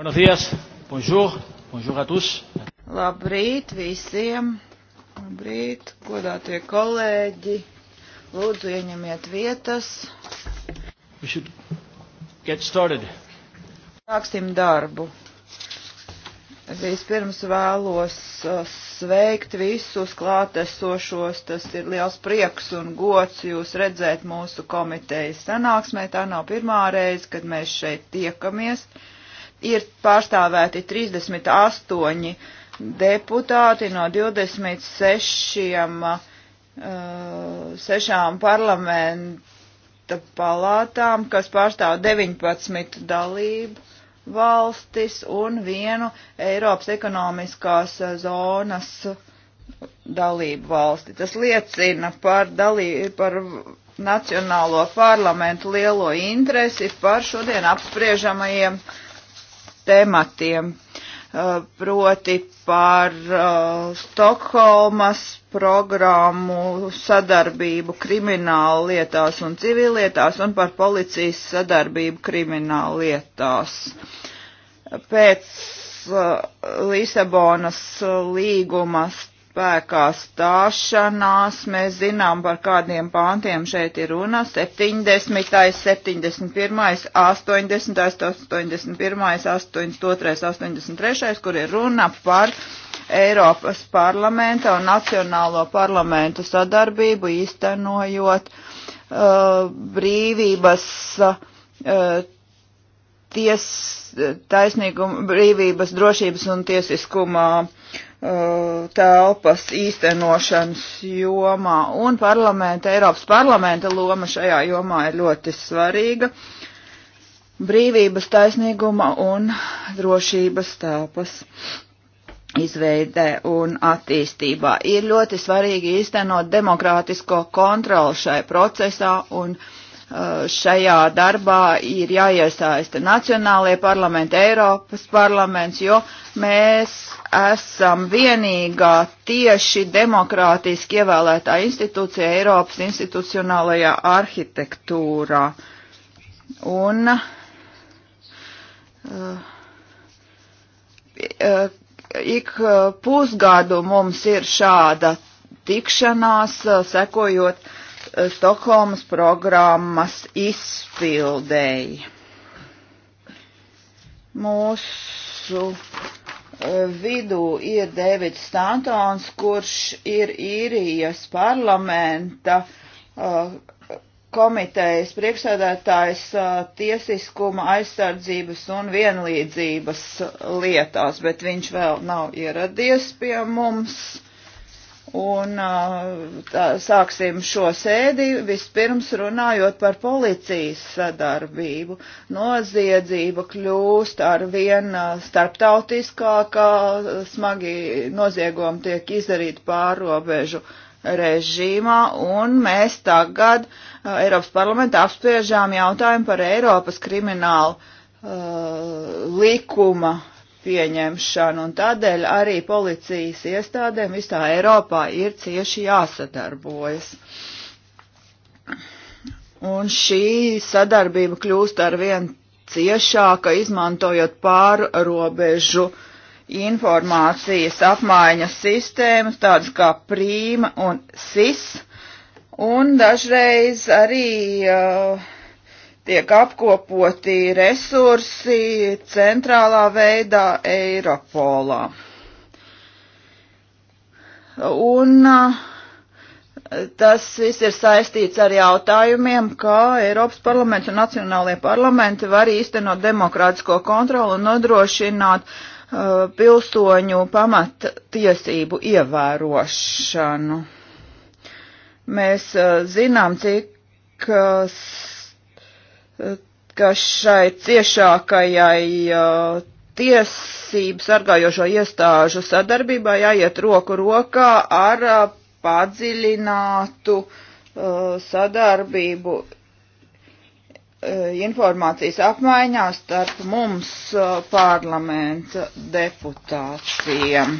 Buenos días, bonjour, bonjour a tous. Labrīt visiem, labrīt, godātie kolēģi, lūdzu ieņemiet vietas. We should get started. Sāksim darbu. Vispirms vēlos uh, sveikt visus klātesošos. Tas ir liels prieks un gods jūs redzēt mūsu komitejas sanāksmē. Tā nav pirmā reize, kad mēs šeit tiekamies. Uh, ir pārstāvēti 38 deputāti no 26 uh, sešām parlamenta palātām, kas pārstāv 19 dalību valstis un vienu Eiropas ekonomiskās uh, zonas dalību valsti. Tas liecina par, dalī, par Nacionālo parlamentu lielo interesi par šodien apspriežamajiem uh, tematiem, uh, proti par uh, Stokholmas programmu sadarbību krimināla lietās un civilietās un par policijas sadarbību krimināla lietās. Pēc uh, Lisabonas līgumas spēkā stāšanās. Mēs zinām, par kādiem pāntiem šeit ir runa. 70, 71, 80, 81, 82, 83, kur ir runa par Eiropas parlamenta un Nacionālo parlamentu sadarbību īstenojot uh, brīvības. Uh, Ties, taisnīguma, brīvības, drošības un tiesiskuma uh, Uh, telpas īstenošanas jomā, un parlamenta, Eiropas parlamenta loma šajā jomā ir ļoti svarīga. Brīvības, taisnīguma un drošības telpas izveidē un attīstībā. Ir ļoti svarīgi īstenot demokrātisko kontroli šai procesā un uh, Eh, šajā darbā ir jāiesaista Nacionālajie parlamenti, Eiropas parlaments, jo mēs esam vienīgā tieši demokrātiski ievēlētā institūcija Eiropas institucionālajā arhitektūrā. Un uh, ik pusgadu mums ir šāda tikšanās, sekojot uh, Eh, Stokholmas programmas izpildēji. Mūsu eh, vidū ir Dēvids Stantons, kurš ir īrijas parlamenta eh, komitejas priekšsēdētājs tiesiskuma aizsardzības un vienlīdzības lietās, bet viņš vēl nav ieradies pie mums. Un tā, sāksim šo sēdi vispirms runājot par policijas sadarbību. Noziedzība kļūst ar vien starptautiskākā, smagi noziegumi tiek izdarīti pārobežu režīmā, un mēs tagad Eiropas parlamentā apspriežām jautājumu par Eiropas kriminālu uh, likuma pieņemšanu, un tādēļ arī policijas iestādēm visā Eiropā ir cieši jāsadarbojas. Un šī sadarbība kļūst ar vien ciešāka, izmantojot pārrobežu informācijas apmaiņas sistēmas, tādas kā prīma un sis, un dažreiz arī uh, tiek apkopoti resursi centrālā veidā Eiropolā. Un eh, tas viss ir saistīts ar jautājumiem, kā Eiropas parlaments un nacionālajie parlamenti var īstenot demokrātisko kontroli un nodrošināt uh, pilsoņu pamattiesību ievērošanu. Mēs uh, zinām, cik uh, ka šai ciešākajai uh, tiesību sargājošo iestāžu sadarbībā jāiet roku rokā ar uh, padziļinātu uh, sadarbību uh, informācijas apmaiņā starp mums uh, parlamenta deputātiem.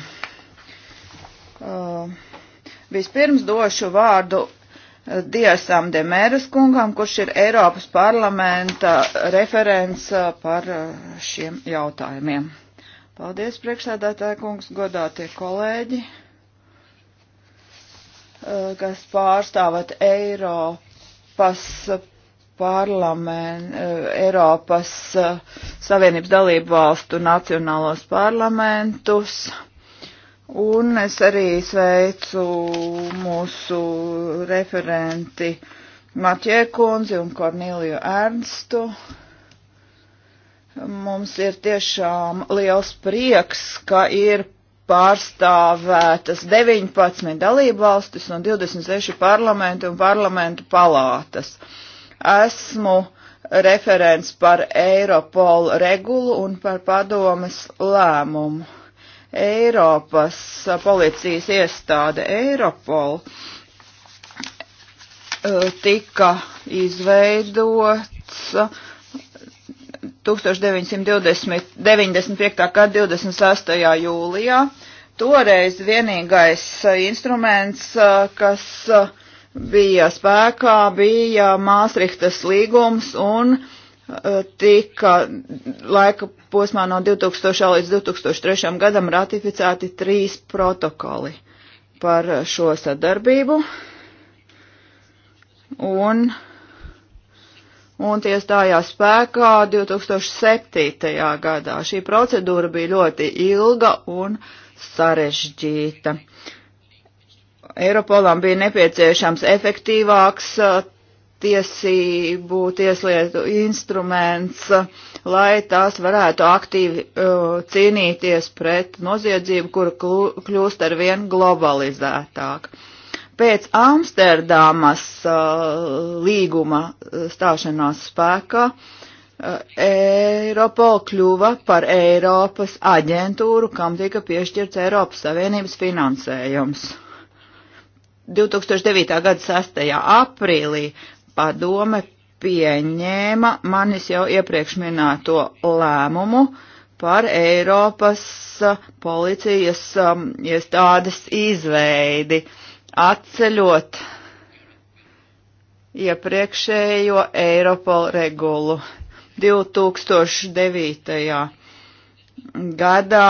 Uh, vispirms došu vārdu Diasam Demēras kungam, kurš ir Eiropas parlamenta referents uh, par uh, šiem jautājumiem. Paldies, priekšsēdētāja kungs, godātie kolēģi, uh, kas pārstāvat Eiropas parlamentu, Eiropas Savienības dalību valstu nacionālos parlamentus. Un es arī sveicu mūsu referenti Matjē Kunzi un Korniliju Ernstu. Mums ir tiešām liels prieks, ka ir pārstāvētas 19 dalību valstis un 26 parlamenti un parlamentu palātas. Esmu referents par Eiropolu regulu un par padomas lēmumu Eiropas policijas iestāde Eiropol e, tika izveidots 1995. E, gada 26. jūlijā. Toreiz vienīgais e, instruments, kas bija spēkā, bija Māsrihtas līgums un uh, Eh, tika laika posmā no 2000 līdz 2003 gadam ratificēti trīs protokoli par šo sadarbību. Un, un tie stājās spēkā 2007. gadā. Šī procedūra bija ļoti ilga un sarežģīta. Eiropolam bija nepieciešams efektīvāks eh, tiesību, tieslietu instruments, lai tās varētu aktīvi uh, cīnīties pret noziedzību, kur kļūst ar vien globalizētāk. Pēc Amsterdamas uh, līguma uh, stāšanās spēkā uh, Eiropol kļuva par Eiropas aģentūru, kam tika piešķirts Eiropas Savienības finansējums. 2009. gada 6. aprīlī padome pieņēma manis jau iepriekš minēto lēmumu par Eiropas uh, policijas um, iestādes izveidi, atceļot iepriekšējo Eiropol regulu 2009. gadā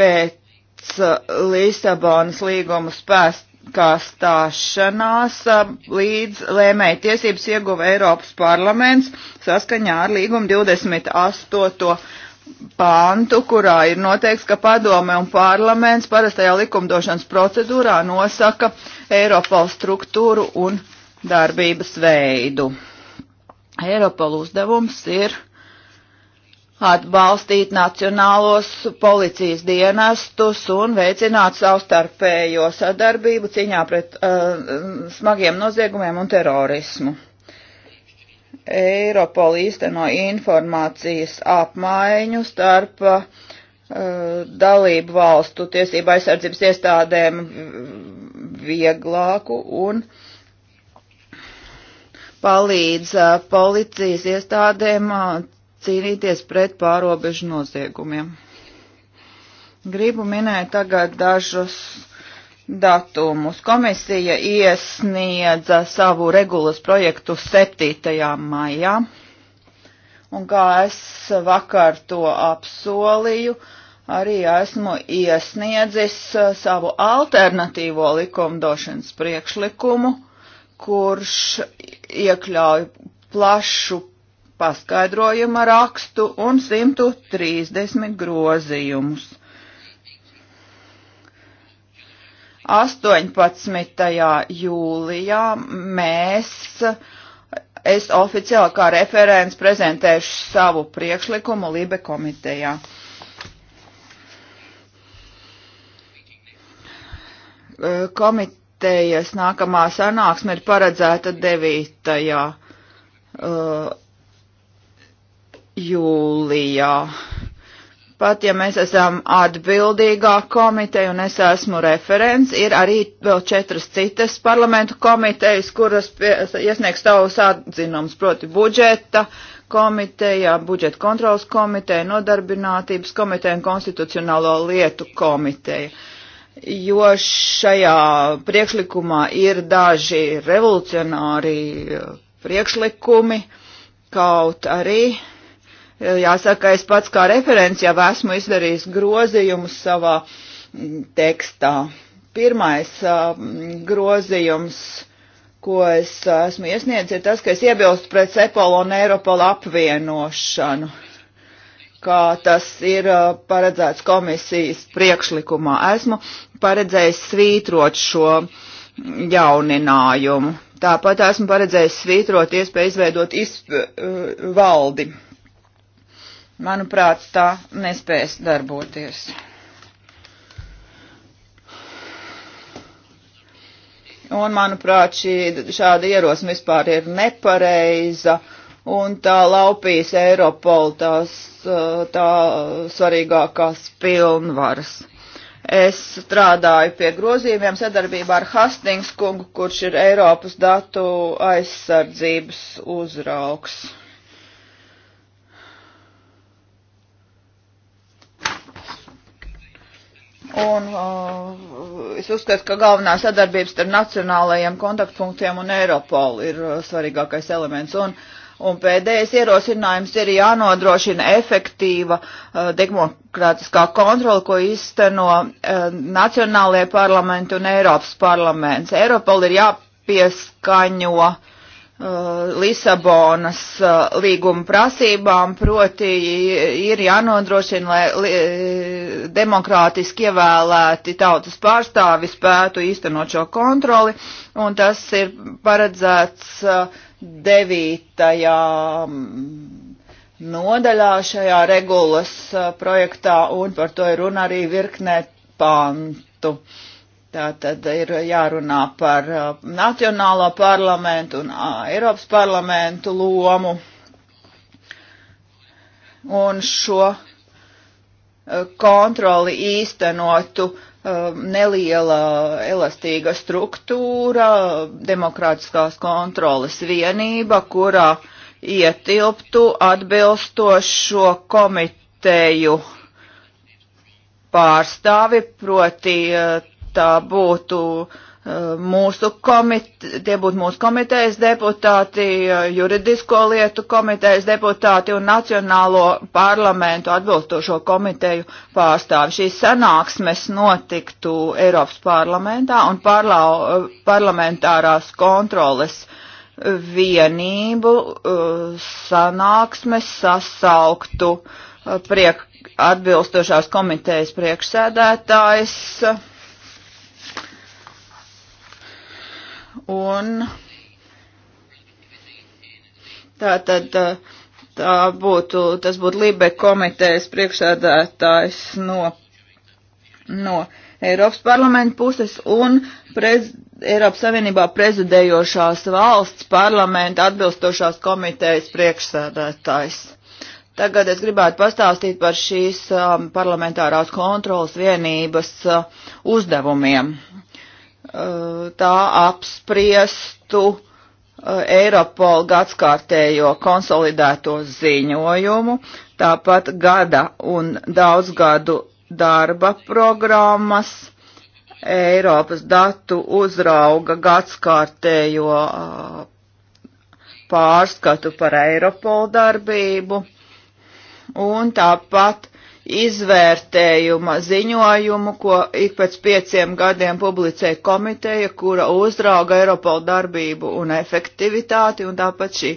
pēc uh, Lisabonas līguma spēst kā stāšanās līdz lēmēja tiesības ieguva Eiropas parlaments saskaņā ar līgumu 28. pāntu, kurā ir noteikts, ka padome un parlaments parastajā likumdošanas procedūrā nosaka Eiropal struktūru un darbības veidu. Eiropal uzdevums ir atbalstīt nacionālos policijas dienestus un veicināt savstarpējo sadarbību ciņā pret uh, smagiem noziegumiem un terorismu. Eiropola īsteno informācijas apmaiņu starp uh, dalību valstu tiesību aizsardzības iestādēm vieglāku un palīdz uh, policijas iestādēm uh, cīnīties pret pārobežu noziegumiem. Gribu minēt tagad dažus datumus. Komisija iesniedza savu regulas projektu 7. maijā, un kā es vakar to apsolīju, arī esmu iesniedzis savu alternatīvo likumdošanas priekšlikumu, kurš iekļauj plašu paskaidrojuma rakstu un 130 grozījumus. 18. jūlijā mēs, es oficiāli kā referents prezentēšu savu priekšlikumu Libe komitejā. Komitejas nākamā sanāksme ir paredzēta 9. Uh, jūlijā. Pat ja mēs esam atbildīgā komiteja un es esmu referents, ir arī vēl četras citas parlamentu komitejas, kuras iesniegs savus atzinums, proti budžeta komiteja, budžeta kontrolas komiteja, nodarbinātības komiteja un konstitucionālo lietu komiteja. Jo šajā priekšlikumā ir daži revolucionāri priekšlikumi, kaut arī Jāsaka, es pats kā referents jau esmu izdarījis grozījumus savā mm, tekstā. Pirmais mm, grozījums, ko es esmu iesniedzis, ir tas, ka es iebilstu pret Cepolu un Eiropolu apvienošanu, kā tas ir paredzēts komisijas priekšlikumā. Esmu paredzējis svītrot šo mm, jauninājumu. Tāpat esmu paredzējis svītrot iespēju izveidot izp valdi. Uh, manuprāt, tā nespēs darboties. Un, manuprāt, šī, šāda ierosme vispār ir nepareiza, un tā laupīs Eiropol tās tā svarīgākās pilnvaras. Es strādāju pie grozījumiem sadarbībā ar Hastings kungu, kurš ir Eiropas datu aizsardzības uzraugs. Un uh, es uzskatu, ka galvenā sadarbības ar nacionālajiem kontaktpunktiem un Eiropolu ir uh, svarīgākais elements. Un, un pēdējais ierosinājums ir jānodrošina efektīva uh, demokrātiskā kontrola, ko izsteno uh, nacionālajie parlamenti un Eiropas parlaments. Eiropola ir jāpieskaņo uh, Uh, Lisabonas uh, līguma prasībām, proti ir jānodrošina, lai demokrātiski ievēlēti tautas pārstāvi spētu īstenot šo kontroli, un tas ir paredzēts uh, devītajā mm, nodaļā šajā regulas projektā, un par to ir runa arī virknē pantu. Uh, Tā tad ir jārunā par uh, Nacionālā parlamentu un uh, Eiropas parlamentu lomu. Un šo uh, kontroli īstenotu um, neliela elastīga struktūra, demokrātiskās kontrolas vienība, kurā ietilptu atbilstošo komiteju pārstāvi, proti tā būtu uh, mūsu komite, tie būtu mūsu komitejas deputāti, uh, juridisko lietu komitejas deputāti un nacionālo parlamentu atbilstošo komiteju pārstāvi. Šīs sanāksmes notiktu Eiropas parlamentā un parlau, uh, parlamentārās kontroles vienību sanāksmes sasauktu priek, atbilstošās komitejas priekšsēdētājs un tā tad tā, tā būtu, tas būtu Libe komitejas priekšsēdētājs no, no Eiropas parlamenta puses un prez, Eiropas Savienībā prezidējošās valsts parlamenta atbilstošās komitejas priekšsēdētājs. Tagad es gribētu pastāstīt par šīs um, parlamentārās kontrolas vienības uh, uzdevumiem. Uh, Eh, tā apspriestu eh, Eiropola gadskārtējo konsolidēto ziņojumu, tāpat gada un daudzgadu darba programmas, Eiropas datu uzrauga gadskārtējo eh, pārskatu par Eiropola darbību un tāpat izvērtējuma ziņojumu, ko ik pēc pieciem gadiem publicē komiteja, kura uzrauga Eiropola darbību un efektivitāti, un tāpat šī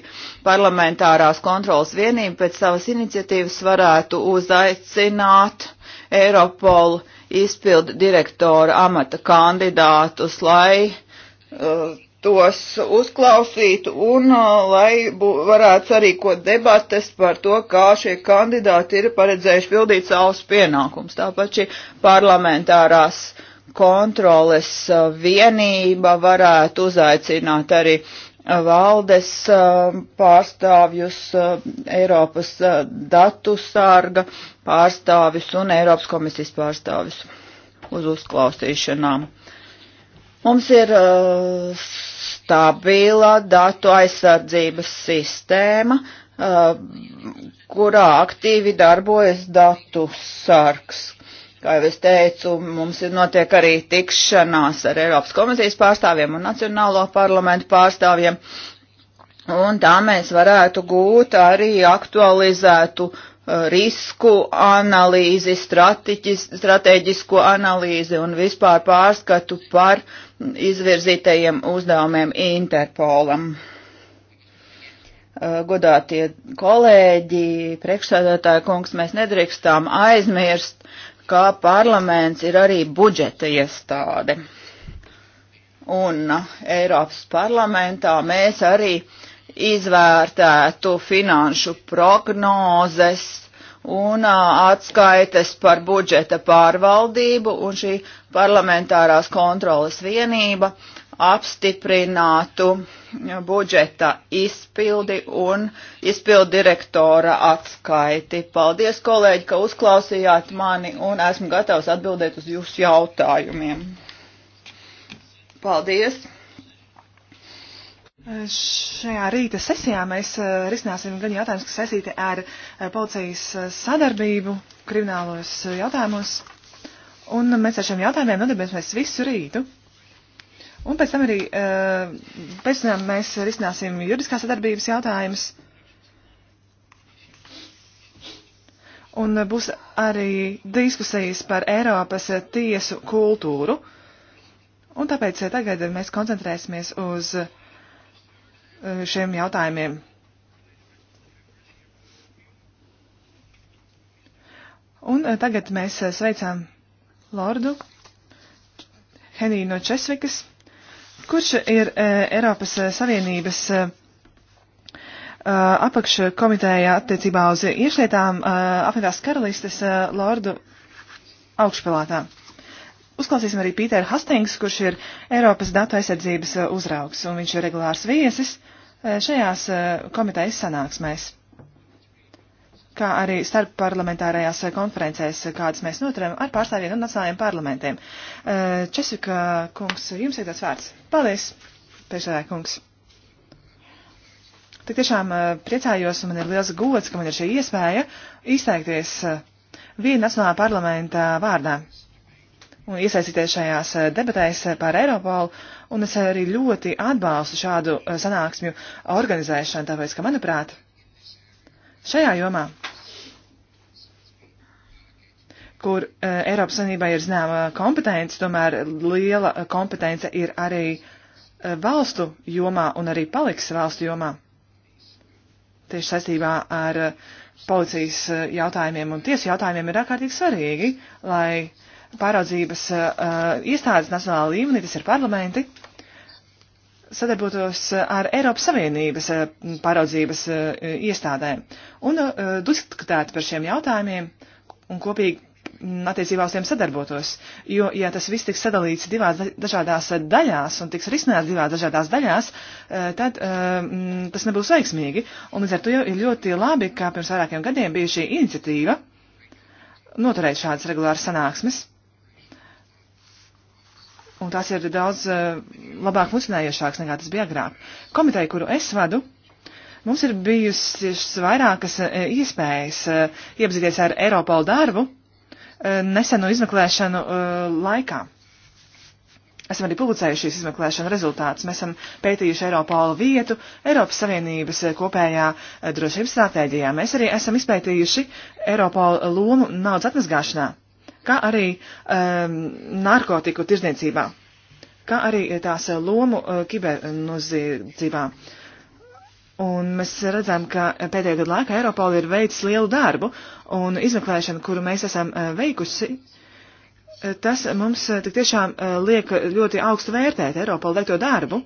parlamentārās kontrolas vienība pēc savas iniciatīvas varētu uzaicināt Eiropolu izpildu direktora amata kandidātus, lai uh, tos uzklausītu un uh, lai bū, varētu sarīkot debates par to, kā šie kandidāti ir paredzējuši pildīt savus pienākumus. Tāpat šī parlamentārās kontroles uh, vienība varētu uzaicināt arī uh, valdes pārstāvjus, Eiropas datu sārga pārstāvis un Eiropas komisijas pārstāvis uz uzklausīšanām. Mums ir uh, stabila datu aizsardzības sistēma, uh, kurā aktīvi darbojas datu sargs. Kā jau es teicu, mums ir notiek arī tikšanās ar Eiropas komisijas pārstāvjiem un Nacionālo parlamentu pārstāvjiem, un tā mēs varētu gūt arī aktualizētu uh, risku analīzi, strateģisko analīzi un vispār pārskatu par uh, izvirzītajiem uzdevumiem Interpolam. Godātie kolēģi, priekšsēdētāja kungs, mēs nedrīkstām aizmirst, ka parlaments ir arī budžeta iestāde. Un Eiropas parlamentā mēs arī izvērtētu finanšu prognozes un atskaites par budžeta pārvaldību, un šī parlamentārās kontrolas vienība apstiprinātu budžeta izpildi un izpildu direktora atskaiti. Paldies, kolēģi, ka uzklausījāt mani un esmu gatavs atbildēt uz jūsu jautājumiem. Paldies! Šajā rīta sesijā mēs eh, risināsim gan jautājumus, kas saistīti ar eh, policijas eh, sadarbību kriminālos jautājumos. Un mēs ar šiem jautājumiem nodarbināsimies visu rītu. Un pēc tam arī eh, pēc tam mēs risināsim juridiskās sadarbības jautājumus. Un būs arī diskusijas par Eiropas tiesu kultūru. Un tāpēc tagad mēs koncentrēsimies uz eh, šiem jautājumiem. Un eh, tagad mēs sveicām Lordu Heniju no Česvikas, kurš ir e, Eiropas e, Savienības e, apakškomitējā attiecībā uz iešlietām apvienotās karalistes Lordu augšpilātā. Uzklausīsim arī Pīteru Hastings, kurš ir Eiropas datu aizsardzības uzraugs, un viņš ir regulārs viesis šajās komitejas sanāksmēs kā arī starpparlamentārajās konferencēs, kādas mēs noturam ar pārstāvjiem no nacionālajiem parlamentiem. Eh, Česika kungs, jums ir tas vārds. Paldies, priekšsēdē kungs. Tik tiešām eh, priecājos, un man ir liels gods, ka man ir šī iespēja izteikties eh, viena nacionālā parlamenta vārdā un iesaistīties šajās debatēs par Eiropolu, un es arī ļoti atbalstu šādu sanāksmju organizēšanu, tāpēc, ka, manuprāt, Šajā jomā, kur uh, Eiropas Savienībā ir zināma kompetence, tomēr liela eh, kompetence ir arī uh, valstu jomā un arī paliks valstu jomā. Tieši saistībā ar uh, policijas uh, jautājumiem un tiesu jautājumiem ir ārkārtīgi svarīgi, lai pāraudzības uh, iestādes nacionālā līmenī, tas ir parlamenti, uh, sadarbotos ar Eiropas Savienības eh, pāraudzības eh, iestādēm un eh, diskutētu par šiem jautājumiem un kopīgi mm, attiecībā uz tiem sadarbotos. Jo, ja tas viss tiks sadalīts divās dažādās daļās un tiks risināts divās dažādās daļās, tad um, tas nebūs veiksmīgi. Un līdz ar to ir ļoti labi, ka pirms vairākiem gadiem bija šī iniciatīva noturēt šādas regulāras sanāksmes un tās ir daudz uh, labāk funkcionējušākas nekā tas bija agrāk. Komiteja, kuru es vadu, mums ir bijusi vairākas uh, iespējas uh, iepazīties ar Eiropolu darbu nesenu izmeklēšanu laikā. Esam arī publicējuši šīs izmeklēšana rezultātus. Mēs esam pētījuši Eiropolu vietu Eiropas Savienības kopējā drošības stratēģijā. Mēs arī esam izpētījuši Eiropolu lomu naudas atmazgāšanā kā arī um, narkotiku tirdzniecībā, kā arī tās lomu uh, kibernoziedzībā. Un mēs redzam, ka pēdējā gada laikā Eiropola ir veicis lielu darbu, un izmeklēšana, kuru mēs esam uh, veikusi, tas mums uh, tik tiešām uh, liek ļoti augstu vērtēt Eiropola veikto darbu.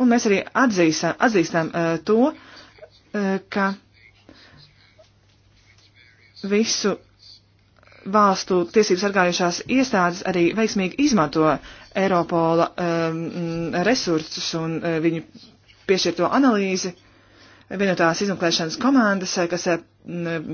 Un mēs arī atzīstam, atzīstam uh, to, uh, ka visu valstu tiesības sargājušās iestādes arī veiksmīgi izmanto Eiropola um, resursus un uh, viņu piešķirto analīzi. Vienotās izmeklēšanas komandas, uh, kas uh,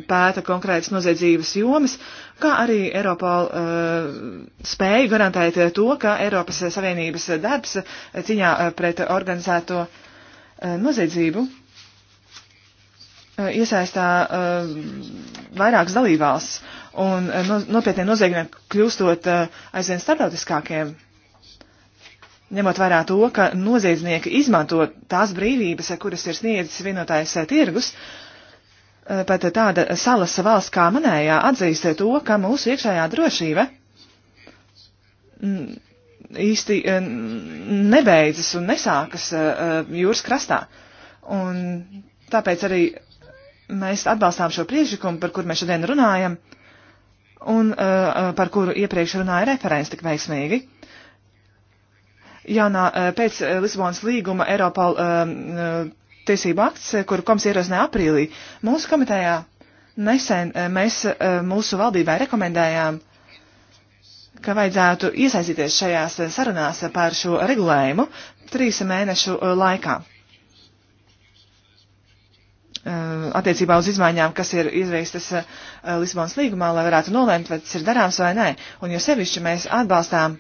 pēta konkrētas noziedzības jomas, kā arī Eiropola uh, spēja garantēt to, ka Eiropas Savienības darbs uh, ciņā uh, pret organizēto uh, noziedzību Uh, iesaistā uh, vairākas dalībvalsts un uh, nopietniem noziegumiem kļūstot aizvien starptautiskākiem. Ņemot vērā to, ka noziedznieki izmanto tās brīvības, kuras ir sniedzis vienotājs tirgus, pat tāda salas valsts kā manējā atzīst to, ka mūsu iekšējā drošība mm, īsti nebeidzas un nesākas jūras krastā. Un tāpēc arī mēs atbalstām šo priekšlikumu, par kur mēs šodien runājam, un uh, uh par kuru iepriekš runāja referents tik veiksmīgi. Jaunā uh, pēc uh, Lisabonas līguma Eiropā um, uh, tiesība akts, uh, kuru koms ierosināja aprīlī, mūsu komitejā nesen uh, mēs uh, mūsu valdībai rekomendējām, ka vajadzētu iesaistīties šajās sarunās par šo regulējumu trīs mēnešu laikā. Eh, attiecībā uz izmaiņām, kas ir izveistas eh, Lisbonas līgumā, lai varētu nolēmt, vai tas ir darāms vai nē. Un jo sevišķi mēs atbalstām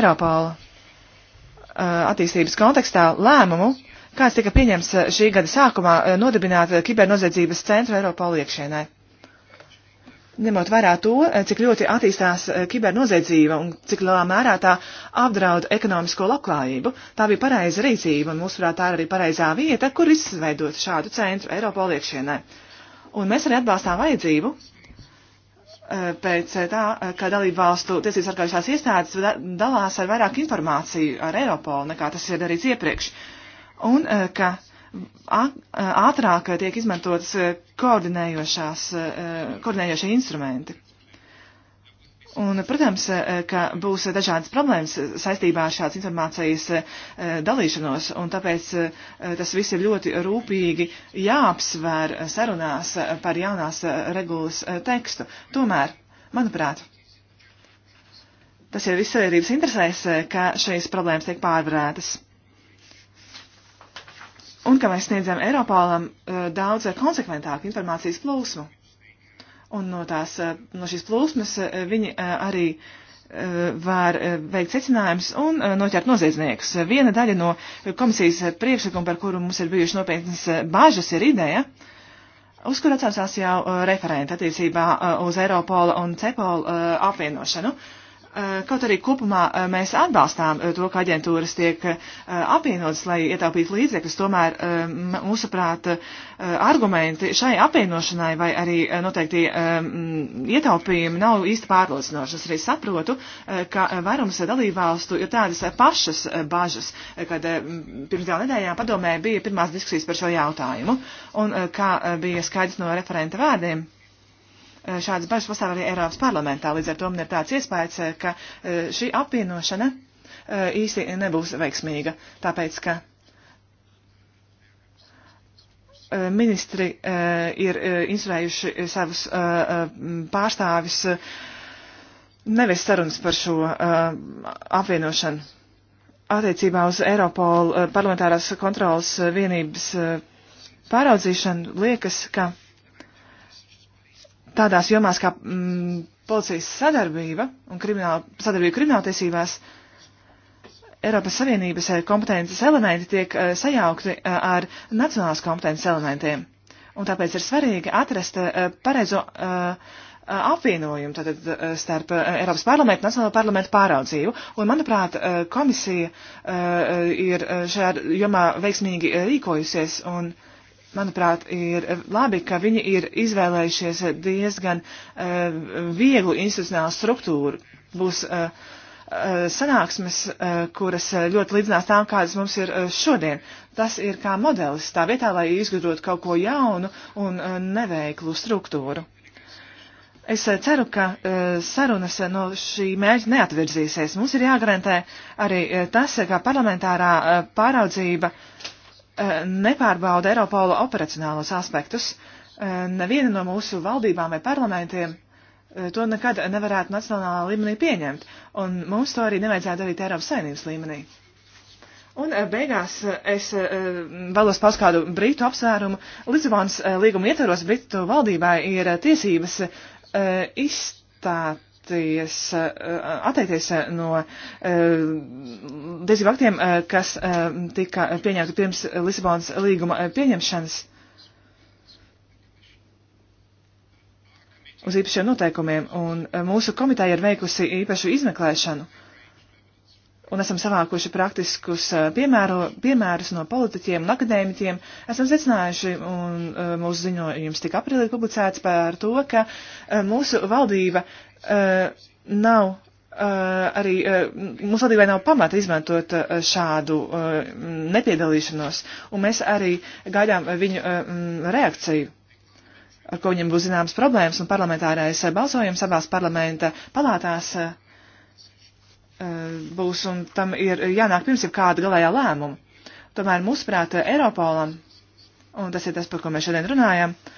Eiropola eh, attīstības kontekstā lēmumu, kāds tika pieņems šī gada sākumā nodibināt kibernoziedzības centru Eiropola iekšienai. Ņemot vērā to, eh, cik ļoti attīstās eh, kibernoziedzība un cik lielā mērā tā apdraud ekonomisko labklājību, tā bija pareiza rīcība un mūsuprāt tā ir arī pareizā vieta, kur izveidot šādu centru Eiropola iekšienē. Un mēs arī atbalstām vajadzību eh, pēc tā, ka dalību valstu tiesības sargājušās iestādes dalās ar vairāk informāciju ar Eiropolu nekā tas ir darīts iepriekš. Un ka uh, ātrāk tiek izmantotas koordinējošie instrumenti. Un, protams, ka būs dažādas problēmas saistībā ar šādas informācijas dalīšanos, un tāpēc tas viss ir ļoti rūpīgi jāapsver sarunās par jaunās regulas tekstu. Tomēr, manuprāt, tas jau viss sabiedrības interesēs, ka šīs problēmas tiek pārvarētas un ka mēs sniedzam Eiropālam eh, daudz eh, konsekventāku informācijas plūsmu. Un no, tās, eh, no šīs plūsmas viņi arī var veikt secinājumus un noķert noziedzniekus. Viena daļa no komisijas priekšlikuma, par kuru mums ir bijuši nopietnas bāžas, ir ideja, uz kur atsācās jau referenta attiecībā uz Eiropola un Cepola apvienošanu. Uh, Eh, kaut arī kopumā eh, mēs atbalstām eh, to, ka aģentūras tiek apvienotas, lai ietaupītu līdzekļus, tomēr mūsuprāt argumenti šai apvienošanai vai arī noteikti ietaupījumi nav īsti pārliecinoši. Es arī saprotu, ka vairums dalībvalstu ir tādas pašas bažas, kad pirms divām nedēļām padomē bija pirmās diskusijas par šo jautājumu un kā bija skaidrs no referenta vārdiem Eh, šādas bažas pastāv arī Eiropas parlamentā. Līdz ar to man ir tāds iespējas, eh, ka eh, šī apvienošana īsti nebūs veiksmīga, tāpēc ka ministri ir instruējuši savus pārstāvis nevis sarunas par šo apvienošanu. Attiecībā uz Eiropolu parlamentārās kontrolas vienības pāraudzīšanu liekas, ka tādās jomās kā mm, policijas sadarbība un krimināla, sadarbība krimināltiesībās, Eiropas Savienības eh, kompetences elementi tiek uh, sajaukti uh, ar nacionālās kompetences elementiem. Un tāpēc ir svarīgi atrast uh, pareizo apvienojumu tātad, starp Eiropas parlamentu un Nacionālo parlamentu pāraudzību. Un, manuprāt, komisija ir šajā jomā veiksmīgi rīkojusies. Un, uh, manuprāt, ir labi, ka viņi ir izvēlējušies diezgan eh, vieglu institucionālu struktūru. Būs eh, eh, sanāksmes, kuras ļoti līdzinās tām, kādas mums ir šodien. Tas ir kā modelis tā vietā, lai izgudrotu kaut ko jaunu un neveiklu struktūru. Es ceru, ka sarunas no šī mērķa neatvirzīsies. Mums ir jāgarantē arī tas, ka parlamentārā pāraudzība uh, Eh, nepārbauda Eiropola operacionālos aspektus. Eh, neviena no mūsu valdībām vai parlamentiem eh, to nekad nevarētu nacionālā līmenī pieņemt, un mums to arī nevajadzētu darīt Eiropas saimnības līmenī. Un beigās es vēlos paust kādu britu apsvērumu. Lisabonas līguma ietvaros Britu valdībai ir tiesības izstāt atteikties, eh, atteikties eh, no eh, tiesību aktiem, kas tika pieņemti pirms Lisabonas līguma pieņemšanas uz īpašiem noteikumiem, un mūsu komiteja ir veikusi īpašu izmeklēšanu. Un esam savākuši praktiskus piemēru, piemērus no politiķiem un akadēmiķiem. Esam secinājuši, un mūsu ziņojums tika aprīlī publicēts par to, ka mūsu valdība Uh, nav uh, arī uh, mūsu valdībai nav pamata izmantot šādu nepiedalīšanos, un mēs arī gaidām viņu reakciju ar ko viņam būs zināmas problēmas, un parlamentārais balsojums abās parlamenta palātās būs, un tam ir jānāk pirms jau kāda galējā lēmuma. Tomēr, mūsuprāt, Eiropolam, un tas ir tas, par ko mēs šodien runājam, uh,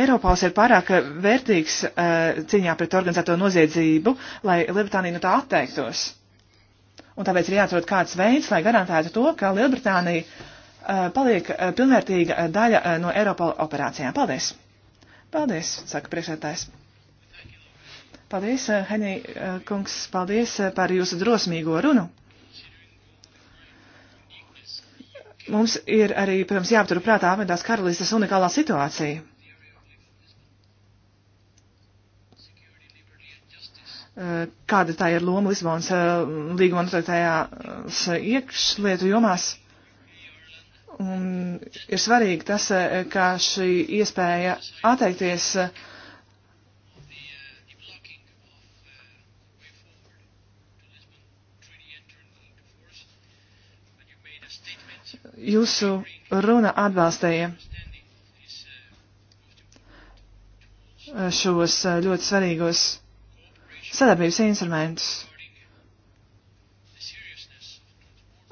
Eiropāls ir pārāk vērtīgs uh, cīņā pret organizēto noziedzību, lai Lielbritānija no tā atteiktos. Un tāpēc ir jāatrod kāds veids, lai garantētu to, ka Lielbritānija uh, paliek uh, pilnvērtīga uh, daļa uh, no Eiropāla operācijām. Paldies! Paldies, saka priekšētājs. Paldies, uh, Henī uh, kungs, paldies uh, par jūsu drosmīgo runu. Mums ir arī, protams, jāaptur prātā Amerikas karalistas unikālā situācija kāda tā ir loma Lisbonas eh, līguma noteiktajās iekšlietu jomās. Un ir svarīgi tas, eh, kā šī iespēja atteikties eh, jūsu runa atbalstīja šos ļoti svarīgos sadarbības instrumentus.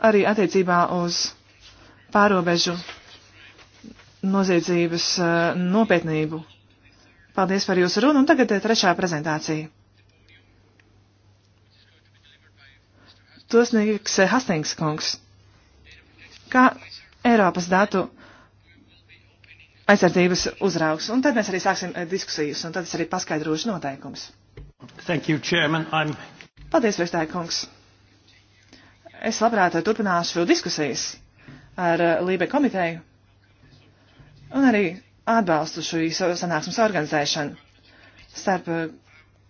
Arī attiecībā uz pārobežu noziedzības eh, nopietnību. Paldies par jūsu runu, un tagad eh, trešā prezentācija. To sniegs eh, Hastings kungs. Kā Eiropas datu aizsardzības uzraugs. Un tad mēs arī sāksim diskusijas, un tad es arī paskaidrošu noteikumus. Thank you, Chairman. I'm... Paldies, Vēstāja kungs. Es labprāt turpināšu diskusijas ar eh, Lībe komiteju un arī atbalstu šīs sanāksmes organizēšanu starp eh,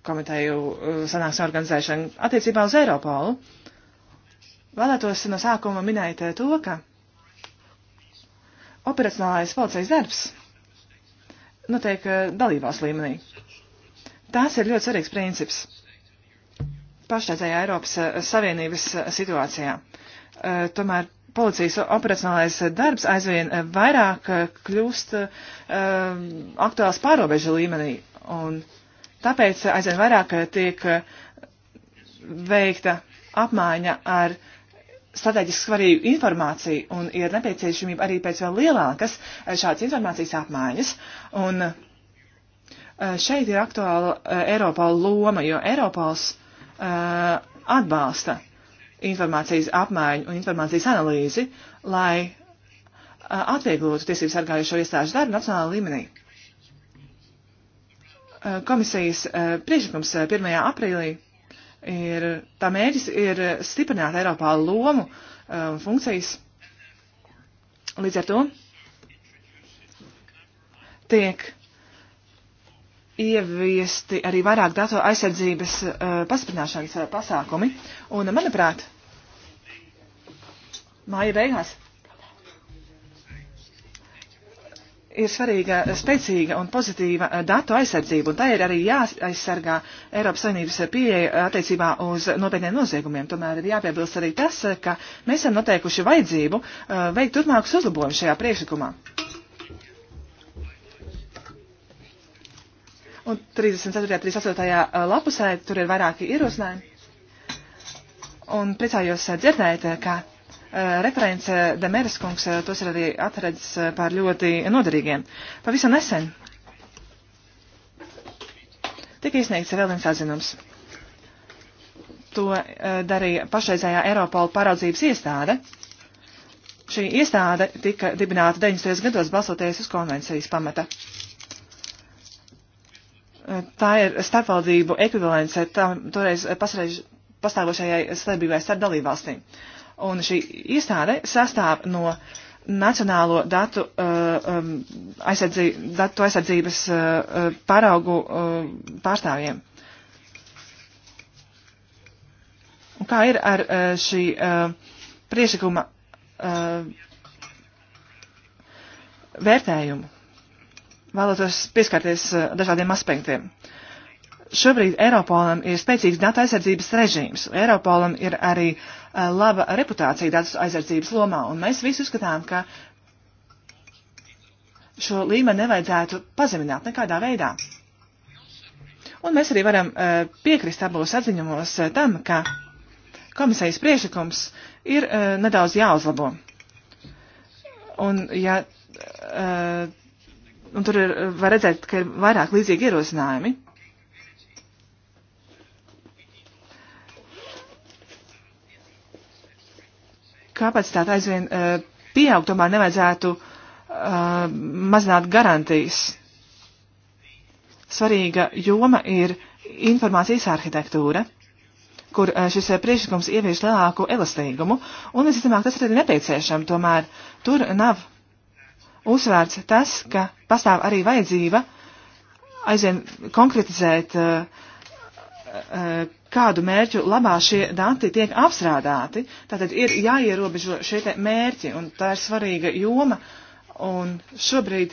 komiteju eh, sanāksmes organizēšanu attiecībā uz Eiropolu. Vēlētos no sākuma minēt to, ka operacionālais policijas darbs notiek dalībās līmenī. Tās ir ļoti svarīgs princips pašreizējā Eiropas eh, Savienības eh, situācijā. Eh, tomēr policijas operacionālais darbs aizvien vairāk kļūst uh, aktuāls pārobežu līmenī. Un tāpēc aizvien vairāk tiek veikta apmaiņa ar strateģiski svarīgu informāciju un ir nepieciešamība arī pēc vēl lielākas šādas informācijas apmaiņas. Un uh, Eh, šeit ir aktuāla eh, Eiropāla loma, jo Eiropāls eh, atbalsta informācijas apmaiņu un informācijas analīzi, lai atvieglotu tiesību sargājušo iestāžu darbu nacionālā līmenī. Komisijas priekšlikums 1. aprīlī ir, tā mērķis ir stiprināt Eiropā lomu un funkcijas. Līdz ar to tiek ieviesti arī vairāk datu aizsardzības eh, pastiprināšanas eh, pasākumi. Un, eh, manuprāt, māja beigās ir svarīga, spēcīga un pozitīva datu aizsardzība, un tā ir arī jāaizsargā Eiropas Savienības pieeja attiecībā uz nopietniem noziegumiem. Tomēr ir jāpiebilst arī tas, ka mēs esam noteikuši vajadzību veikt turpmākus uzlabojumus šajā priekšlikumā. Un 34. un 38. lapusē tur ir vairāki ierosinājumi. Un priecājos eh, dzirdēt, eh, ka uh, referents Demēras kungs tos ir arī atradzis par ļoti noderīgiem. Pavisam nesen tika izsniegts vēl viens atzinums. To uh, darīja pašreizējā Eiropola pāraudzības iestāde. Šī iestāde tika dibināta 90. gados balsoties uz konvencijas pamata tā ir starpvaldību ekvivalents tam toreiz pasreiz, pastāvošajai sadarbībai starp dalībvalstīm. Un šī iestāde sastāv no Nacionālo datu, uh, um, aizsadzī, datu aizsardzības uh, uh, paraugu uh, pārstāvjiem. Un kā ir ar uh, šī uh, priešakuma uh, vērtējumu? vēlētos pieskarties eh, dažādiem aspektiem. Šobrīd Eiropolam ir spēcīgs datu aizsardzības režīms. Eiropolam ir arī eh, laba reputācija datu aizsardzības lomā, un mēs visi uzskatām, ka šo līmeni nevajadzētu pazemināt nekādā veidā. Un mēs arī varam eh, piekrist abos atziņumos tam, ka komisijas priešakums ir nedaudz jāuzlabo. Un ja un tur ir, eh, var redzēt, ka ir vairāk līdzīgi ierosinājumi. Kāpēc tā aizvien eh, pieaug, tomēr nevajadzētu uh, mazināt garantijas? Svarīga joma ir informācijas arhitektūra, kur šis priekšlikums ievieš lielāku elastīgumu, un, visticamāk, tas ir nepieciešams, tomēr tur nav uzsvērts tas, ka pastāv arī vajadzība aizvien konkretizēt, eh, eh, kādu mērķu labā šie dati tiek apstrādāti. Tātad ir jāierobežo šie mērķi, un tā ir svarīga joma, un šobrīd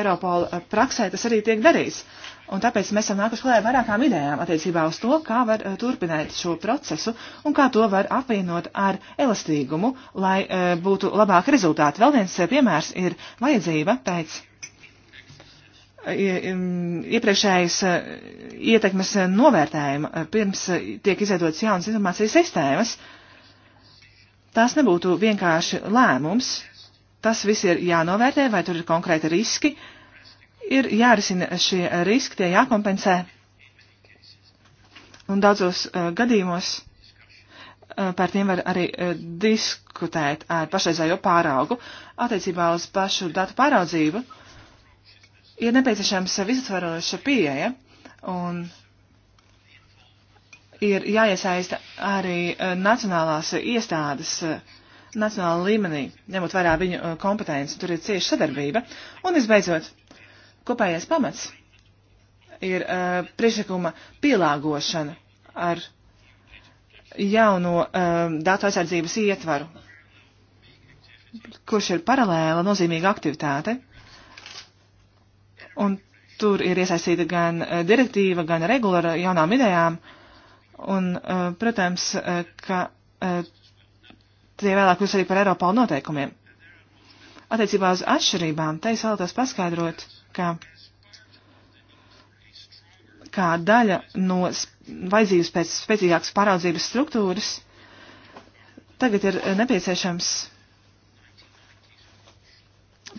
Eiropola praksē tas arī tiek darīts. Uh, Un tāpēc mēs esam nākuši klājā vairākām idejām attiecībā uz to, kā var eh, turpināt šo procesu un kā to var apvienot ar elastīgumu, lai eh, būtu labāki rezultāti. Vēl viens eh, piemērs ir vajadzība pēc iepriekšējas ietekmes novērtējuma, pirms tiek izveidotas jaunas informācijas sistēmas. Tās nebūtu vienkārši lēmums. Tas viss ir jānovērtē, vai tur ir konkrēti riski, uh, ir jārisina šie riski, tie jākompensē. Un daudzos uh, gadījumos uh, par tiem var arī uh, diskutēt ar pašreizējo pāraugu. Attiecībā uz pašu datu pāraudzību ir nepieciešams visatvaroša pieeja un ir jāiesaista arī nacionālās iestādes nacionāla līmenī, ņemot vairāk viņu kompetenci, tur ir cieša sadarbība. Un visbeidzot, Kopējais pamats ir uh, priekšlikuma pielāgošana ar jauno uh, datu aizsardzības ietvaru, kurš ir paralēla nozīmīga aktivitāte. Un tur ir iesaistīta gan uh, direktīva, gan regula ar jaunām idejām. Un, uh, protams, uh, ka tie vēlāk kļūs arī par Eiropālu noteikumiem. Attiecībā uz atšķirībām te es vēlētos paskaidrot, uh, ka kā daļa no vajadzības pēc spēcīgākas pāraudzības struktūras tagad ir nepieciešams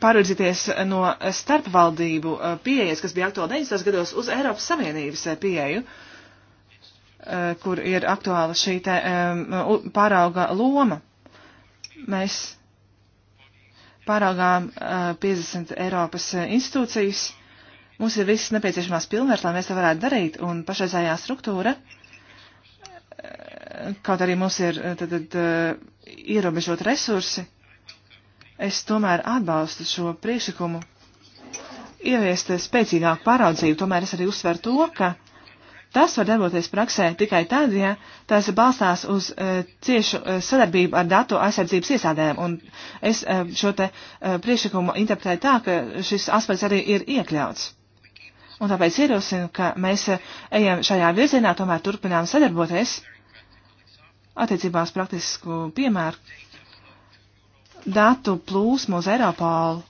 pārvirzīties no starpvaldību eh, pieejas, kas bija aktuāla 90. gados, uz Eiropas Savienības eh, pieeju, eh, kur ir aktuāla šī te pārauga loma. Mēs pāraugām 50 eh, Eiropas eh, institūcijas. Mums ir viss nepieciešamās pilnvērs, lai mēs to varētu darīt, un pašreizējā struktūra, eh, kaut arī mums ir tad, tad, ierobežot resursi, es tomēr atbalstu šo priekšlikumu ieviest spēcīgāku pāraudzību. Tomēr es arī uzsveru to, ka Tas var darboties praksē tikai tad, ja tas balstās uz uh, ciešu uh, sadarbību ar datu aizsardzības iestādēm. Un es uh, šo te uh, priekšlikumu interpretēju tā, ka šis aspekts arī ir iekļauts. Un tāpēc ierosinu, ka mēs uh, ejam šajā virzienā, tomēr turpinām sadarboties attiecībās praktisku piemēru datu plūsmu uz Eiropālu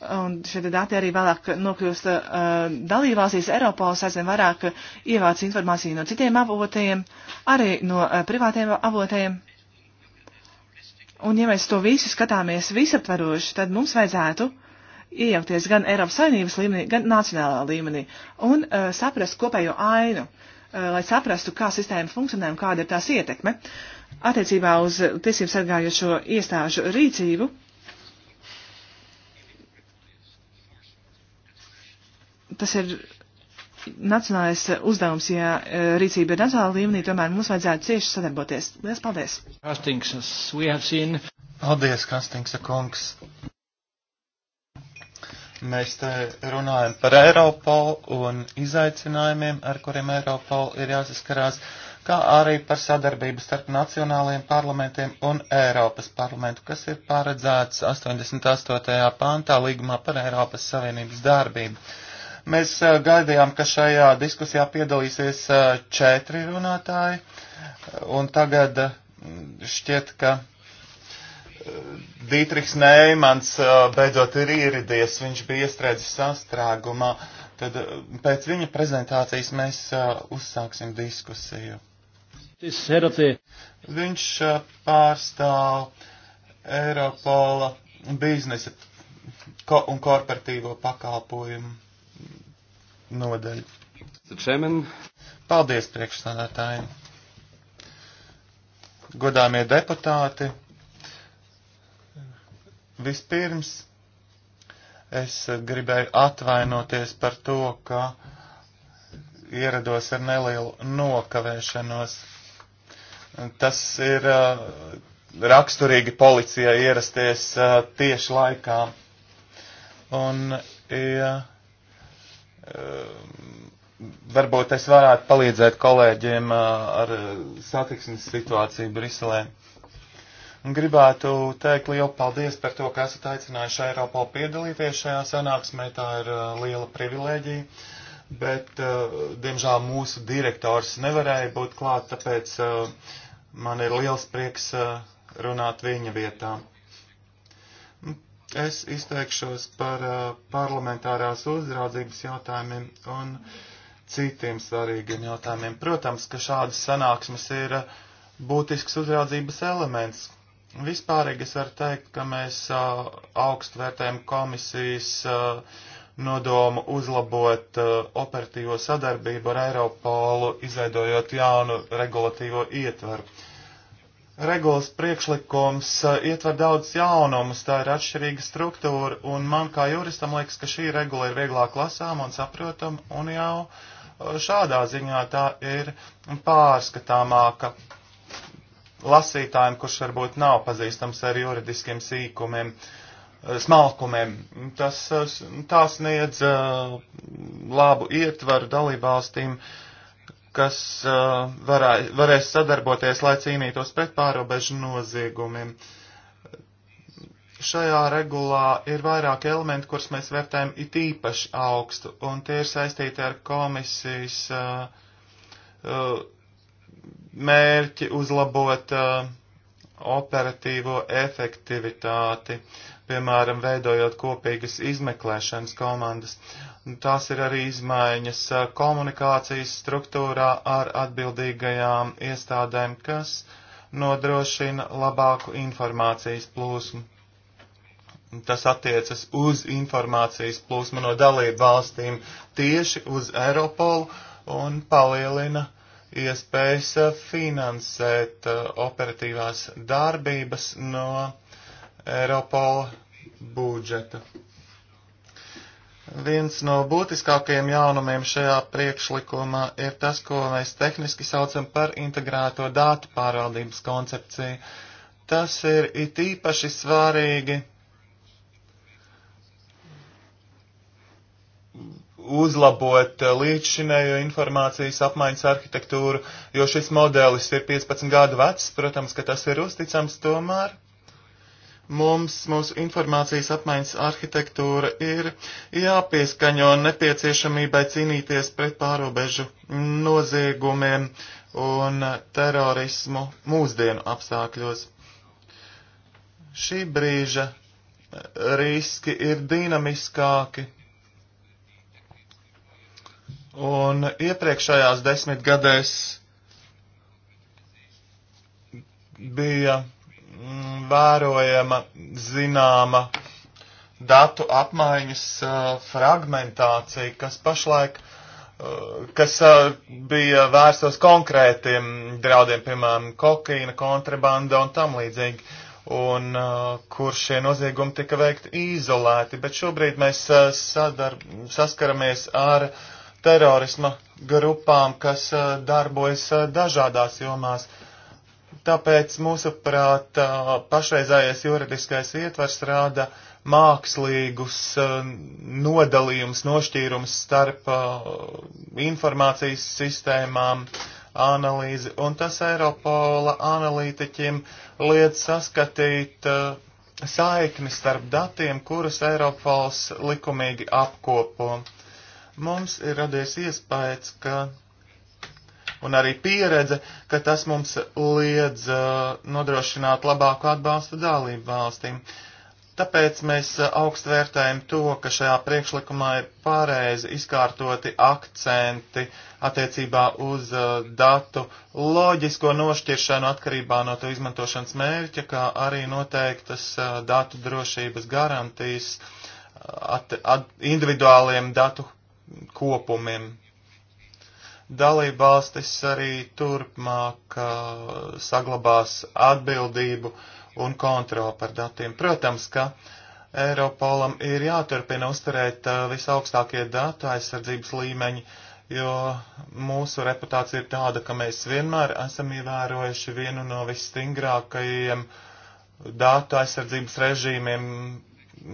Un šie dati arī vēlāk nokļūst uh, dalībvalstīs. Eiropols aizvien vairāk ievāc informāciju no citiem avotiem, arī no uh, privātiem avotiem. Un ja mēs to visu skatāmies visaptvaroši, tad mums vajadzētu iejaukties gan Eiropas saimnības līmenī, gan nacionālā līmenī un uh, saprast kopējo ainu, uh, lai saprastu, kā sistēma funkcionē un kāda ir tās ietekme. Attiecībā uz tiesību sargājošo iestāžu rīcību tas ir nacionālais uzdevums, ja e, rīcība ir nacionāla līmenī, tomēr mums vajadzētu cieši sadarboties. Lielas paldies! Paldies, Kastingsa kungs! Mēs te runājam par Eiropolu un izaicinājumiem, ar kuriem Eiropola ir jāsaskarās, kā arī par sadarbību starp nacionālajiem parlamentiem un Eiropas parlamentu, kas ir paredzēts 88. pāntā līgumā par Eiropas Savienības darbību Mēs eh, gaidījām, ka šajā diskusijā piedalīsies eh, četri runātāji, un tagad eh, šķiet, ka Dītriks Neimans beidzot ir ieradies, viņš bija iestrēdzis sastrēgumā. Tad pēc viņa prezentācijas mēs uzsāksim diskusiju. Viņš pārstāv Eiropola biznesa un korporatīvo pakalpojumu nodaļu. Paldies priekšstādātājiem! Godāmie deputāti! Vispirms es gribēju atvainoties par to, ka ierados ar nelielu nokavēšanos. Tas ir uh, raksturīgi policijai ierasties uh, tieši laikā. Un, ja, Ehm, varbūt es varētu palīdzēt kolēģiem ar satiksmes situāciju Briselē. Un gribētu teikt lielu paldies par to, ka esat aicinājuši Eiropā piedalīties šajā sanāksmē. Tā ir liela privilēģija. Bet, diemžēl, mūsu direktors nevarēja būt klāt, tāpēc man ir liels prieks runāt viņa vietām. Es izteikšos par uh, parlamentārās uzraudzības jautājumiem un citiem svarīgiem jautājumiem. Protams, ka šādas sanāksmes ir uh, būtisks uzraudzības elements. Vispārīgi es varu teikt, ka mēs uh, augstu vērtējam komisijas nodomu uzlabot operatīvo sadarbību ar Eiropolu, izveidojot jaunu regulatīvo ietvaru regulas priekšlikums uh, ietver daudz jaunumus, tā ir atšķirīga struktūra, un man kā juristam liekas, ka šī regula ir vieglāk lasām un saprotam, un jau uh, šādā ziņā tā ir pārskatāmāka lasītājiem, kurš varbūt nav pazīstams ar juridiskiem sīkumiem, uh, smalkumiem. Tas tās niedz labu ietvaru dalībvalstīm. Uh, kas uh, varā, varēs sadarboties, lai cīnītos pret pārobežu noziegumiem. Šajā regulā ir vairāk elementi, kurus mēs vērtējam it īpaši augstu, un tie ir saistīti ar komisijas uh, uh, mērķi uzlabot uh, operatīvo efektivitāti, piemēram, veidojot kopīgas izmeklēšanas komandas. Tās ir arī izmaiņas komunikācijas struktūrā ar atbildīgajām iestādēm, kas nodrošina labāku informācijas plūsmu. Tas attiecas uz informācijas plūsmu no dalību valstīm tieši uz Eiropolu un palielina iespējas finansēt operatīvās darbības no Eiropola budžeta. Viens no būtiskākajiem jaunumiem šajā priekšlikumā ir tas, ko mēs tehniski saucam par integrēto datu pārvaldības koncepciju. Tas ir it īpaši svarīgi uzlabot līdzšinējo informācijas apmaiņas arhitektūru, jo šis modelis ir 15 gadu vecs, protams, ka tas ir uzticams tomēr mums mūsu informācijas apmaiņas arhitektūra ir jāpieskaņo nepieciešamībai cīnīties pret pārobežu noziegumiem un terorismu mūsdienu apstākļos. Šī brīža riski ir dinamiskāki. Un iepriekšējās desmitgadēs bija Mm, vērojama zināma datu apmaiņas uh, fragmentācija, kas pašlaik uh, kas uh, bija vērstos konkrētiem draudiem, piemēram, kokaīna, kontrabanda un tam līdzīgi, un uh, kur šie noziegumi tika veikti izolēti, bet šobrīd mēs uh, sadar, saskaramies ar terorisma grupām, kas uh, darbojas dažādās jomās. Uh, Tāpēc, mūsuprāt, pašreizējais juridiskais ietvars rāda mākslīgus nodalījums, nošķīrums starp informācijas sistēmām, analīzi, un tas Eiropola analītiķiem liedz saskatīt saikni starp datiem, kurus Eiropols likumīgi apkopo. Mums ir radies iespējas, ka un arī pieredze, ka tas mums liedz uh, nodrošināt labāku atbalstu dalību valstīm. Tāpēc mēs uh, augstu vērtējam to, ka šajā priekšlikumā ir pareizi izkārtoti akcenti attiecībā uz uh, datu loģisko nošķiršanu atkarībā no to izmantošanas mērķa, kā arī noteiktas datu drošības garantijas at, at, individuāliem datu kopumiem dalībvalstis arī turpmāk uh, saglabās atbildību un kontroli par datiem. Protams, ka Eiropolam ir jāturpina uzturēt uh, visaugstākie datu aizsardzības līmeņi, jo mūsu reputācija ir tāda, ka mēs vienmēr esam ievērojuši vienu no visstingrākajiem datu aizsardzības režīmiem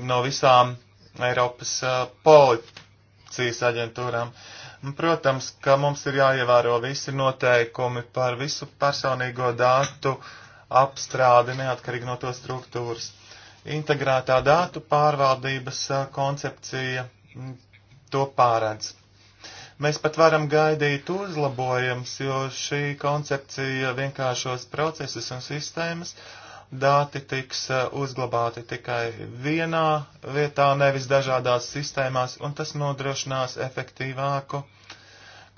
no visām Eiropas uh, policijas aģentūrām. Uh, Protams, ka mums ir jāievēro visi noteikumi par visu personīgo datu apstrādi neatkarīgi no to struktūras. Integrētā datu pārvaldības koncepcija mm, to pārēdz. Mēs pat varam gaidīt uzlabojums, jo šī koncepcija vienkāršos procesus un sistēmas dati tiks eh, uzglabāti tikai vienā vietā, nevis dažādās sistēmās, un tas nodrošinās efektīvāku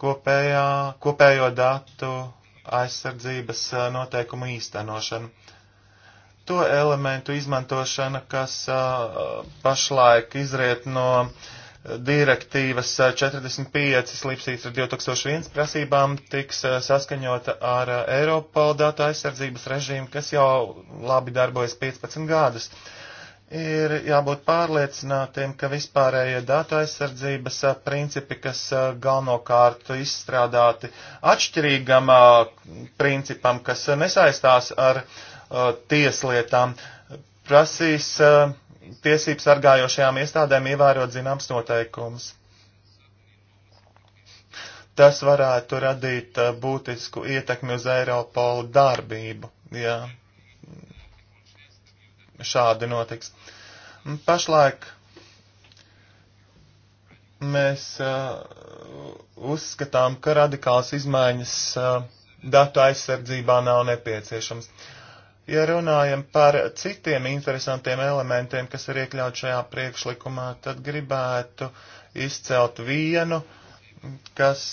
kopējā, kopējo datu aizsardzības eh, noteikumu īstenošanu. To elementu izmantošana, kas eh, pašlaik izriet no uh, direktīvas 45 eh, slīpsīts ar 2001 prasībām tiks eh, saskaņota ar eh, Eiropol datu aizsardzības režīmu, kas jau labi darbojas 15 gadus. Ir jābūt pārliecinātiem, ka vispārējie datu aizsardzības principi, kas galvenokārt izstrādāti atšķirīgam principam, kas nesaistās ar tieslietām, prasīs uh, tiesību sargājošajām iestādēm ievērot zināms noteikums. Tas varētu radīt eh, būtisku ietekmi uz Eiropolu darbību, ja šādi notiks. Pašlaik mēs uh, uzskatām, ka radikāls izmaiņas uh, datu aizsardzībā nav nepieciešams. Uh, Ja runājam par citiem interesantiem elementiem, kas ir iekļaut šajā priekšlikumā, tad gribētu izcelt vienu, kas,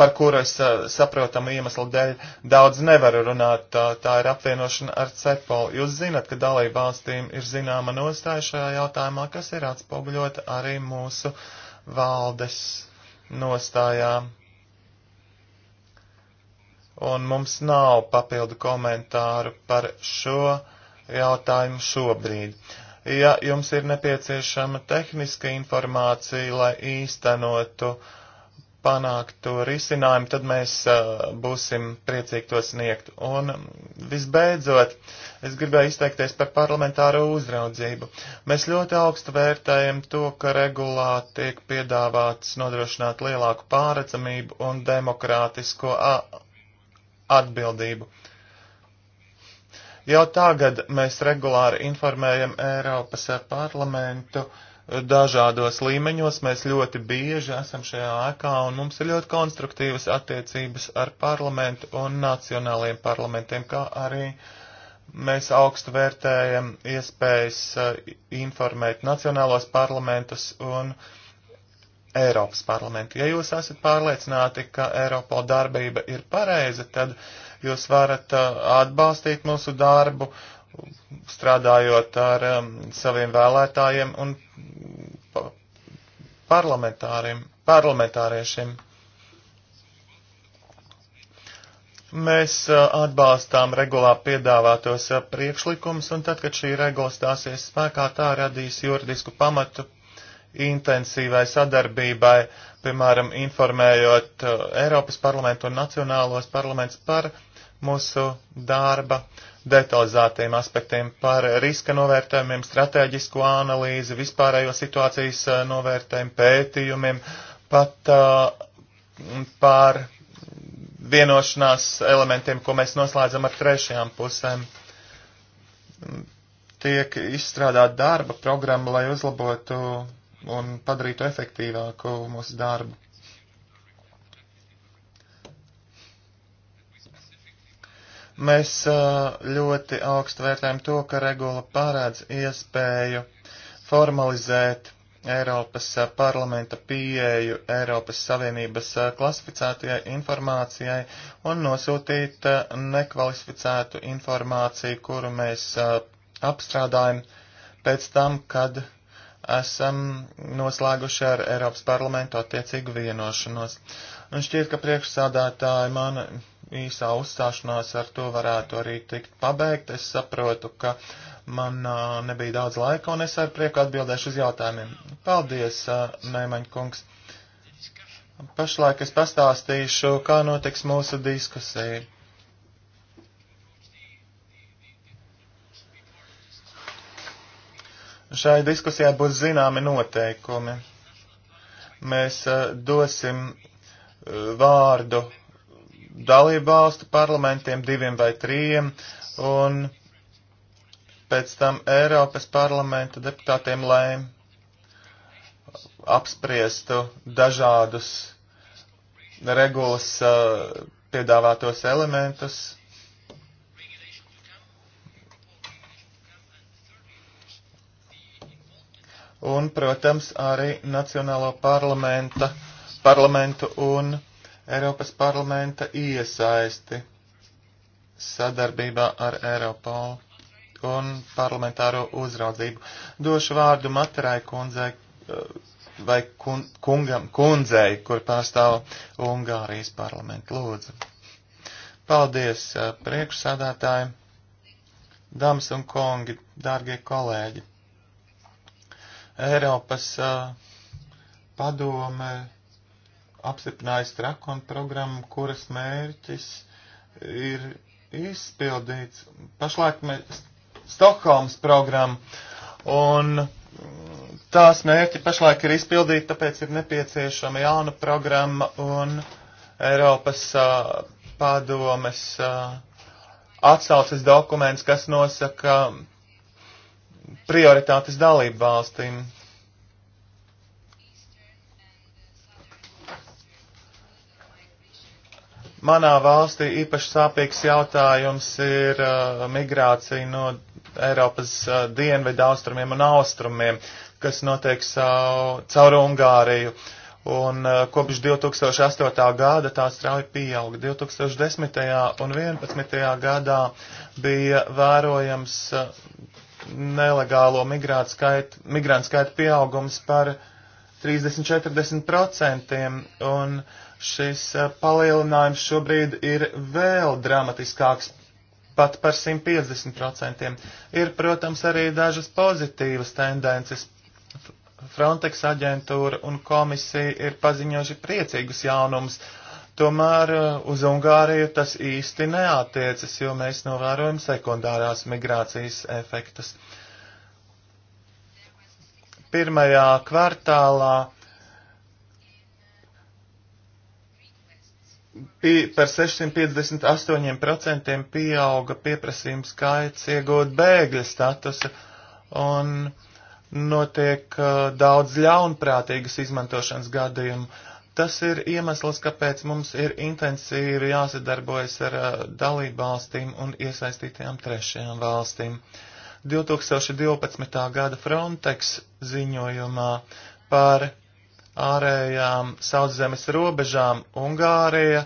par kuru es eh, saprotamu iemeslu dēļ daudz nevaru runāt, tā, tā ir apvienošana ar CEPOL. Jūs zinat, ka dalību valstīm ir zināma nostāja šajā jautājumā, kas ir atspoguļota arī mūsu valdes nostājām un mums nav papildu komentāru par šo jautājumu šobrīd. Ja jums ir nepieciešama tehniska informācija, lai īstenotu panāktu risinājumu, tad mēs uh, būsim priecīgi to sniegt. Un visbeidzot, es gribēju izteikties par parlamentāro uzraudzību. Mēs ļoti augstu vērtējam to, ka regulā tiek piedāvāts nodrošināt lielāku pārredzamību un demokrātisko atbildību. Jau tagad mēs regulāri informējam Eiropas parlamentu dažādos līmeņos. Mēs ļoti bieži esam šajā ēkā un mums ir ļoti konstruktīvas attiecības ar parlamentu un nacionālajiem parlamentiem, kā arī mēs augstu vērtējam iespējas informēt nacionālos parlamentus un uh, Eiropas parlamentu. Ja jūs esat pārliecināti, ka Eiropā darbība ir pareiza, tad jūs varat uh, atbalstīt mūsu darbu, strādājot ar um, saviem vēlētājiem un parlamentāriešiem. Mēs uh, atbalstām regulā piedāvātos uh, priekšlikumus, un tad, kad šī regula stāsies spēkā, tā radīs juridisku pamatu intensīvai sadarbībai, piemēram, informējot uh, Eiropas parlamentu un nacionālos parlaments par mūsu darba detalizētiem aspektiem, par riska novērtējumiem, stratēģisko analīzi, vispārējo situācijas uh, novērtējumu, pētījumiem, pat uh, par vienošanās elementiem, ko mēs noslēdzam ar trešajām pusēm. Tiek izstrādāt darba programma, lai uzlabotu un padarītu efektīvāku mūsu darbu. Mēs ļoti augstu vērtējam to, ka regula parādz iespēju formalizēt Eiropas parlamenta pieeju Eiropas Savienības klasificētajai informācijai un nosūtīt nekvalificētu informāciju, kuru mēs apstrādājam pēc tam, kad esam noslēguši ar Eiropas parlamentu attiecīgu vienošanos. Un šķiet, ka priekšsādātāji mana īsā uzstāšanās ar to varētu arī tikt pabeigt. Es saprotu, ka man uh, nebija daudz laika, un es ar prieku atbildēšu uz jautājumiem. Paldies, uh, Nēmaņa kungs. Pašlaik es pastāstīšu, kā notiks mūsu diskusija. Šai diskusijai būs zināmi noteikumi. Mēs eh, dosim eh, vārdu dalībvalstu parlamentiem, diviem vai trījiem, un pēc tam Eiropas parlamenta deputātiem, lai apspriestu dažādus regulas eh, piedāvātos elementus un, protams, arī Nacionālo parlamenta, parlamentu un Eiropas parlamenta iesaisti sadarbībā ar Eiropolu un parlamentāro uzraudzību. Došu vārdu Materai kundzei eh, vai kun, kungam, kundzei, kur pārstāv Ungārijas parlamentu. Lūdzu. Paldies eh, priekšsādātājiem, dāmas un kungi, dārgie kolēģi. Eiropas uh, padome apstiprināja Strakon programmu, kuras mērķis ir izpildīts. Pašlaik mēs Stokholmas programmu un mm, tās mērķi pašlaik ir izpildīti, tāpēc ir nepieciešama jauna programma un Eiropas uh, padomes uh, atsauces dokuments, kas nosaka prioritātes dalību valstīm. Manā valstī īpaši sāpīgs jautājums ir uh, migrācija no Eiropas uh, dienvidu austrumiem un austrumiem, kas notiek savu, caur Ungāriju. Un uh, kopš 2008. gada tā strauji pieauga. 2010. un 2011. gadā bija vērojams uh, nelegālo migrātu skaitu, migrātu skaitu pieaugums par 30-40%, un šis eh, palielinājums šobrīd ir vēl dramatiskāks, pat par 150%. Ir, protams, arī dažas pozitīvas tendences. Frontex aģentūra un komisija ir paziņojuši priecīgus jaunumus Tomēr eh, uz Ungāriju tas īsti neatiecas, jo mēs novērojam sekundārās migrācijas efektus. Pirmajā kvartālā par 658% pieauga pieprasījums skaits iegūt bēgļa statusu un notiek uh, daudz ļaunprātīgas izmantošanas gadījumu. Tas ir iemesls, kāpēc mums ir intensīvi jāsadarbojas ar dalību valstīm un iesaistītajām trešajām valstīm. 2012. gada Frontex ziņojumā par ārējām sauszemes robežām Ungārija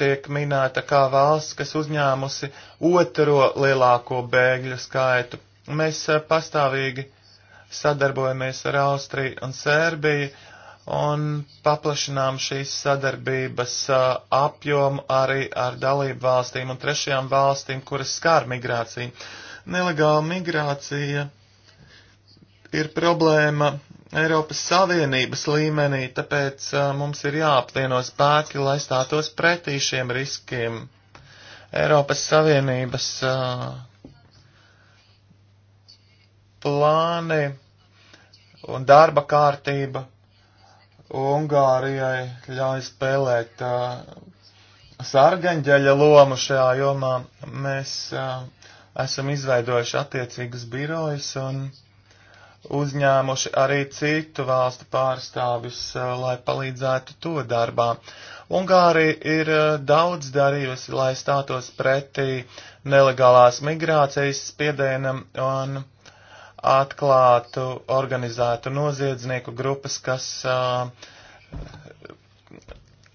tiek minēta kā valsts, kas uzņēmusi otro lielāko bēgļu skaitu. Mēs pastāvīgi sadarbojamies ar Austriju un Sērbiju, un paplašinām šīs sadarbības apjomu arī ar dalību valstīm un trešajām valstīm, kuras skār migrāciju. Nelegāla migrācija ir problēma Eiropas Savienības līmenī, tāpēc mums ir jāapvieno spēki, lai stātos pretī šiem riskiem. Eiropas Savienības plāni un darba kārtība Ungārijai ļauj spēlēt uh, sargaņģeļa lomu šajā jomā. Mēs uh, esam izveidojuši attiecīgus birojus un uzņēmuši arī citu valstu pārstāvis, uh, lai palīdzētu to darbā. Ungārija ir uh, daudz darījusi, lai stātos pretī nelegālās migrācijas spiedienam un atklātu organizētu noziedznieku grupas, kas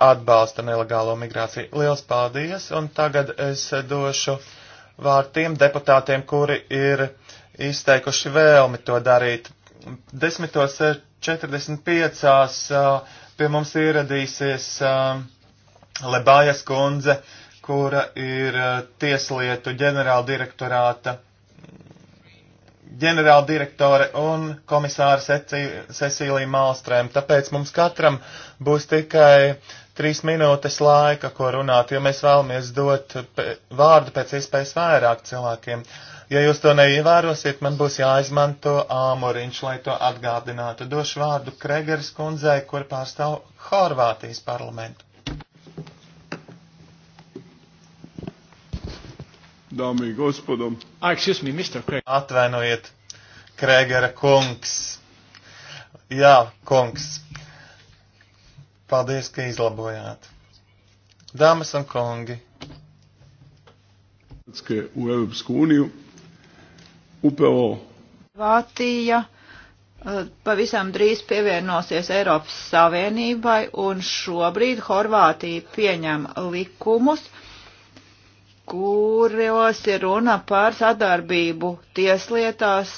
atbalsta nelegālo migrāciju. Liels paldies, un tagad es došu vārdu tiem deputātiem, kuri ir izteikuši vēlmi to darīt. 10.45 pie mums ieradīsies Lebājas kundze, kura ir tieslietu ģenerāla direktorāta ģenerāldirektore un komisāra Cecīlija Malstrēm. Tāpēc mums katram būs tikai trīs minūtes laika, ko runāt, jo mēs vēlamies dot vārdu pēc iespējas vairāk cilvēkiem. Ja jūs to neievērosiet, man būs jāizmanto āmuriņš, lai to atgādinātu. Došu vārdu Kregeris kundzei, kur pārstāv Horvātijas parlamentu. dāmas un gospodo. Ah, excuse me, Mr. Craig. Atvainojiet, Krēgera kungs. Jā, kungs. Paldies, ka izlabojāt. Dāmas un kungi. U Europsku uniju upravo Vācija eh, pavisam drīz pievienosies Eiropas Savienībai un šobrīd Horvātija pieņem likumus, uh, kuros ir runa par sadarbību tieslietās,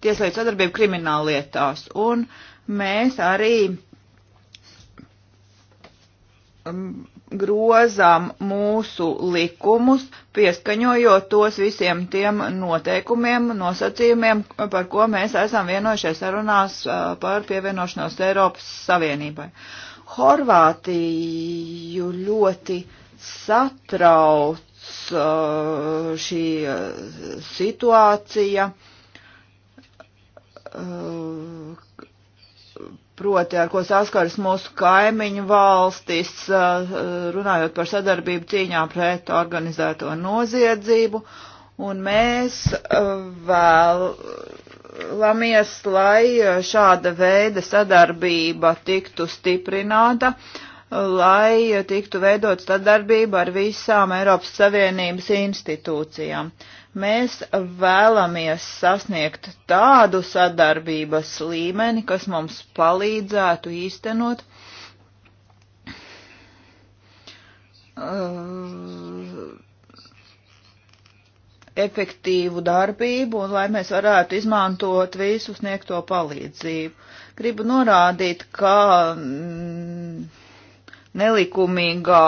tieslietu sadarbību krimināllietās. Un mēs arī mm, grozām mūsu likumus, pieskaņojot tos visiem tiem noteikumiem, nosacījumiem, par ko mēs esam vienojušies sarunās par pievienošanos Eiropas Savienībai. Horvātiju ļoti uh, satrauc uh, šī uh, situācija, uh, proti ar ko saskaras mūsu kaimiņu valstis, runājot par sadarbību cīņā pret organizēto noziedzību, un mēs vēlamies, lai šāda veida sadarbība tiktu stiprināta lai tiktu veidot sadarbība ar visām Eiropas Savienības institūcijām. Mēs vēlamies sasniegt tādu sadarbības līmeni, kas mums palīdzētu īstenot uh, efektīvu darbību un lai mēs varētu izmantot visu sniegto palīdzību. Gribu norādīt, ka mm, nelikumīgā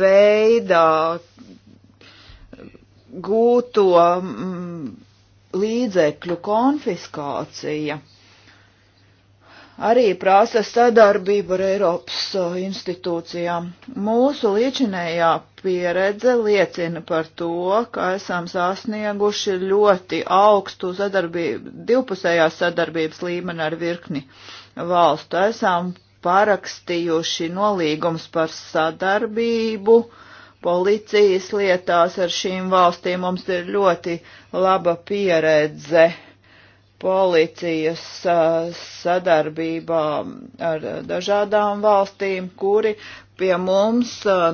veidā gūto mm, līdzekļu konfiskācija arī prasa sadarbību ar Eiropas eh, institūcijām. Mūsu līdzinējā pieredze liecina par to, ka esam sasnieguši ļoti augstu sadarbību, divpusējās sadarbības līmeni ar virkni valstu. Esam parakstījuši nolīgums par sadarbību policijas lietās ar šīm valstīm. Mums ir ļoti laba pieredze policijas sadarbībā ar dažādām valstīm, kuri pie mums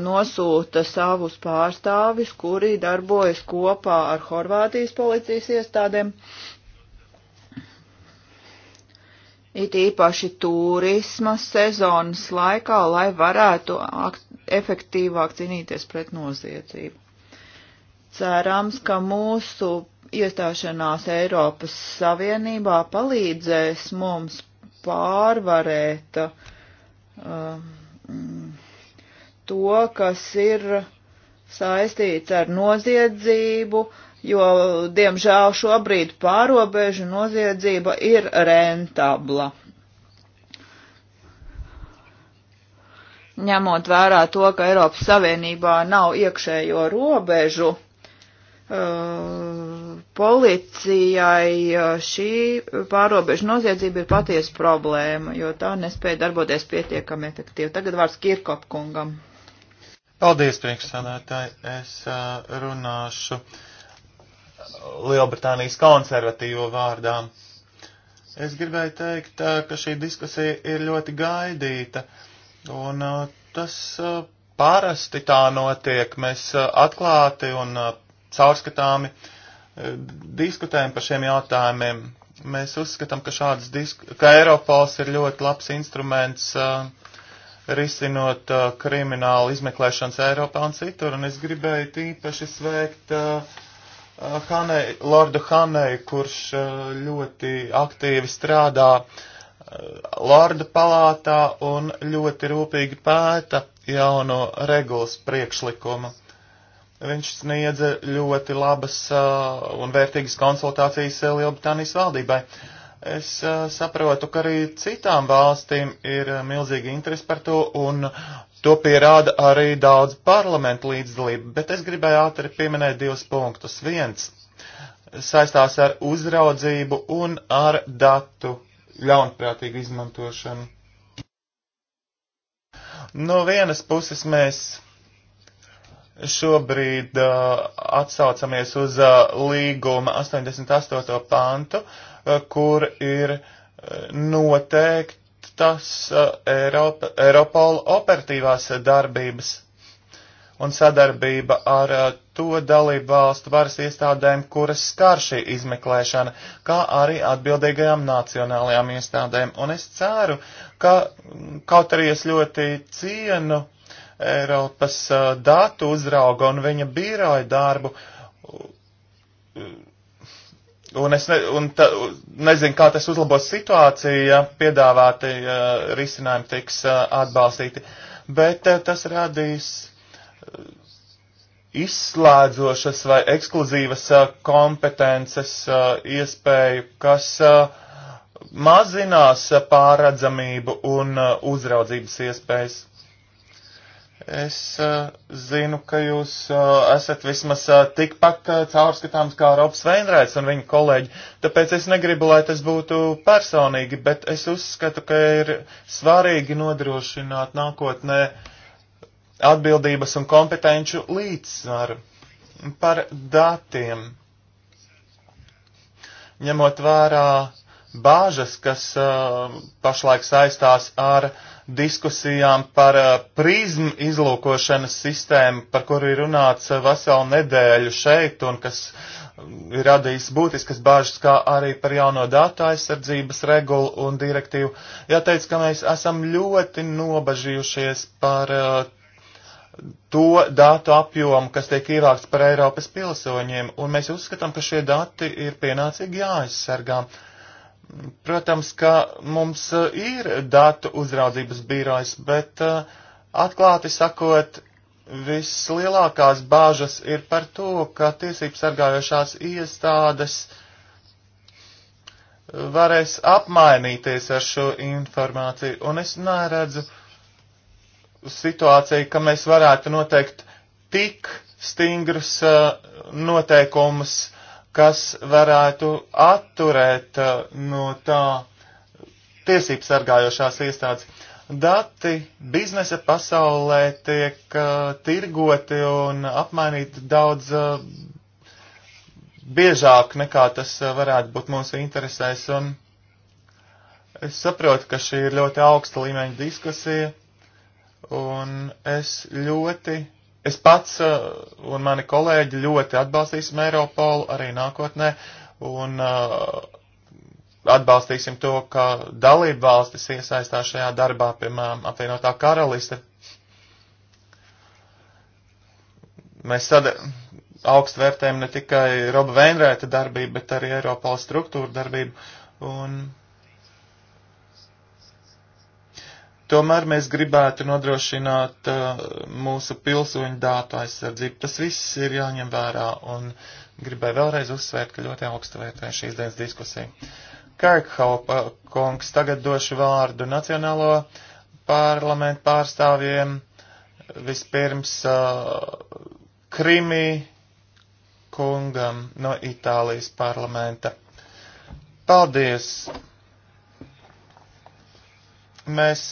nosūta savus pārstāvis, kuri darbojas kopā ar Horvātijas policijas iestādēm it īpaši turisma sezonas laikā, lai varētu efektīvāk cīnīties pret noziedzību. Cerams, ka mūsu iestāšanās Eiropas Savienībā palīdzēs mums pārvarēt uh, to, kas ir saistīts ar noziedzību, uh, jo, diemžēl, šobrīd pārobežu noziedzība ir rentabla. Ņemot vērā to, ka Eiropas Savienībā nav iekšējo robežu, uh, policijai eh, šī pārobežu noziedzība ir patiesa problēma, jo tā nespēja darboties pietiekami efektīvi. Tagad vārds Kirkopkungam. Paldies, priekšsādātāji. Es uh, runāšu uh, Lielbritānijas konservatīvo vārdā. Es gribēju teikt, ka šī diskusija ir ļoti gaidīta, un tas parasti tā notiek. Mēs atklāti un caurskatāmi diskutējam par šiem jautājumiem. Mēs uzskatām, ka šādas disku, ka Eiropols ir ļoti labs instruments uh, risinot uh, kriminālu izmeklēšanas Eiropā un citur, un es gribēju tīpaši sveikt uh, Hanei, Lordu Hanei, kurš eh, ļoti aktīvi strādā eh, Lordu palātā un ļoti rūpīgi pēta jauno regulas priekšlikumu. Viņš sniedza ļoti labas eh, un vērtīgas konsultācijas Lielbritānijas valdībai. Es saprotu, ka arī citām valstīm ir milzīga interese par to, un To pierāda arī daudz parlamentu līdzdalību, bet es gribēju ātri pieminēt divus punktus. Viens saistās ar uzraudzību un ar datu ļaunprātīgu izmantošanu. No vienas puses mēs šobrīd uh, atsaucamies uz uh, līguma 88. pantu, uh, kur ir uh, noteikti tas uh, Eiropa, Eiropola operatīvās darbības un sadarbība ar uh, to dalību valstu varas iestādēm, kuras skar šī izmeklēšana, kā arī atbildīgajām nacionālajām iestādēm. Un es ceru, ka kaut arī es ļoti cienu Eiropas uh, datu uzrauga un viņa bīroja darbu, Un es ne, un ta, nezinu, kā tas uzlabos situāciju, ja piedāvāti uh, risinājumi tiks uh, atbalstīti, bet uh, tas radīs uh, izslēdzošas vai ekskluzīvas uh, kompetences uh, iespēju, kas uh, mazinās pārredzamību un uh, uzraudzības iespējas. Es uh, zinu, ka jūs uh, esat vismaz uh, tikpat uh, caurskatāms kā Robs Veinrēts un viņa kolēģi, tāpēc es negribu, lai tas būtu personīgi, bet es uzskatu, ka ir svarīgi nodrošināt nākotnē atbildības un kompetenču līdzsvaru par datiem, ņemot vērā bāžas, kas uh, pašlaik saistās ar uh, diskusijām par uh, prizmu izlūkošanas sistēmu, par kuru ir runāts uh, veselu nedēļu šeit un kas um, ir radījis būtiskas bāžas, kā arī par jauno datu aizsardzības regulu un direktīvu. Jāteic, ka mēs esam ļoti nobažījušies par uh, to datu apjomu, kas tiek ievākts par Eiropas pilsoņiem, un mēs uzskatām, ka šie dati ir pienācīgi jāaizsargā. Uh, Protams, ka mums eh, ir datu uzraudzības birojs, bet eh, atklāti sakot, vislielākās bāžas ir par to, ka tiesības sargājošās iestādes varēs apmainīties ar šo informāciju, un es neredzu situāciju, ka mēs varētu noteikt tik stingrus eh, noteikumus, kas varētu atturēt uh, no tā tiesību sargājošās iestādes. Dati biznesa pasaulē tiek uh, tirgoti un apmainīti daudz uh, biežāk nekā tas uh, varētu būt mūsu interesēs. Un es saprotu, ka šī ir ļoti augsta līmeņa diskusija, un es ļoti Es pats uh, un mani kolēģi ļoti atbalstīsim Eiropolu arī nākotnē un uh, atbalstīsim to, ka dalību valstis iesaistās šajā darbā, piemēram, apvienotā karaliste. Mēs tad augstu vērtējam ne tikai Roba Veinrēta darbību, bet arī Eiropola struktūra darbību. Un Tomēr mēs gribētu nodrošināt uh, mūsu pilsoņu dātu aizsardzību. Tas viss ir jāņem vērā un gribēju vēlreiz uzsvērt, ka ļoti augstu vērtēju šīs dienas diskusiju. Kirkhaupa kungs, tagad došu vārdu Nacionālo parlamentu pārstāvjiem. Vispirms uh, Krimi kungam no Itālijas parlamenta. Paldies! Mēs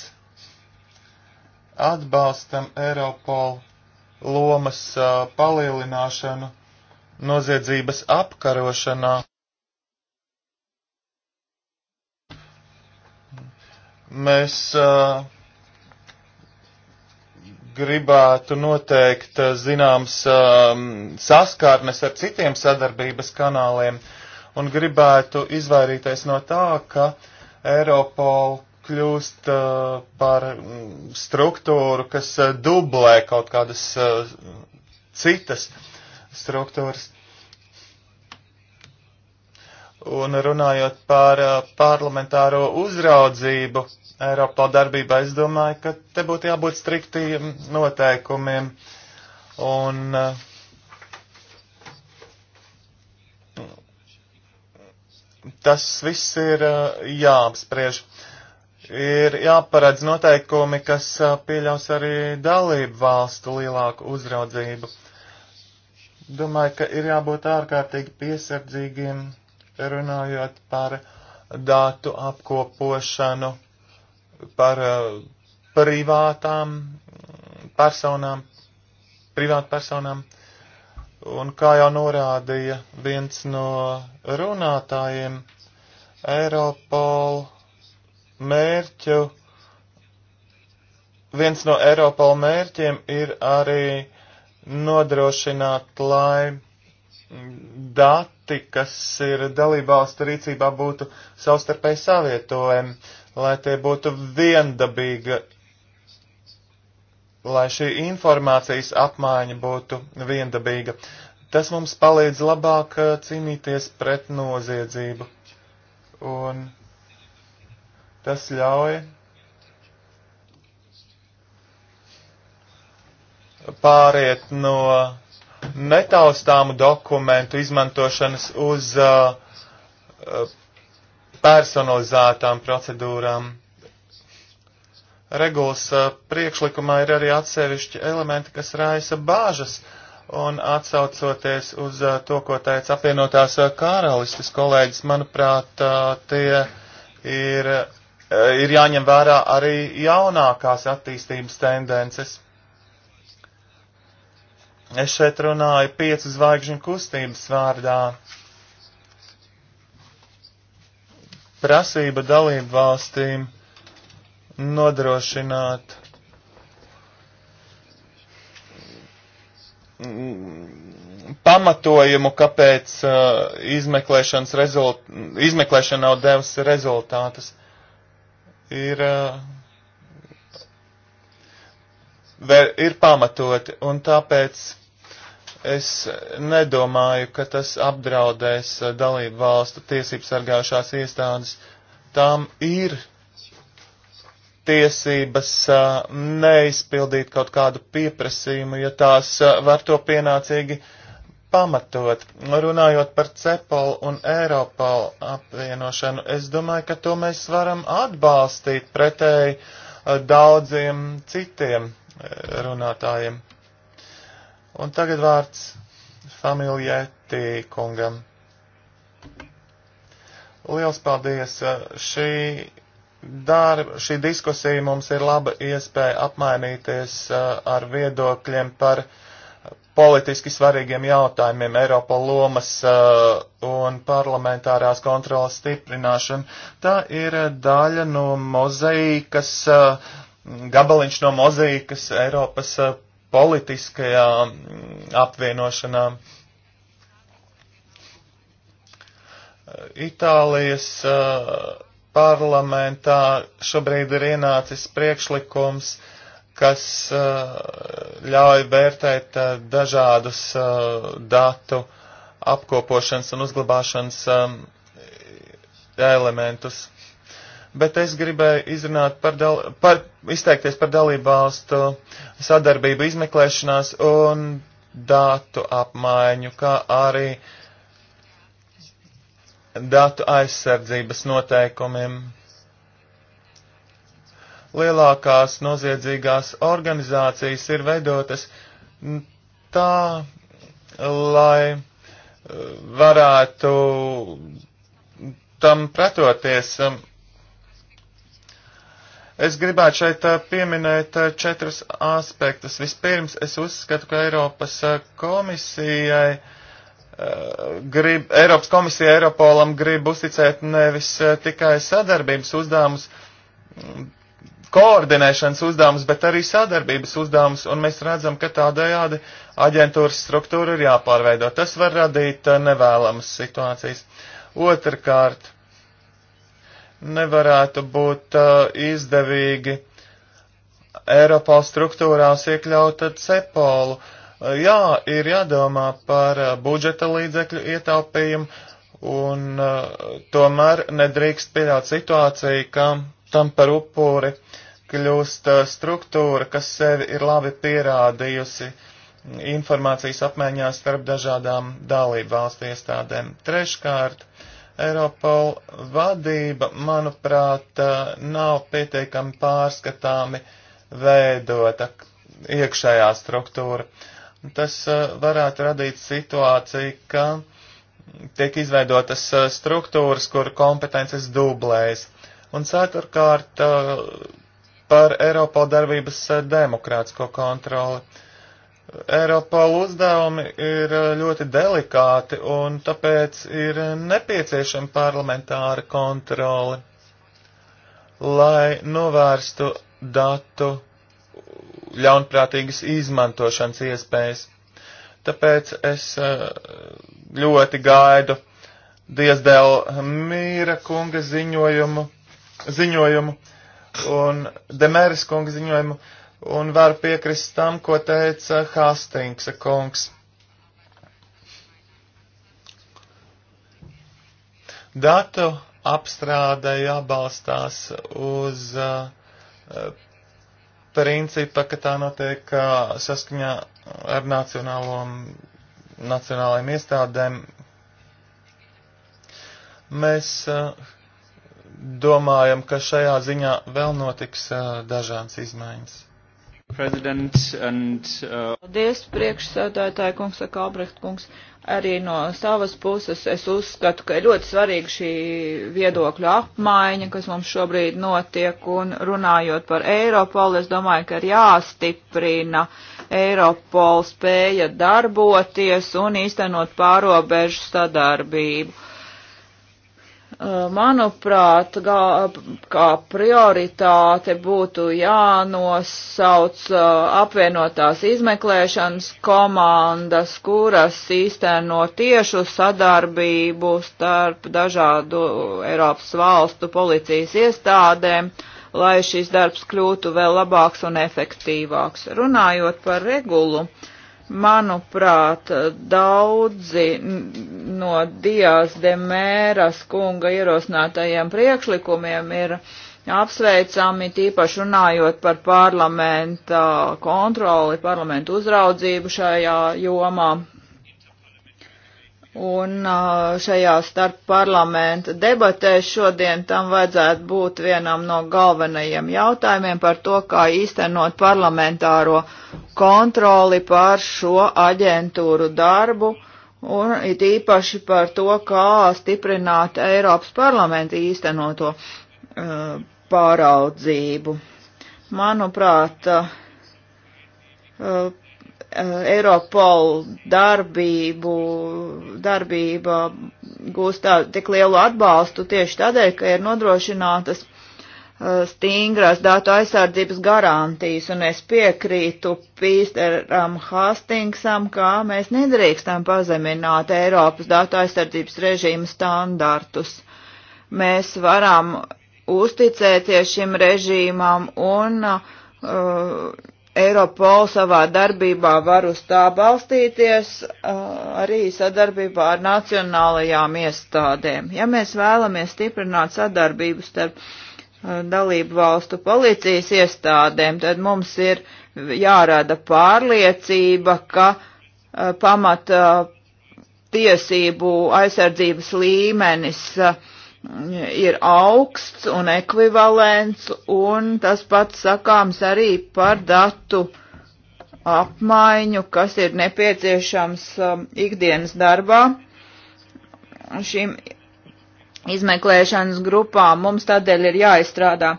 atbalstam Eiropolu lomas palielināšanu noziedzības apkarošanā. Mēs uh, gribētu noteikt zināms um, saskārnes ar citiem sadarbības kanāliem un gribētu izvairīties no tā, ka Eiropol kļūst uh, par mm, struktūru, kas uh, dublē kaut kādas uh, citas struktūras. Un runājot par uh, parlamentāro uzraudzību Eiropā darbībā, es domāju, ka te būtu jābūt striktiem noteikumiem. Un uh, tas viss ir uh, jāapspriež ir jāparedz noteikumi, kas pieļaus arī dalību valstu lielāku uzraudzību. Domāju, ka ir jābūt ārkārtīgi piesardzīgiem runājot par datu apkopošanu, par privātām personām, privātpersonām. Un kā jau norādīja viens no runātājiem, Eiropola mērķu. Viens no Eiropola mērķiem ir arī nodrošināt, lai dati, kas ir dalībvalstu rīcībā, būtu savstarpēji savietojami, lai tie būtu viendabīga, lai šī informācijas apmaiņa būtu viendabīga. Tas mums palīdz labāk cīnīties pret noziedzību. Un Tas ļauj pāriet no netaustāmu dokumentu izmantošanas uz uh, uh, personalizētām procedūrām. Regulas uh, priekšlikumā ir arī atsevišķi elementi, kas raisa bāžas, un atsaucoties uz uh, to, ko teica apvienotās uh, karalistes kolēģis, manuprāt, uh, tie ir Eh, ir jāņem vērā arī jaunākās attīstības tendences. Es šeit runāju piecu zvaigžņu kustības vārdā. Prasība dalību valstīm nodrošināt pamatojumu, kāpēc uh, izmeklēšanas rezult, izmeklēšana nav devusi rezultātus ir, eh, ir pamatoti, un tāpēc es nedomāju, ka tas apdraudēs eh, dalību valstu tiesību sargājušās iestādes. Tām ir tiesības eh, neizpildīt kaut kādu pieprasījumu, ja tās var to pienācīgi uh, pamatot. Runājot par CEPOL un Eiropol apvienošanu, es domāju, ka to mēs varam atbalstīt pretēji eh, daudziem citiem eh, runātājiem. Un tagad vārds Familjētī kungam. Liels paldies! Eh, šī darba, šī diskusija mums ir laba iespēja apmainīties ar viedokļiem par uh, politiski svarīgiem jautājumiem, Eiropa lomas uh, un parlamentārās kontrolas stiprināšana. Tā ir daļa no mozaīkas, uh, gabaliņš no mozaīkas Eiropas uh, politiskajā mm, apvienošanā. Itālijas uh, parlamentā šobrīd ir ienācis priekšlikums uh, kas uh, ļauj vērtēt uh, dažādus uh, datu apkopošanas un uzglabāšanas um, elementus. Bet es gribēju izrunāt par, dal, par izteikties par dalībvalstu sadarbību izmeklēšanās un datu apmaiņu, kā arī datu aizsardzības noteikumiem lielākās noziedzīgās organizācijas ir veidotas tā, lai eh, varētu tam pretoties. Um, es gribētu šeit eh, pieminēt eh, četrus aspektus. Vispirms, es uzskatu, ka Eiropas komisijai grib, Eiropas komisija Eiropolam grib uzticēt nevis tikai sadarbības uzdevumus, koordinēšanas uzdevums, bet arī sadarbības uzdevums, un mēs redzam, ka tādējādi aģentūras struktūra ir jāpārveido. Tas var radīt eh, nevēlamas situācijas. Otrkārt, nevarētu būt uh, izdevīgi Eiropā struktūrās iekļaut eh, cepolu. Uh, jā, ir jādomā par uh, budžeta līdzekļu ietaupījumu, un tomēr nedrīkst pieļaut situāciju, ka tam par upuri kļūst uh, struktūra, kas sevi ir labi pierādījusi informācijas apmaiņā starp dažādām dalību valstu iestādēm. Treškārt, Eiropol vadība, manuprāt, uh, nav pietiekami pārskatāmi veidota iekšējā struktūra. Tas uh, varētu radīt situāciju, ka tiek izveidotas struktūras, kur kompetences dublējas. Un ceturkārt par Eiropā darbības demokrātisko kontroli. Eiropola uzdevumi ir ļoti delikāti un tāpēc ir nepieciešama parlamentāra kontrole, lai novērstu datu ļaunprātīgas izmantošanas iespējas. Tāpēc es ļoti gaidu Diezdēla Mīra kunga ziņojumu ziņojumu un Demēris kunga ziņojumu un varu piekrist tam, ko teica Hāstingsa kungs. Datu apstrāde jābalstās uz uh, principa, ka tā notiek uh, saskaņā ar nacionālajiem iestādēm. Mēs uh, domājam, ka šajā ziņā vēl notiks uh, dažādas izmaiņas. And, uh... Paldies, priekšsēdētāji kungs, saka Albrecht kungs. Arī no savas puses es uzskatu, ka ir ļoti svarīga šī viedokļa apmaiņa, kas mums šobrīd notiek, un runājot par Eiropolu, es domāju, ka ir jāstiprina Eiropola spēja darboties un īstenot pārobežu sadarbību Eh, manuprāt, gā, kā prioritāte būtu jānosauc eh, apvienotās izmeklēšanas komandas, kuras īsteno tiešu sadarbību starp dažādu Eiropas valstu policijas iestādēm, lai šis darbs kļūtu vēl labāks un efektīvāks. Runājot par regulu, uh, Manuprāt, daudzi no Dijas de Mēras kunga ierosinātajiem priekšlikumiem ir apsveicami, tīpaši runājot par parlamenta kontroli, parlamentu uzraudzību šajā jomā Un šajā starp parlamenta debatēs šodien tam vajadzētu būt vienam no galvenajiem jautājumiem par to, kā īstenot parlamentāro kontroli pār šo aģentūru darbu un it īpaši par to, kā stiprināt Eiropas parlamenta īstenoto uh, pāraudzību. Manuprāt, uh, Eh, Eiropol darbību, darbība gūst tā, tik lielu atbalstu tieši tādēļ, ka ir nodrošinātas eh, stingrās datu aizsardzības garantijas, un es piekrītu Pīsteram Hastingsam, kā mēs nedrīkstam pazemināt Eiropas datu aizsardzības režīmu standartus. Mēs varam uzticēties šim režīmam un uh, Eiropola savā darbībā var uz tā balstīties arī sadarbībā ar nacionālajām iestādēm. Ja mēs vēlamies stiprināt sadarbību starp dalību valstu policijas iestādēm, tad mums ir jārada pārliecība, ka pamata tiesību aizsardzības līmenis uh, ir augsts un ekvivalents, un tas pats sakāms arī par datu apmaiņu, kas ir nepieciešams um, ikdienas darbā. Šīm izmeklēšanas grupām mums tādēļ ir jāizstrādā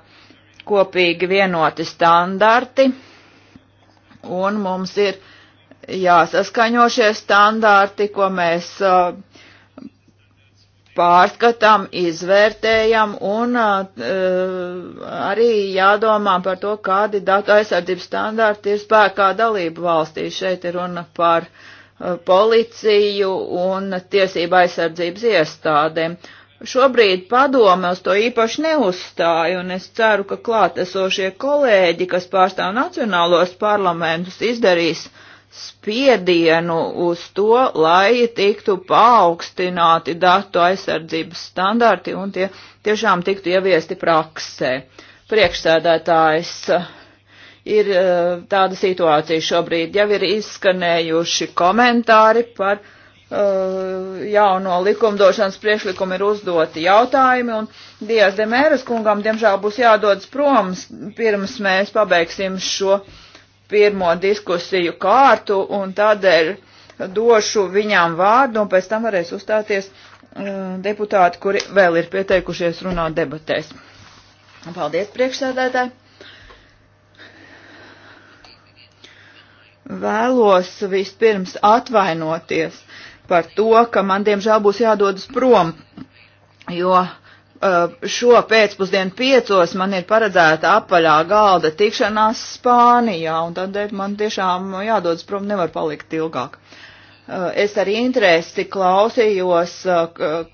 kopīgi vienoti standarti, un mums ir jāsaskaņo šie standarti, ko mēs uh, pārskatām, izvērtējam un uh, uh, arī jādomā par to, kādi datu aizsardzības standarti ir spēkā dalību valstī. Šeit ir runa par uh, policiju un tiesību aizsardzības iestādēm. Šobrīd padome uz to īpaši neuzstāja, un es ceru, ka klātesošie kolēģi, kas pārstāv nacionālos parlamentus, izdarīs uh, spiedienu uz to, lai tiktu paaugstināti datu aizsardzības standarti un tie tiešām tiktu ieviesti praksē. Priekšsēdētājs eh, ir eh, tāda situācija šobrīd, jau ir izskanējuši komentāri par uh, jauno likumdošanas priekšlikumu ir uzdoti jautājumi, un Dijas Demēras kungam, diemžēl, būs jādodas prom, pirms mēs pabeigsim šo uh, pirmo diskusiju kārtu un tādēļ došu viņām vārdu un pēc tam varēs uzstāties eh, deputāti, kuri vēl ir pieteikušies runāt debatēs. Paldies, priekšsēdētāji! Vēlos vispirms atvainoties par to, ka man diemžēl būs jādodas prom, jo uh, Eh, šo pēcpusdienu piecos man ir paredzēta apaļā galda tikšanās Spānijā, un tādēļ man tiešām jādodas prom, nevar palikt ilgāk. Eh, es ar interesi klausījos eh,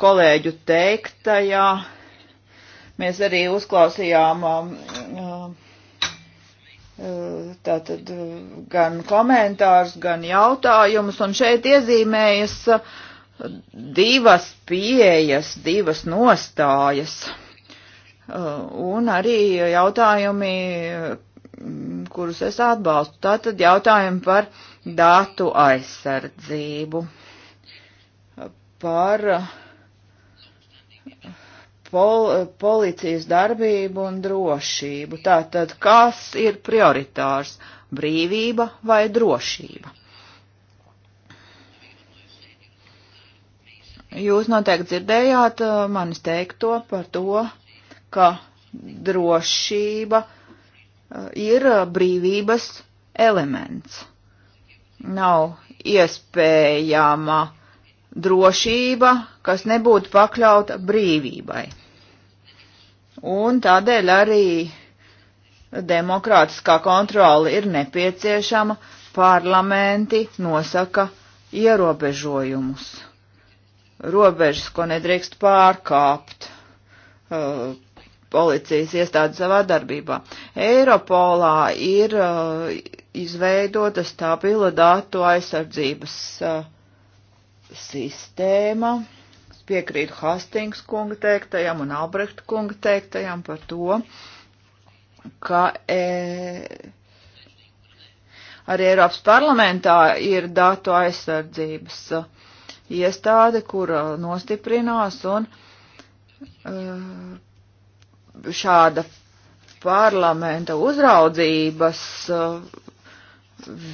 kolēģu teiktajā. Mēs arī uzklausījām um, um, tātad gan komentārus, gan jautājumus, un šeit iezīmējas uh, divas pieejas, divas nostājas. Uh, un arī jautājumi, mm, kurus es atbalstu. Tātad jautājumi par datu aizsardzību, par uh, pol policijas darbību un drošību. Tātad, kas ir prioritārs - brīvība vai drošība? Jūs noteikti dzirdējāt eh, manis teikto par to, ka drošība eh, ir eh, brīvības elements. Nav iespējama drošība, kas nebūtu pakļauta brīvībai. Un tādēļ arī demokrātiskā kontrola ir nepieciešama, parlamenti nosaka ierobežojumus robežas, ko nedrīkst pārkāpt uh, policijas iestādes savā darbībā. Eiropolā ir uh, izveidota stabila datu aizsardzības uh, sistēma. Es piekrītu Hastings kunga teiktajam un Albrecht kunga teiktajam par to, ka e, arī Eiropas parlamentā ir datu aizsardzības uh, iestāde, kura nostiprinās un eh, šāda parlamenta uzraudzības eh,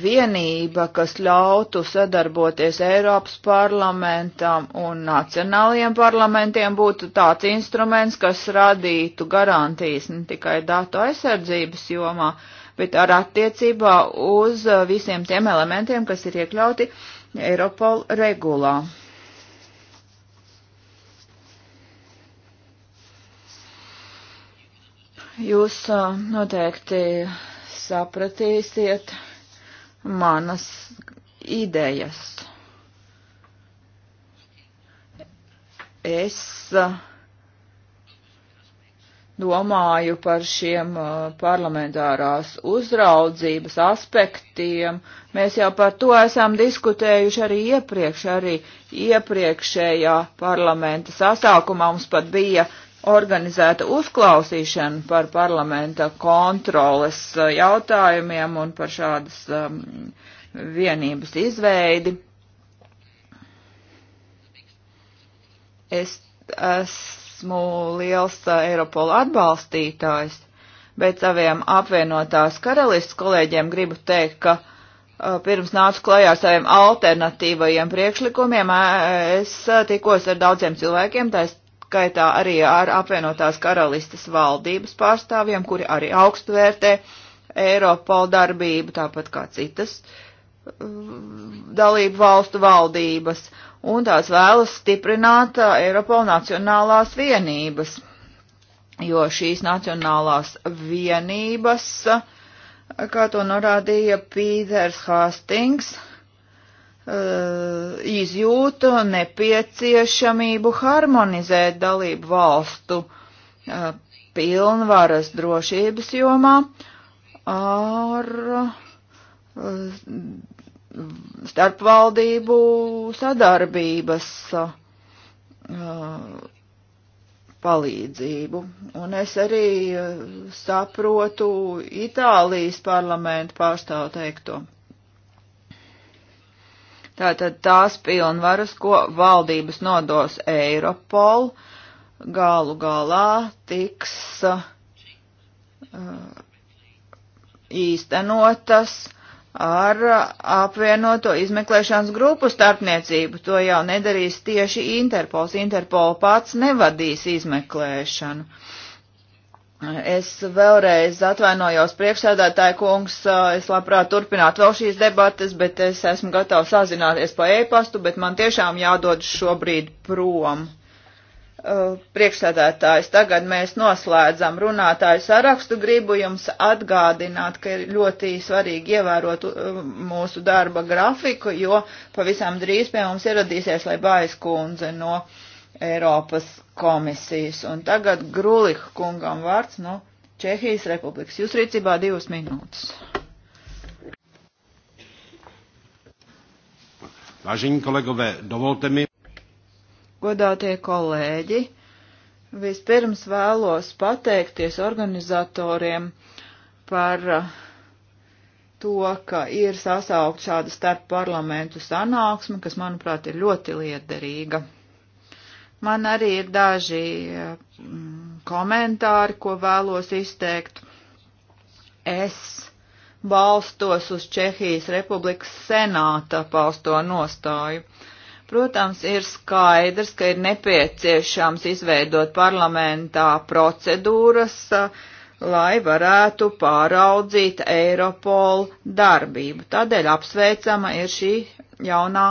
vienība, kas ļautu sadarboties Eiropas parlamentam un nacionālajiem parlamentiem, būtu tāds instruments, kas radītu garantijas ne tikai datu aizsardzības jomā, bet ar attiecībā uz eh, visiem tiem elementiem, kas ir iekļauti Eiropol regulā. Jūs noteikti sapratīsiet manas idejas. Es uh, domāju par šiem uh, parlamentārās uzraudzības aspektiem. Mēs jau par to esam diskutējuši arī iepriekš, arī iepriekšējā parlamenta sasākumā mums pat bija organizēta uzklausīšana par parlamenta kontroles uh, jautājumiem un par šādas um, vienības izveidi. Es, es esmu liels uh, Eiropola atbalstītājs, bet saviem apvienotās karalists kolēģiem gribu teikt, ka uh, pirms nācu klajā ar saviem alternatīvajiem priekšlikumiem, es uh, tikos ar daudziem cilvēkiem, tā skaitā arī ar apvienotās karalistes valdības pārstāvjiem, kuri arī augstu vērtē Eiropola darbību, tāpat kā citas dalību valstu valdības un tās vēlas stiprināt Eiropola nacionālās vienības, jo šīs nacionālās vienības, kā to norādīja Pīters Hastings, izjūtu nepieciešamību harmonizēt dalību valstu pilnvaras drošības jomā ar starpvaldību sadarbības uh, palīdzību. Un es arī uh, saprotu Itālijas parlamentu pārstāvu teikto. Tātad tās pilnvaras, ko valdības nodos Eiropol, galu galā tiks uh, īstenotas uh, ar uh, apvienoto izmeklēšanas grupu starpniecību. To jau nedarīs tieši Interpols. Interpol pats nevadīs izmeklēšanu. Es vēlreiz atvainojos priekšsēdētāju kungs, uh, es labprāt turpinātu vēl šīs debates, bet es esmu gatavs sazināties pa e-pastu, bet man tiešām jādod šobrīd prom. Uh, priekšsēdētājs. Tagad mēs noslēdzam runātāju sarakstu. Gribu jums atgādināt, ka ir ļoti svarīgi ievērot uh, mūsu darba grafiku, jo pavisam drīz pie mums ieradīsies Leibājas kundze no Eiropas komisijas. Un tagad Grulika kungam vārds no Čehijas republikas. Jūs rīcībā divas minūtes. Vážení kolegové, dovolte mi godātie kolēģi! Vispirms vēlos pateikties organizatoriem par uh, to, ka ir sasaukt šāda starp parlamentu sanāksme, kas, manuprāt, ir ļoti liederīga. Man arī ir daži uh, komentāri, ko vēlos izteikt. Es balstos uz Čehijas Republikas senāta pausto nostāju. Uh, Protams, ir skaidrs, ka ir nepieciešams izveidot parlamentā procedūras, eh, lai varētu pāraudzīt Eiropolu darbību. Tādēļ apsveicama ir šī jaunā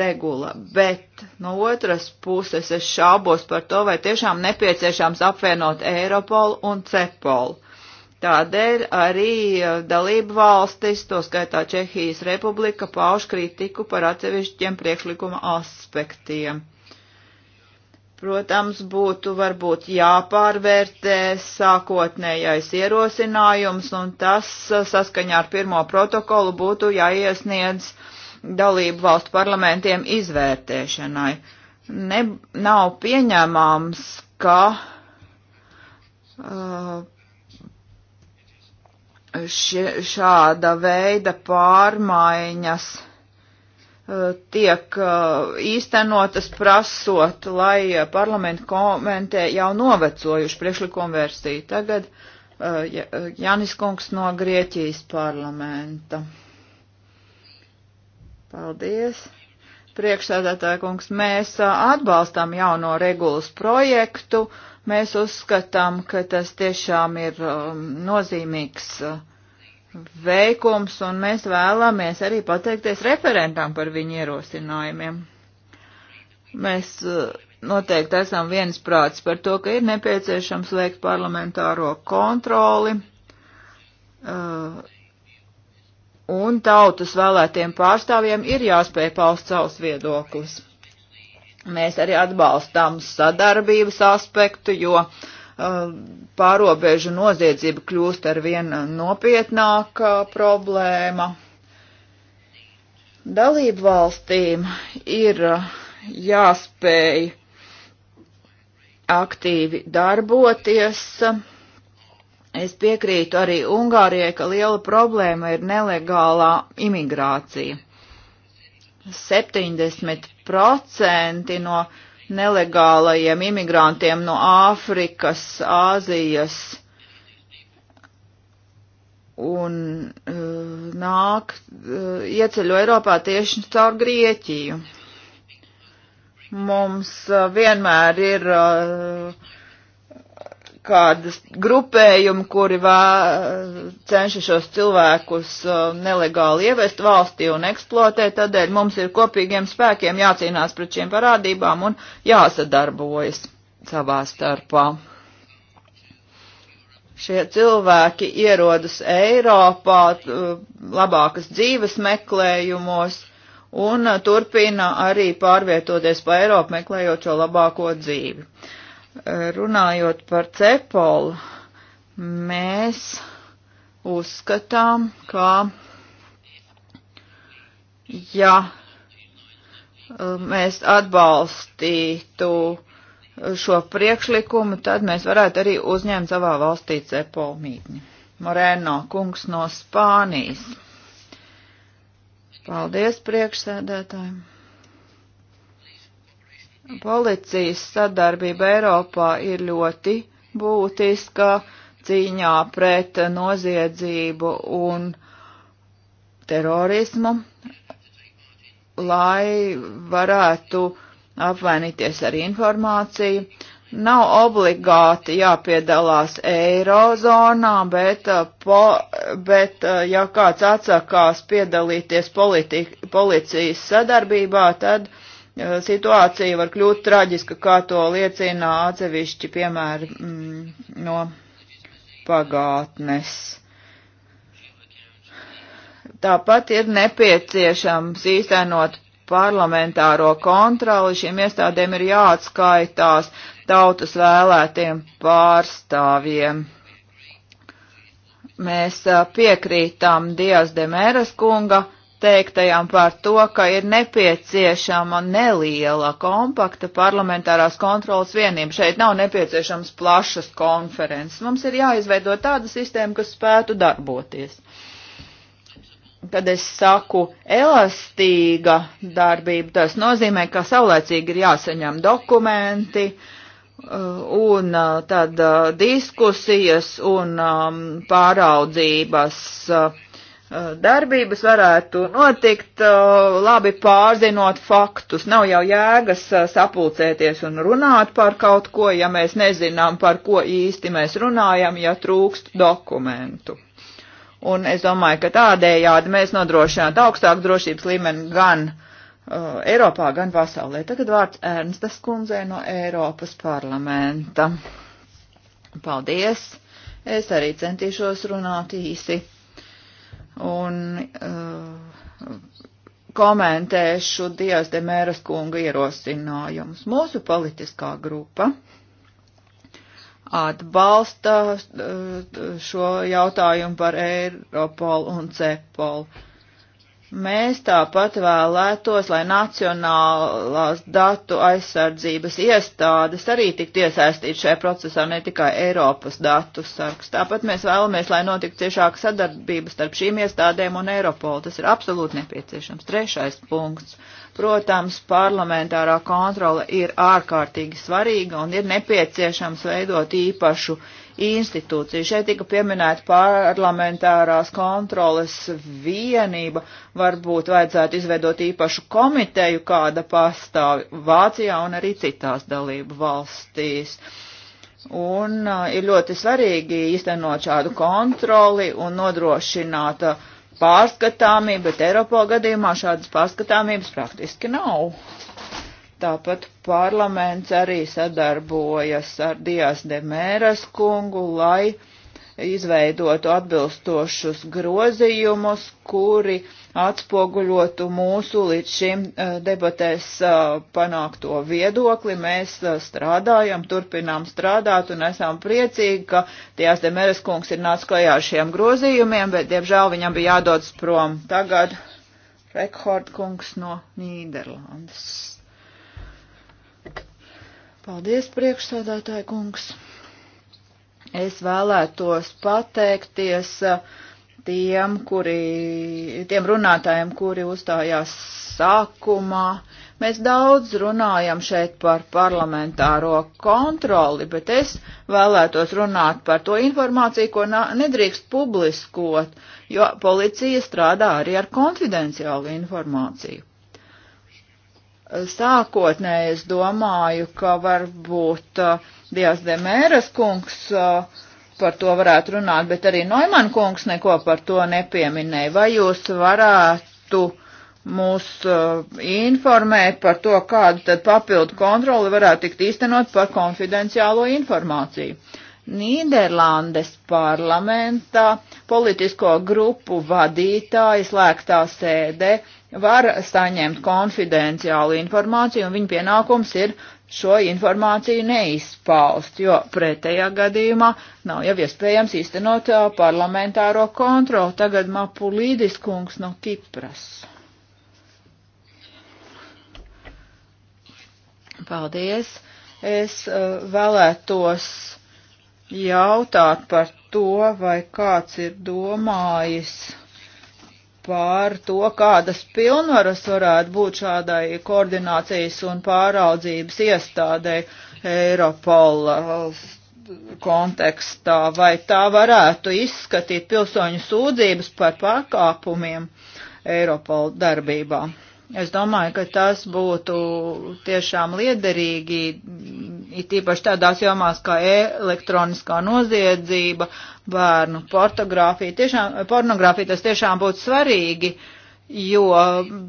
regula, bet no otras puses es šaubos par to, vai tiešām nepieciešams apvienot Eiropolu un Cepolu Tādēļ arī e, dalību valstis, to skaitā Čehijas republika, pauž kritiku par atsevišķiem priekšlikuma aspektiem. Protams, būtu varbūt jāpārvērtē sākotnējais ierosinājums, un tas e, saskaņā ar pirmo protokolu būtu jāiesniedz dalību valstu parlamentiem izvērtēšanai. Ne, nav pieņemams, ka uh, šie, šāda veida pārmaiņas eh, tiek eh, īstenotas prasot, lai eh, parlamenti komentē jau novecojuši priekšlikumu versiju. Tagad Janis Kungs no Grieķijas parlamenta. Paldies. Priekšsēdētāja kungs, mēs atbalstam jauno regulas projektu. Uh, Mēs uzskatām, ka tas tiešām ir um, nozīmīgs uh, veikums, un mēs vēlamies arī pateikties referentam par viņu ierosinājumiem. Mēs uh, noteikti esam viensprāts par to, ka ir nepieciešams veikt parlamentāro kontroli. Uh, un tautas vēlētiem pārstāvjiem ir jāspēj paust savus viedoklis. Mēs arī atbalstām sadarbības aspektu, jo uh, pārobežu noziedzība kļūst ar vien nopietnākā problēma. Dalību valstīm ir uh, jāspēj aktīvi darboties. Es piekrītu arī Ungārijai, ka liela problēma ir nelegālā imigrācija 70% no nelegālajiem imigrantiem no Āfrikas, Āzijas un uh, nāk, uh, ieceļo Eiropā tieši caur Grieķiju. Mums uh, vienmēr ir uh, kādas grupējumi, kuri vā, cenšas šos cilvēkus nelegāli ievest valstī un eksploatēt, tādēļ mums ir kopīgiem spēkiem jācīnās pret šiem parādībām un jāsadarbojas savā starpā. Šie cilvēki ierodas Eiropā labākas dzīves meklējumos un turpina arī pārvietoties pa Eiropu, meklējot šo labāko dzīvi runājot par cepolu, mēs uzskatām, ka ja mēs atbalstītu šo priekšlikumu, tad mēs varētu arī uzņemt savā valstī cepolu mītni. Moreno kungs no Spānijas. Paldies priekšsēdētājiem! Policijas sadarbība Eiropā ir ļoti būtiska cīņā pret noziedzību un terorismu, lai varētu apvainīties ar informāciju. Nav obligāti jāpiedalās eirozonā, bet, uh, po, bet uh, ja kāds atsakās piedalīties politi, policijas sadarbībā, tad uh, Eh, situācija var kļūt traģiska, kā to liecina atsevišķi piemēri mm, no pagātnes. Tāpat ir nepieciešams īstenot parlamentāro kontroli. Šīm iestādēm ir jāatskaitās tautas vēlētiem pārstāvjiem. Mēs eh, piekrītām Dijas Demēras kunga teiktajām par to, ka ir nepieciešama neliela kompakta parlamentārās kontrolas vienība. Šeit nav nepieciešams plašas konferences. Mums ir jāizveido tāda sistēma, kas spētu darboties. Kad es saku elastīga darbība, tas nozīmē, ka saulēcīgi ir jāsaņem dokumenti, uh, un uh, tad uh, diskusijas un um, pāraudzības uh, Eh, darbības varētu notikt eh, labi pārzinot faktus. Nav jau jēgas eh, sapulcēties un runāt par kaut ko, ja mēs nezinām, par ko īsti mēs runājam, ja trūkst dokumentu. Un es domāju, ka tādējādi mēs nodrošinātu augstāku drošības līmeni gan uh, Eiropā, gan pasaulē. Tagad vārds Ernstas kundzei no Eiropas parlamenta. Paldies! Es arī centīšos runāt īsi un uh, komentēšu Dievs de Mēras kunga ierosinājumus. Mūsu politiskā grupa atbalsta uh, šo jautājumu par Eiropolu un Cepolu Mēs tāpat vēlētos, lai Nacionālās datu aizsardzības iestādes arī tiktu iesaistīti šajā procesā, ne tikai Eiropas datu sargs. Tāpat mēs vēlamies, lai notiktu ciešāka sadarbība starp šīm iestādēm un Eiropolu. Tas ir absolūti nepieciešams. Trešais punkts. Protams, parlamentārā kontrola ir ārkārtīgi svarīga un ir nepieciešams veidot īpašu uh, institūciju. Šeit tika pieminēta parlamentārās kontroles vienība, varbūt vajadzētu izveidot īpašu komiteju, kāda pastāv Vācijā un arī citās dalību valstīs. Un uh, ir ļoti svarīgi īstenot šādu kontroli un nodrošināt uh, pārskatāmību, bet Eiropā gadījumā šādas pārskatāmības praktiski nav. Tāpat parlaments arī sadarbojas ar Dijas Demēras kungu, lai izveidotu atbilstošus grozījumus, kuri atspoguļotu mūsu līdz šim eh, debatēs eh, panākto viedokli. Mēs eh, strādājam, turpinām strādāt un esam priecīgi, ka Tijās Demeres kungs ir nācis klajā ar šiem grozījumiem, bet diemžēl viņam bija jādodas prom. Tagad Rekhord kungs no Nīderlandes. Paldies, priekšsēdētāji kungs. Es vēlētos pateikties uh, tiem, kuri, tiem runātājiem, kuri uzstājās sākumā. Mēs daudz runājam šeit par parlamentāro kontroli, bet es vēlētos runāt par to informāciju, ko nedrīkst publiskot, jo policija strādā arī ar konfidenciālu informāciju sākotnēji es domāju, ka varbūt uh, Dijas Demēras kungs uh, par to varētu runāt, bet arī Noiman kungs neko par to nepieminēja. Vai jūs varētu mūs uh, informēt par to, kādu tad papildu kontroli varētu tikt īstenot par konfidenciālo informāciju? Nīderlandes parlamentā politisko grupu vadītāji slēgtā sēdē var saņemt konfidenciālu informāciju, un viņa pienākums ir šo informāciju neizpaust, jo pretējā gadījumā nav jau iespējams īstenot uh, parlamentāro kontroli. Tagad Mapulīdis kungs no Kipras. Paldies! Es uh, vēlētos jautāt par to, vai kāds ir domājis par to, kādas pilnvaras varētu būt šādai koordinācijas un pāraudzības iestādē Eiropola uh, kontekstā, vai tā varētu izskatīt pilsoņu sūdzības par pārkāpumiem Eiropola darbībā. Es domāju, ka tas būtu tiešām liederīgi, it īpaši tādās jomās kā elektroniskā noziedzība, bērnu pornogrāfija. Tiešām, pornogrāfija tas tiešām būtu svarīgi, jo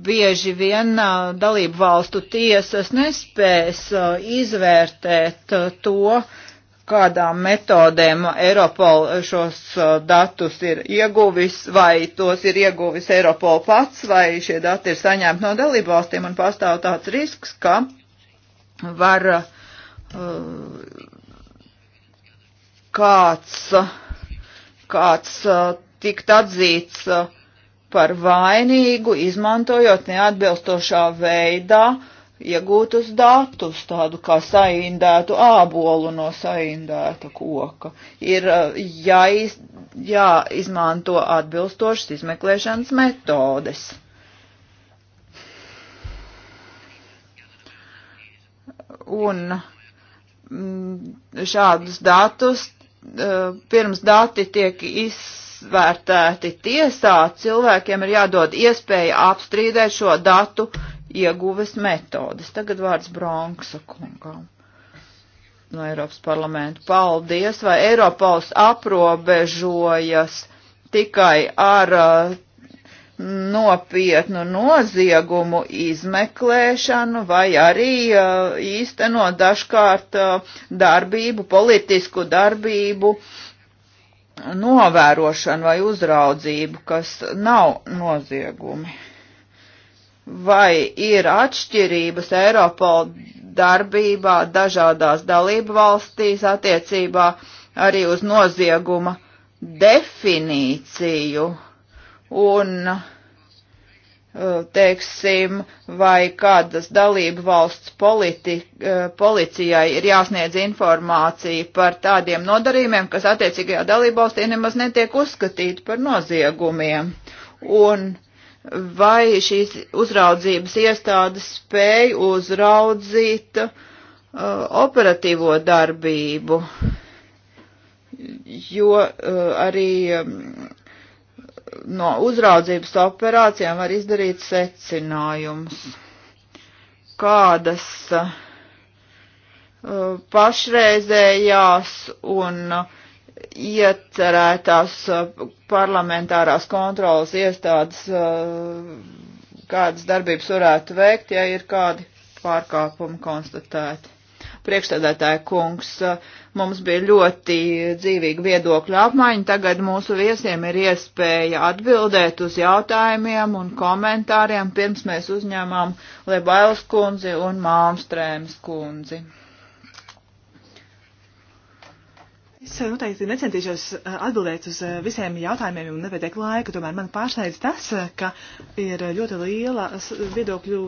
bieži vien dalību valstu tiesas nespēs izvērtēt to, kādām metodēm Eiropol šos uh, datus ir ieguvis, vai tos ir ieguvis Eiropol pats, vai šie dati ir saņemti no dalībvalstīm, un pastāv tāds risks, ka var uh, kāds, uh, kāds uh, tikt atzīts uh, par vainīgu, izmantojot neatbilstošā veidā uh, iegūtus datus, tādu kā saindētu ābolu no saindēta koka. Ir eh, jāiz, jāizmanto atbilstošas izmeklēšanas metodes. Un mm, šādus datus, eh, pirms dati tiek izsaistīti, izvērtēti tiesā, cilvēkiem ir jādod iespēja apstrīdēt šo datu ieguves metodes. Tagad vārds Bronksa kungam no Eiropas parlamentu. Paldies, vai Eiropaus aprobežojas tikai ar uh, nopietnu noziegumu izmeklēšanu vai arī uh, īstenot dažkārt uh, darbību, politisku darbību novērošanu vai uzraudzību, kas nav noziegumi vai ir atšķirības Eiropola darbībā dažādās dalību valstīs attiecībā arī uz nozieguma definīciju un, uh, teiksim, vai kādas dalību valsts politi, uh, policijai ir jāsniedz informācija par tādiem nodarījumiem, kas attiecīgajā dalību valstī nemaz netiek uzskatīti par noziegumiem. Un, uh, vai šīs uzraudzības iestādes spēj uzraudzīt uh, operatīvo darbību, jo uh, arī um, no uzraudzības operācijām var izdarīt secinājumus, kādas uh, pašreizējās un uh, iecerētās uh, parlamentārās kontrolas iestādes, uh, kādas darbības varētu veikt, ja ir kādi pārkāpumi konstatēti. Priekšstādātāja kungs, uh, mums bija ļoti dzīvīga viedokļa apmaiņa, tagad mūsu viesiem ir iespēja atbildēt uz jautājumiem un komentāriem, pirms mēs uzņēmām Lebailas kundzi un Māmstrēmas kundzi. Es eh, noteikti necentīšos eh, atbildēt uz eh, visiem jautājumiem un nepietiek laika, tomēr man pārsteidz tas, ka ir ļoti liela viedokļu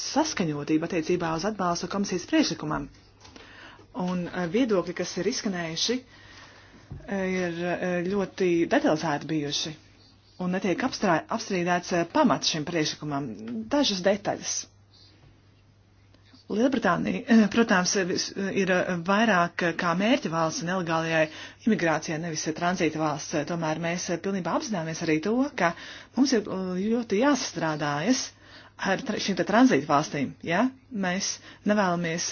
saskaņotība attiecībā uz atbalstu komisijas priekšlikumam. Un viedokļi, kas ir izskanējuši, ir ļoti detalizēti bijuši un netiek apstrīdēts pamats šim priekšlikumam. Dažas detaļas. Lielbritānija, eh, protams, eh, ir eh, vairāk kā mērķa valsts nelegālajai imigrācijai, nevis tranzīta valsts. Tomēr mēs pilnībā apzināmies arī to, ka mums ir ļoti jāsastrādājas ar šīm tranzīta valstīm. Ja? Mēs nevēlamies,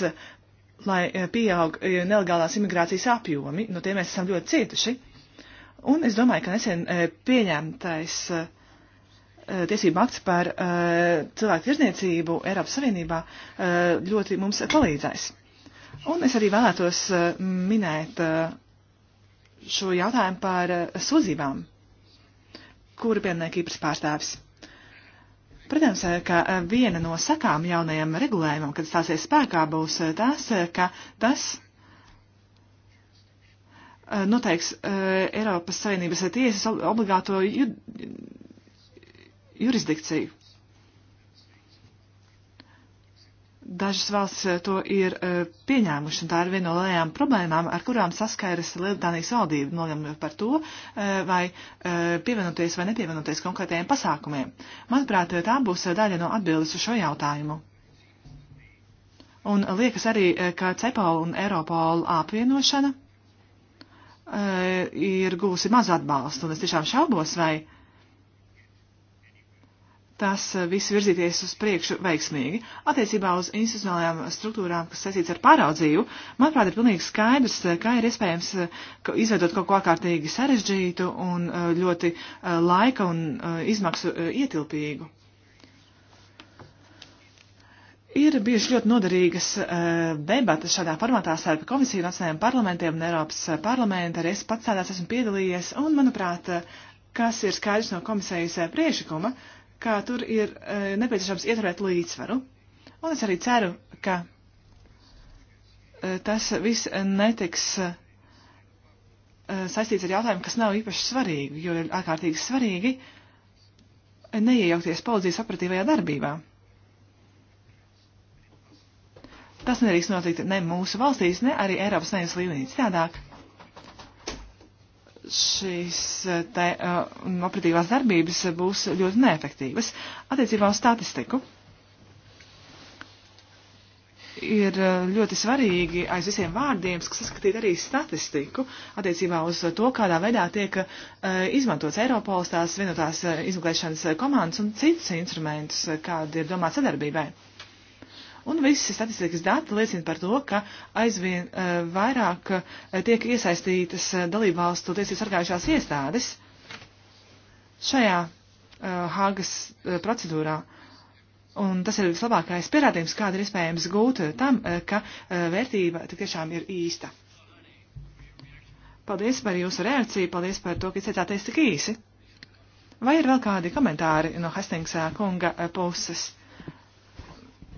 lai pieaug nelegālās imigrācijas apjomi, no nu, tiem mēs esam ļoti cietuši. Un es domāju, ka nesen pieņemtais uh, Eh, tiesība akts par eh, cilvēku tirzniecību Eiropas Savienībā eh, ļoti mums palīdzēs. Un es arī vēlētos minēt šo jautājumu par sūdzībām, kuru pieminēja Kīpras pārstāvis. Protams, ka viena no sakām jaunajam regulējumam, kad stāsies spēkā, būs tas, ka tas noteiks Eiropas Savienības tiesas obligāto jud jurisdikciju. Dažas valstis eh, to ir eh, pieņēmuši, un tā ir viena no lielajām problēmām, ar kurām saskairas Lielbritānijas valdība, nolemjot par to, eh, vai pievienoties vai nepievienoties konkrētajiem pasākumiem. Manuprāt, tā būs daļa no atbildes uz šo jautājumu. Un liekas arī, ka CEPOL un Eiropola apvienošana ir guvusi maz atbalstu, un es tiešām šaubos, vai tas eh, viss virzīties uz priekšu veiksmīgi. Attiecībā uz institucionālajām struktūrām, kas saistīts ar pāraudzību, manuprāt, ir pilnīgi skaidrs, eh, kā ir iespējams eh, izveidot kaut ko ārkārtīgi sarežģītu un ļoti laika un izmaksu ietilpīgu. Ir bijušas ļoti noderīgas debatas šādā formātā starp komisiju, nacionālajiem parlamentiem un Eiropas parlamentu. Arī es pats tādās esmu piedalījies, un, manuprāt, kas ir skaidrs no komisijas priekšlikuma, uh, ka tur ir e, nepieciešams ieturēt līdzsvaru. Un es arī ceru, ka e, tas viss netiks e, saistīts ar jautājumu, kas nav īpaši svarīgi, jo ir ārkārtīgi svarīgi neiejaukties paudzīs operatīvajā darbībā. Tas nedrīkst notikt ne mūsu valstīs, ne arī Eiropas Savienības līmenī. Citādāk šīs eh, te, uh, operatīvās darbības būs ļoti neefektīvas. Attiecībā uz statistiku ir eh, ļoti svarīgi aiz visiem vārdiem saskatīt arī statistiku attiecībā uz to, kādā veidā tiek uh, izmantots Eiropols, tās vienotās uh, izmeklēšanas komandas un citus instrumentus, kādi ir domāti sadarbībai. Un visi statistikas dati liecina par to, ka aizvien eh, vairāk eh, tiek iesaistītas eh, dalībvalstu tiesības sargājušās iestādes šajā Hāgas procedūrā. Un tas ir vislabākais pierādījums, kāda ir iespējams gūt tam, ka vērtība tiešām ir īsta. Paldies par jūsu reakciju, paldies par to, ka izteicāties tik īsi. Vai ir vēl kādi komentāri no Hastings kunga puses?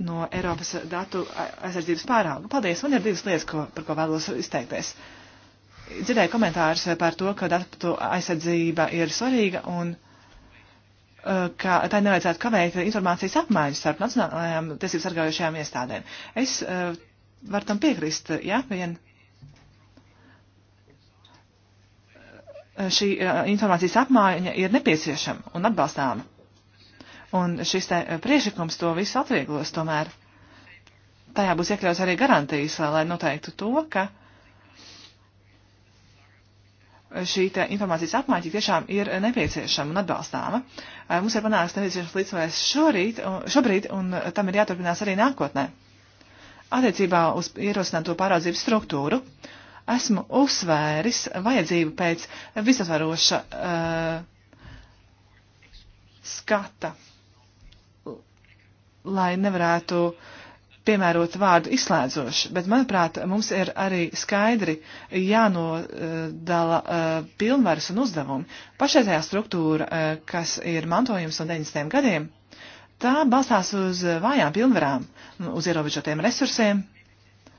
no Eiropas datu aizsardzības pārauga. Paldies, man ir divas lietas, ko, par ko vēlos izteikties. Dzirdēju komentārus par to, ka datu aizsardzība ir svarīga un uh, ka tā nevajadzētu kavēt informācijas apmaiņas starp nacionālajām tiesību sargājušajām iestādēm. Es uh, varu tam piekrist, ja vien uh, šī informācijas apmaiņa ir nepieciešama un atbalstāma. Un šis te e, priešakums to visu atvieglos tomēr. Tajā būs iekļauts arī garantijas, lai noteiktu to, ka šī informācijas apmaiņa tiešām ir nepieciešama un atbalstāma. E, mums ir panāks nepieciešams līdzsvars šorīt, šobrīd, un tam ir jāturpinās arī nākotnē. Attiecībā uz ierosināto pāraudzības struktūru esmu uzsvēris vajadzību pēc visatvaroša uh, e, skata lai nevarētu piemērot vārdu izslēdzoši, bet, manuprāt, mums ir arī skaidri jānodala eh, pilnvaras un uzdevumi. Pašreizējā struktūra, eh, kas ir mantojums no 90. gadiem, tā balstās uz vājām pilnvarām, nu, uz ierobežotiem resursiem,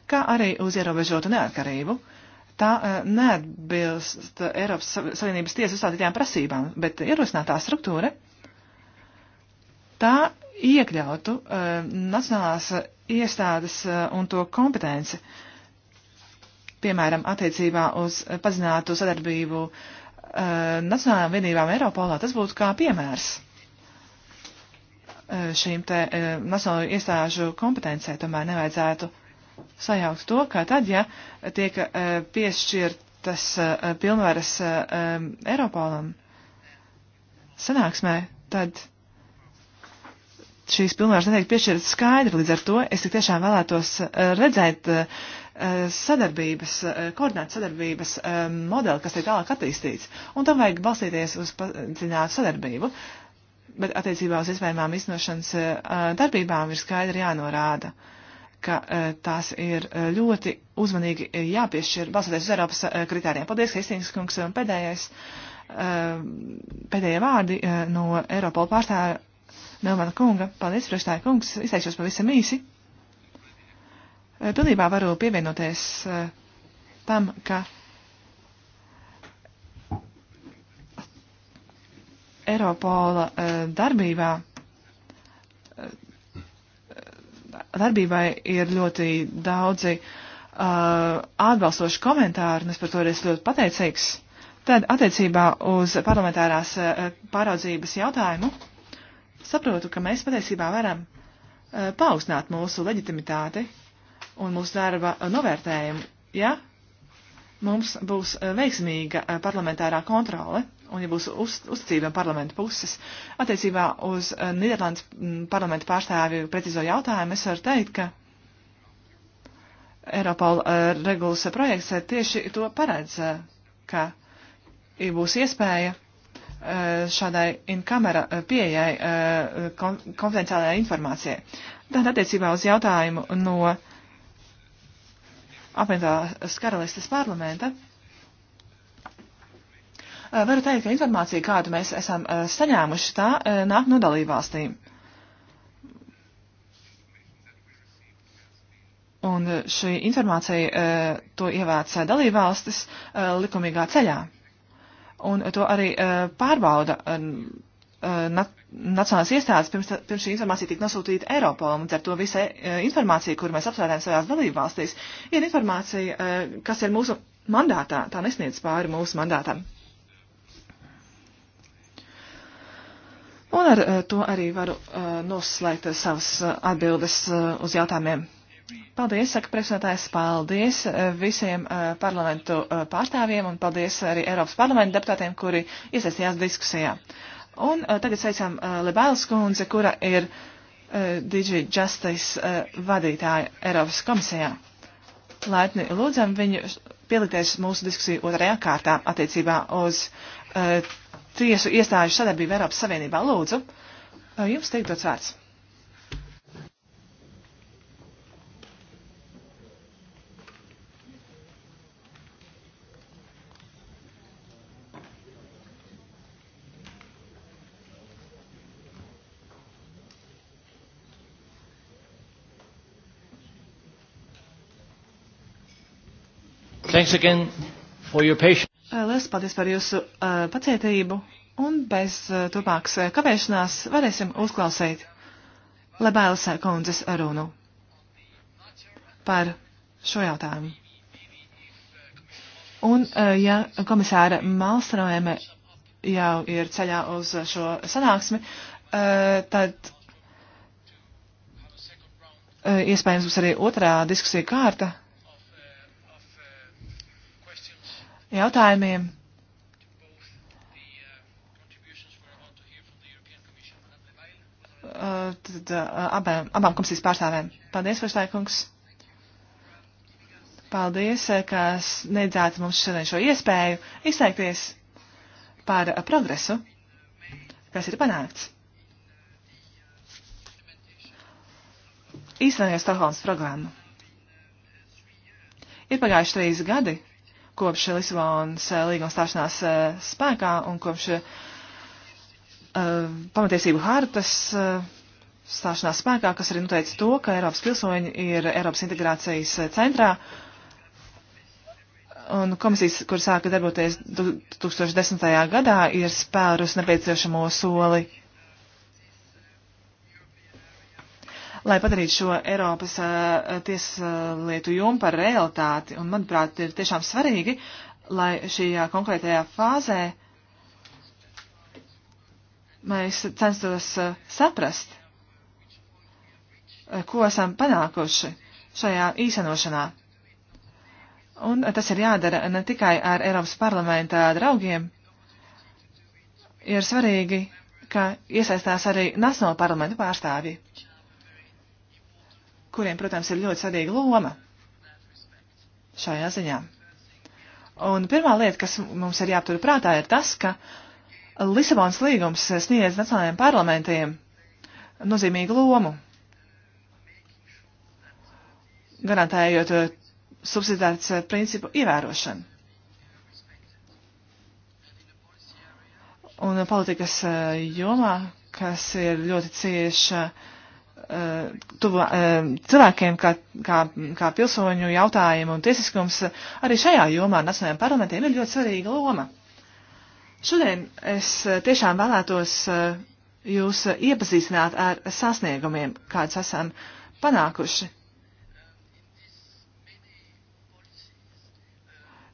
kā arī uz ierobežotu neatkarību. Tā eh, neatbilst Eiropas Savienības tiesas uzstādītajām prasībām, bet ierosinātā struktūra tā iekļautu uh, nacionālās eh, iestādes uh, un to kompetenci, piemēram, attiecībā uz pazinātu sadarbību uh, nacionālajām vienībām Eiropolā, tas būtu kā piemērs uh, šīm te uh, nacionālo iestāžu kompetencē. Tomēr nevajadzētu sajaukt to, ka tad, ja tiek uh, piešķirtas uh, pilnvaras uh, um, Eiropolam sanāksmē, tad šīs pilnvaras netiek piešķirtas skaidri, līdz ar to es tik tiešām vēlētos eh, redzēt eh, eh, sadarbības, koordinētu sadarbības modeli, kas tiek tālāk attīstīts, un tam vajag balstīties uz padziļinātu sadarbību, bet attiecībā uz iespējamām iznošanas darbībām ir skaidri jānorāda ka tās ir ļoti uzmanīgi jāpiešķir, balstoties uz Eiropas kritērijiem. Paldies, Kristīnas kungs, un pēdējais, pēdējie vārdi no Eiropola pārstāvja Melmana kunga. Paldies, priekšstāja kungs. Izteikšos pavisam īsi. Eh, pilnībā varu pievienoties eh, tam, ka Eiropola eh, darbībā darbībai ir ļoti daudzi atbalstoši komentāri, un es par to esmu ļoti pateicīgs. Tad attiecībā uz parlamentārās pāraudzības jautājumu saprotu, ka mēs patiesībā varam eh, paaugstināt mūsu leģitimitāti un mūsu darba eh, novērtējumu, ja mums būs eh, veiksmīga parlamentārā kontrole un ja būs uz, uzticība parlamenta puses. Attiecībā uz Nīderlandes mm, parlamenta pārstāvju precizo jautājumu es varu teikt, ka Eiropola regulas projekts tieši to paredz, ka būs iespēja Eh, šādai inkamera eh, pieejai eh, konfidenciālajai informācijai. Tad attiecībā uz jautājumu no apvienotās karalistes parlamenta. Varu teikt, ka informācija, kādu mēs esam saņēmuši, tā nāk no dalībvalstīm. Un šī informācija to ievāc dalībvalstis likumīgā ceļā un to arī eh, pārbauda eh, eh, nacionālās iestādes pirms, pirms šī informācija tika nosūtīta Eiropolam, un ar to visa informācija, kur mēs apsvērējam savās dalībvalstīs, ir informācija, kas ir mūsu mandātā, tā nesniedz pāri mūsu mandātam. Un ar to arī varu noslēgt savas atbildes uz jautājumiem. Paldies, saka priekšsētājs, paldies eh, visiem eh, parlamentu eh, pārstāvjiem un paldies arī Eiropas parlamentu deputātiem, kuri iesaistījās diskusijā. Un tagad sveicam Lebēlas kundze, kura ir Digi Justice vadītāja Eiropas komisijā. Laipni lūdzam viņu pielikties mūsu diskusiju otrajā kārtā attiecībā uz tiesu iestāžu sadarbību Eiropas Savienībā. Lūdzu, jums tiek dots vārds. Thanks again for your patience. Lielas paldies par jūsu uh, pacietību un bez uh, turpmākas kavēšanās varēsim uzklausīt Lebēlas kundzes runu par šo jautājumu. Un, uh, ja komisāra Malstrojeme jau ir ceļā uz šo sanāksmi, uh, tad iespējams būs arī otrā diskusija kārta jautājumiem. Uh, tad uh, abām, abām komisijas pārstāvēm. Paldies, Varslēkungs. Paldies, eh, ka nedzētu mums šodien šo iespēju izteikties par uh, progresu, kas ir panākts. Īstenojot Stokholmas programmu. Ir pagājuši trīs gadi kopš Lisabonas eh, līguma stāšanās eh, spēkā un kopš uh, pamatiesību hartas uh, stāšanās spēkā, kas arī noteica to, ka Eiropas pilsoņi ir Eiropas integrācijas centrā. Un komisijas, kur sāka darboties 2010. gadā, ir spērus nepieciešamo soli lai padarītu šo Eiropas eh, tieslietu jomu par realitāti. Un, manuprāt, ir tiešām svarīgi, lai šajā konkrētajā fāzē mēs censtos eh, saprast, eh, ko esam panākuši šajā īsenošanā. Un tas ir jādara ne tikai ar Eiropas parlamenta draugiem. Ir svarīgi, ka iesaistās arī Nacionāla parlamenta pārstāvji kuriem, protams, ir ļoti sadīga loma šajā ziņā. Un pirmā lieta, kas mums ir jāaptur prātā, ir tas, ka Lisabonas līgums sniedz nacionālajiem parlamentiem nozīmīgu lomu, garantējot eh, subsidētas eh, principu ievērošanu. Un politikas eh, jomā, kas ir ļoti cieša uh, Uh, tuvā, uh, cilvēkiem kā, kā, kā pilsoņu jautājumu un tiesiskums uh, arī šajā jomā nacionālajiem parlamentiem ir ļoti svarīga loma. Šodien es tiešām vēlētos jūs iepazīstināt ar sasniegumiem, kādus esam panākuši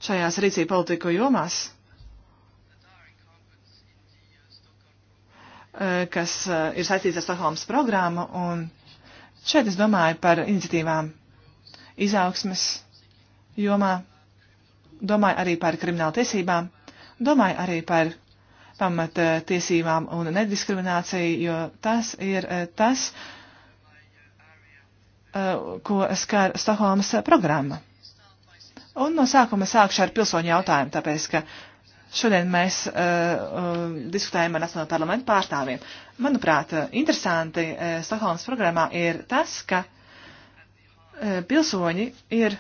šajās rīcība politiku jomās. Eh, kas eh, ir saistīts ar Stokholmas programmu, un šeit es domāju par iniciatīvām izaugsmes jomā, domāju arī par kriminālu tiesībām, domāju arī par pamata eh, tiesībām un nediskrimināciju, jo tas ir tas, ko skar Stokholmas programma. Un no sākuma sākšu ar pilsoņu jautājumu, tāpēc, ka uh, Šodien mēs uh, uh, diskutējam ar Nacionālo parlamentu pārstāvjiem. Manuprāt, eh, interesanti uh, Stokholmas programmā ir tas, ka uh, pilsoņi ir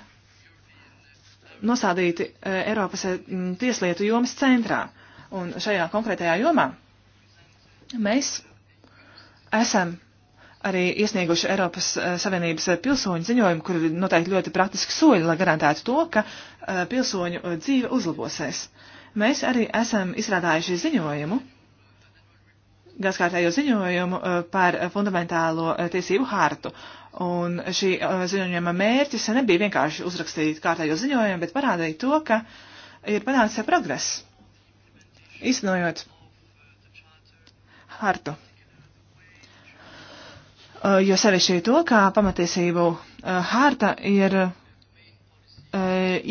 nosādīti uh, Eiropas uh, tieslietu jomas centrā. Un šajā konkrētajā jomā mēs esam arī iesnieguši Eiropas Savienības pilsoņu ziņojumu, kur ir noteikti ļoti praktiski soļi, lai garantētu to, ka pilsoņu dzīve uzlabosies. Uh, Mēs arī esam izstrādājuši ziņojumu, gadskārtējo ziņojumu eh, par fundamentālo eh, tiesību hartu. Un šī eh, ziņojuma mērķis nebija vienkārši uzrakstīt kārtējo ziņojumu, bet parādīt to, ka ir panācis progress, iznojot hartu. Jo sevišķi to, kā pamatiesību harta ir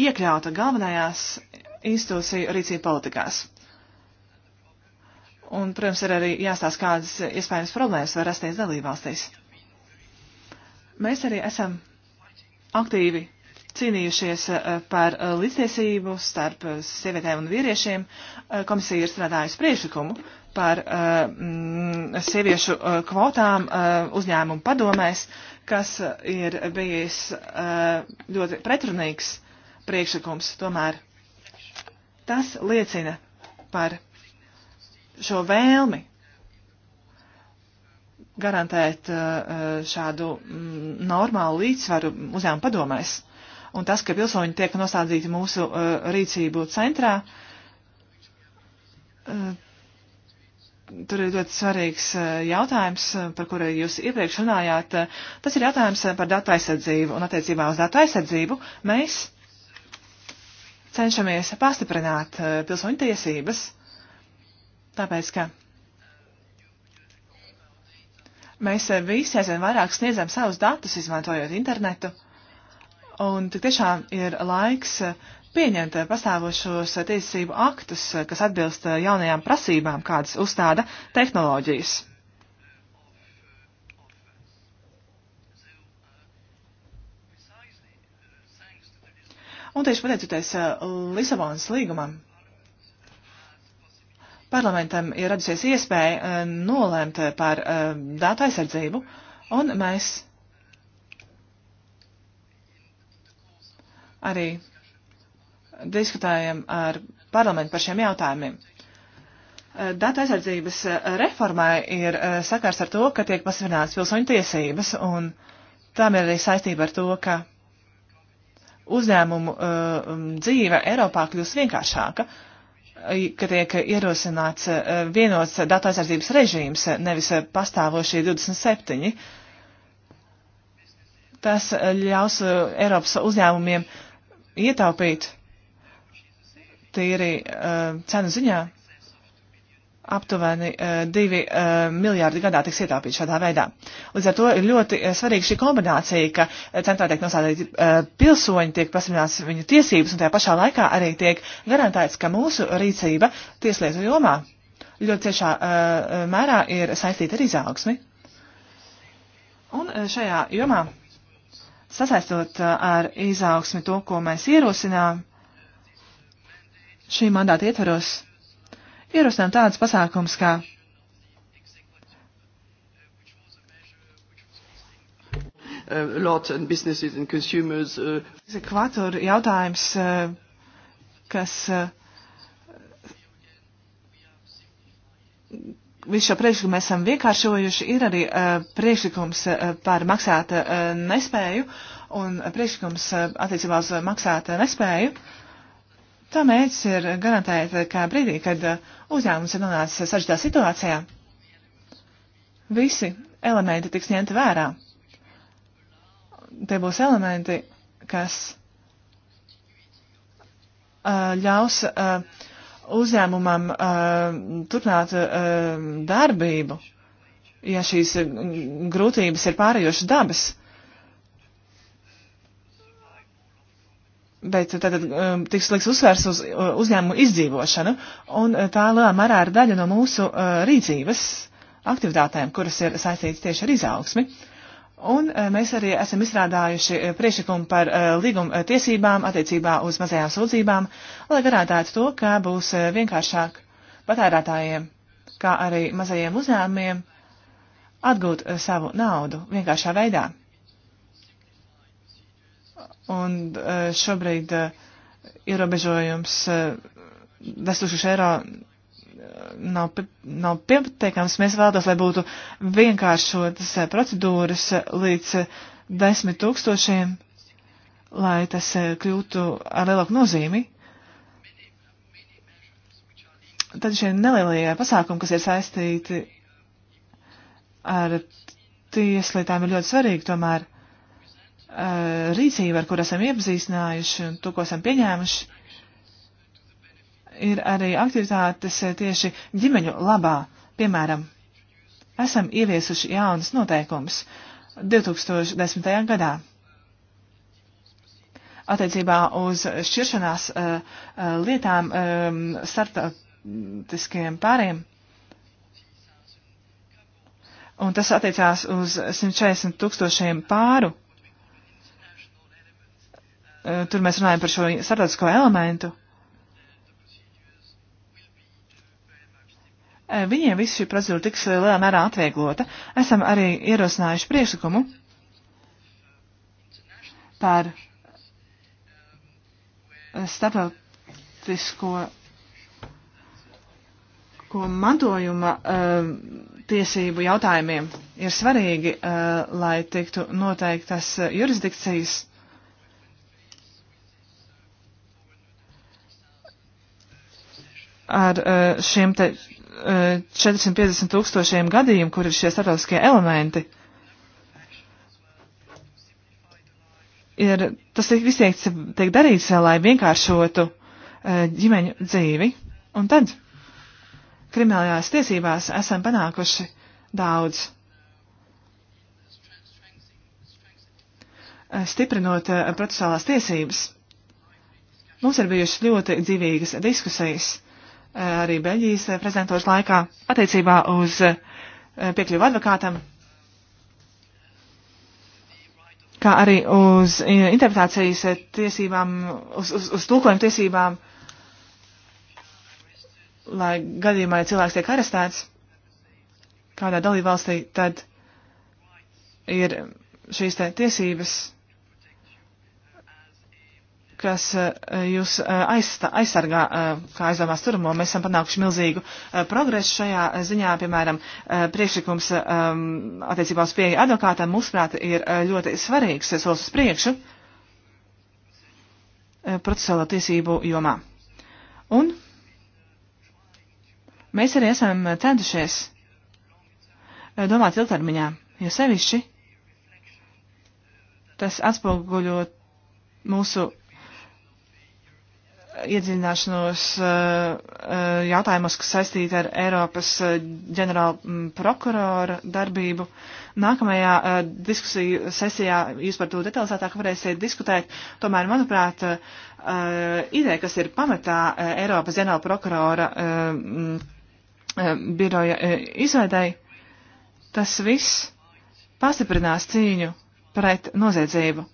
iekļauta galvenajās institūciju rīcību politikās. Un, protams, ir arī jāstāsta, kādas iespējamas problēmas var rasties dalībvalstīs. Mēs arī esam aktīvi cīnījušies eh, par eh, līdztiesību starp eh, sievietēm un vīriešiem. Komisija ir strādājusi priekšlikumu par mm, sieviešu kvotām uzņēmumu padomēs, kas ir bijis ļoti pretrunīgs priekšlikums. Tomēr Tas liecina par šo vēlmi garantēt uh, uh, šādu mm, normālu līdzsvaru uzņēmumu padomēs. Un tas, ka pilsoņi tiek nostādīti mūsu uh, rīcību centrā, tur ir ļoti svarīgs jautājums, par kuru jūs iepriekš runājāt. Tas ir jautājums par datu aizsardzību. Un attiecībā uz datu aizsardzību mēs cenšamies pastiprināt eh, pilsoņu tiesības, tāpēc ka mēs eh, visi aizvien vairāk sniedzam savus datus, izmantojot internetu, un tik tiešām ir laiks eh, pieņemt pastāvošos tiesību aktus, kas atbilst jaunajām prasībām, kādas uzstāda tehnoloģijas. Un tieši pateicoties eh, Lisabonas līgumam, parlamentam ir radusies iespēja eh, nolēmt par eh, datu aizsardzību, un mēs arī diskutējam ar parlamentu par šiem jautājumiem. Data aizsardzības reformai ir sakars ar to, ka tiek pasvināts pilsoņu tiesības, un tam ir arī saistība ar to, ka uzņēmumu uh, um, dzīve Eiropā kļūst vienkāršāka, ka tiek ierosināts uh, vienots datu aizsardzības režīms, uh, nevis uh, pastāvošie 27. Tas uh, ļaus uh, Eiropas uzņēmumiem ietaupīt tīri uh, cenu ziņā aptuveni 2 uh, eh, eh, miljārdi gadā tiks ietaupīti šādā veidā. Līdz ar to ir ļoti eh, svarīga šī kombinācija, ka centrā tiek nosādīti uh, pilsoņi, tiek pasimināts viņu tiesības, un tajā pašā laikā arī tiek garantēts, ka mūsu rīcība tieslietu jomā ļoti ciešā uh, mērā ir saistīta ar izaugsmi. Un šajā jomā, sasaistot ar izaugsmi to, ko mēs ierosinām, šī mandāta ietvaros ierosinām tādas pasākums kā uh, lot and businesses and consumers. Uh, Kvatur jautājums, uh, kas uh, visu šo priekšlikumu mēs esam vienkāršojuši, ir arī uh, priekšlikums uh, par maksāt uh, nespēju un priekšlikums uh, attiecībā uz maksāt uh, nespēju. Uh, Tā mērķis ir garantēt, ka brīdī, kad uh, uzņēmums ir nonācis sažģītā situācijā, visi elementi tiks ņemti vērā. Tie būs elementi, kas uh, ļaus uh, uzņēmumam turpināt darbību, ja šīs grūtības ir pārējošas dabas. Bet tad um, tiks liks uzsvers uz uzņēmumu izdzīvošanu, un uh, tā lielā mērā ir daļa no mūsu uh, rīcības aktivitātēm, kuras ir saistītas tieši ar izaugsmi. Un uh, mēs arī esam izstrādājuši uh, priekšlikumu par uh, līguma uh, tiesībām attiecībā uz mazajām sūdzībām, lai garantētu to, ka būs uh, vienkāršāk patērētājiem, kā arī mazajiem uzņēmumiem atgūt uh, savu naudu vienkāršā veidā un e, šobrīd e, ierobežojums vestušas e, eiro nav, nav pieteikams. Mēs vēlamies, lai būtu vienkāršotas procedūras līdz desmit tūkstošiem, lai tas kļūtu ar lielāku nozīmi. Tad šie nelielie pasākumi, kas ir saistīti ar tieslietām, ir ļoti svarīgi tomēr. Eh, rīcība, ar kur esam iepazīstinājuši un to, ko esam pieņēmuši, ir arī aktivitātes eh, tieši ģimeņu labā. Piemēram, esam ieviesuši jaunas noteikumus 2010. gadā attiecībā uz šķiršanās eh, lietām ehm, starptautiskajiem pāriem. Un tas attiecās uz 140 tūkstošiem pāru Eh, tur mēs runājam par šo starptautisko elementu. Eh, viņiem visu šī procedūra tiks lielā mērā atvieglota. Esam arī ierosinājuši priekšlikumu par eh, starptautisko ko mantojuma uh, tiesību jautājumiem ir svarīgi, uh, lai tiktu noteiktas jurisdikcijas ar uh, šiem te 450 uh, tūkstošiem gadījumu, kur ir šie starptautiskie elementi. Ir, tas tiek viss tiek, tiek darīts, uh, lai vienkāršotu ģimeņu dzīvi. Un tad kriminālajās tiesībās esam panākuši daudz. Stiprinot procesuālās tiesības, mums ir bijušas ļoti dzīvīgas diskusijas arī Beļģijas eh, prezidentūras laikā attiecībā uz eh, piekļuvu advokātam, kā arī uz eh, interpretācijas tiesībām, uz, uz, uz tulkojumu tiesībām, lai gadījumā, ja cilvēks tiek arestēts kādā dalībvalstī, tad ir šīs te tiesības kas eh, jūs eh, aizsta, aizsargā eh, kā aizdomās turamo. Mēs esam panākuši milzīgu progresu šajā ziņā. Piemēram, priekšlikums ehm, attiecībā uz pieeja advokātam, mūsuprāt, ir ļoti svarīgs solis uz priekšu procesuālo tiesību jomā. Un mēs arī esam centušies domāt ilgtermiņā, jo sevišķi tas atspoguļot mūsu iedzināšanos uh, uh, jautājumos, kas saistīti ar Eiropas uh, ģenerāla mm, prokurora darbību. Nākamajā diskusiju sesijā jūs par to detalizētāk varēsiet diskutēt. Tomēr, manuprāt, ideja, kas ir pamatā Eiropas ģenerāla prokurora mm, biroja izveidai, tas viss pastiprinās cīņu pret noziedzību,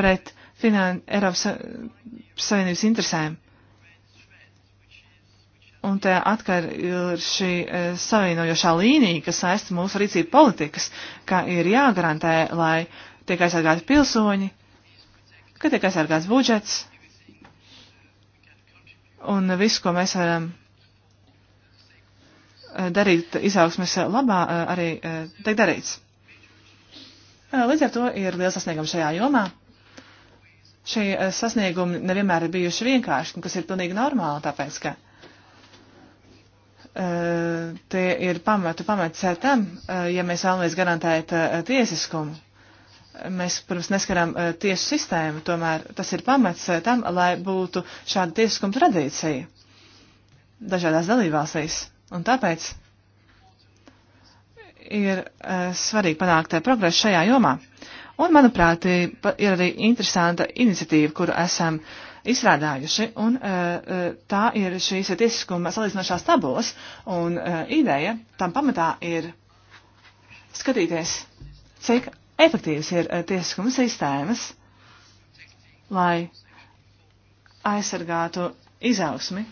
pret uh, finan Eiropas Savienības interesēm. Un te atkar ir šī e, savienojošā līnija, kas saista mūsu rīcību politikas, kā ir jāgarantē, lai tiek aizsargāti pilsoņi, ka tiek aizsargāts budžets un viss, ko mēs varam e, darīt izaugsmes labā, e, arī tiek darīts. Līdz ar to ir liels sasniegums šajā jomā šie eh, sasniegumi nevienmēr ir bijuši vienkārši, un kas ir pilnīgi normāli, tāpēc, ka uh, tie ir pamatu pamats eh, tam, uh, ja mēs vēlamies garantēt uh, tiesiskumu. Mēs, protams, neskaram uh, tiesu sistēmu, tomēr tas ir pamats uh, tam, lai būtu šāda tiesiskuma tradīcija dažādās dalībvalstīs. Un tāpēc ir uh, svarīgi panākt progresu šajā jomā. Un, manuprāt, ir arī interesanta iniciatīva, kuru esam izstrādājuši, un eh, eh, tā ir šīs tiesiskuma salīdzinošās tabulas, un eh, ideja tam pamatā ir skatīties, cik efektīvas ir tiesiskuma sistēmas, lai aizsargātu izaugsmi,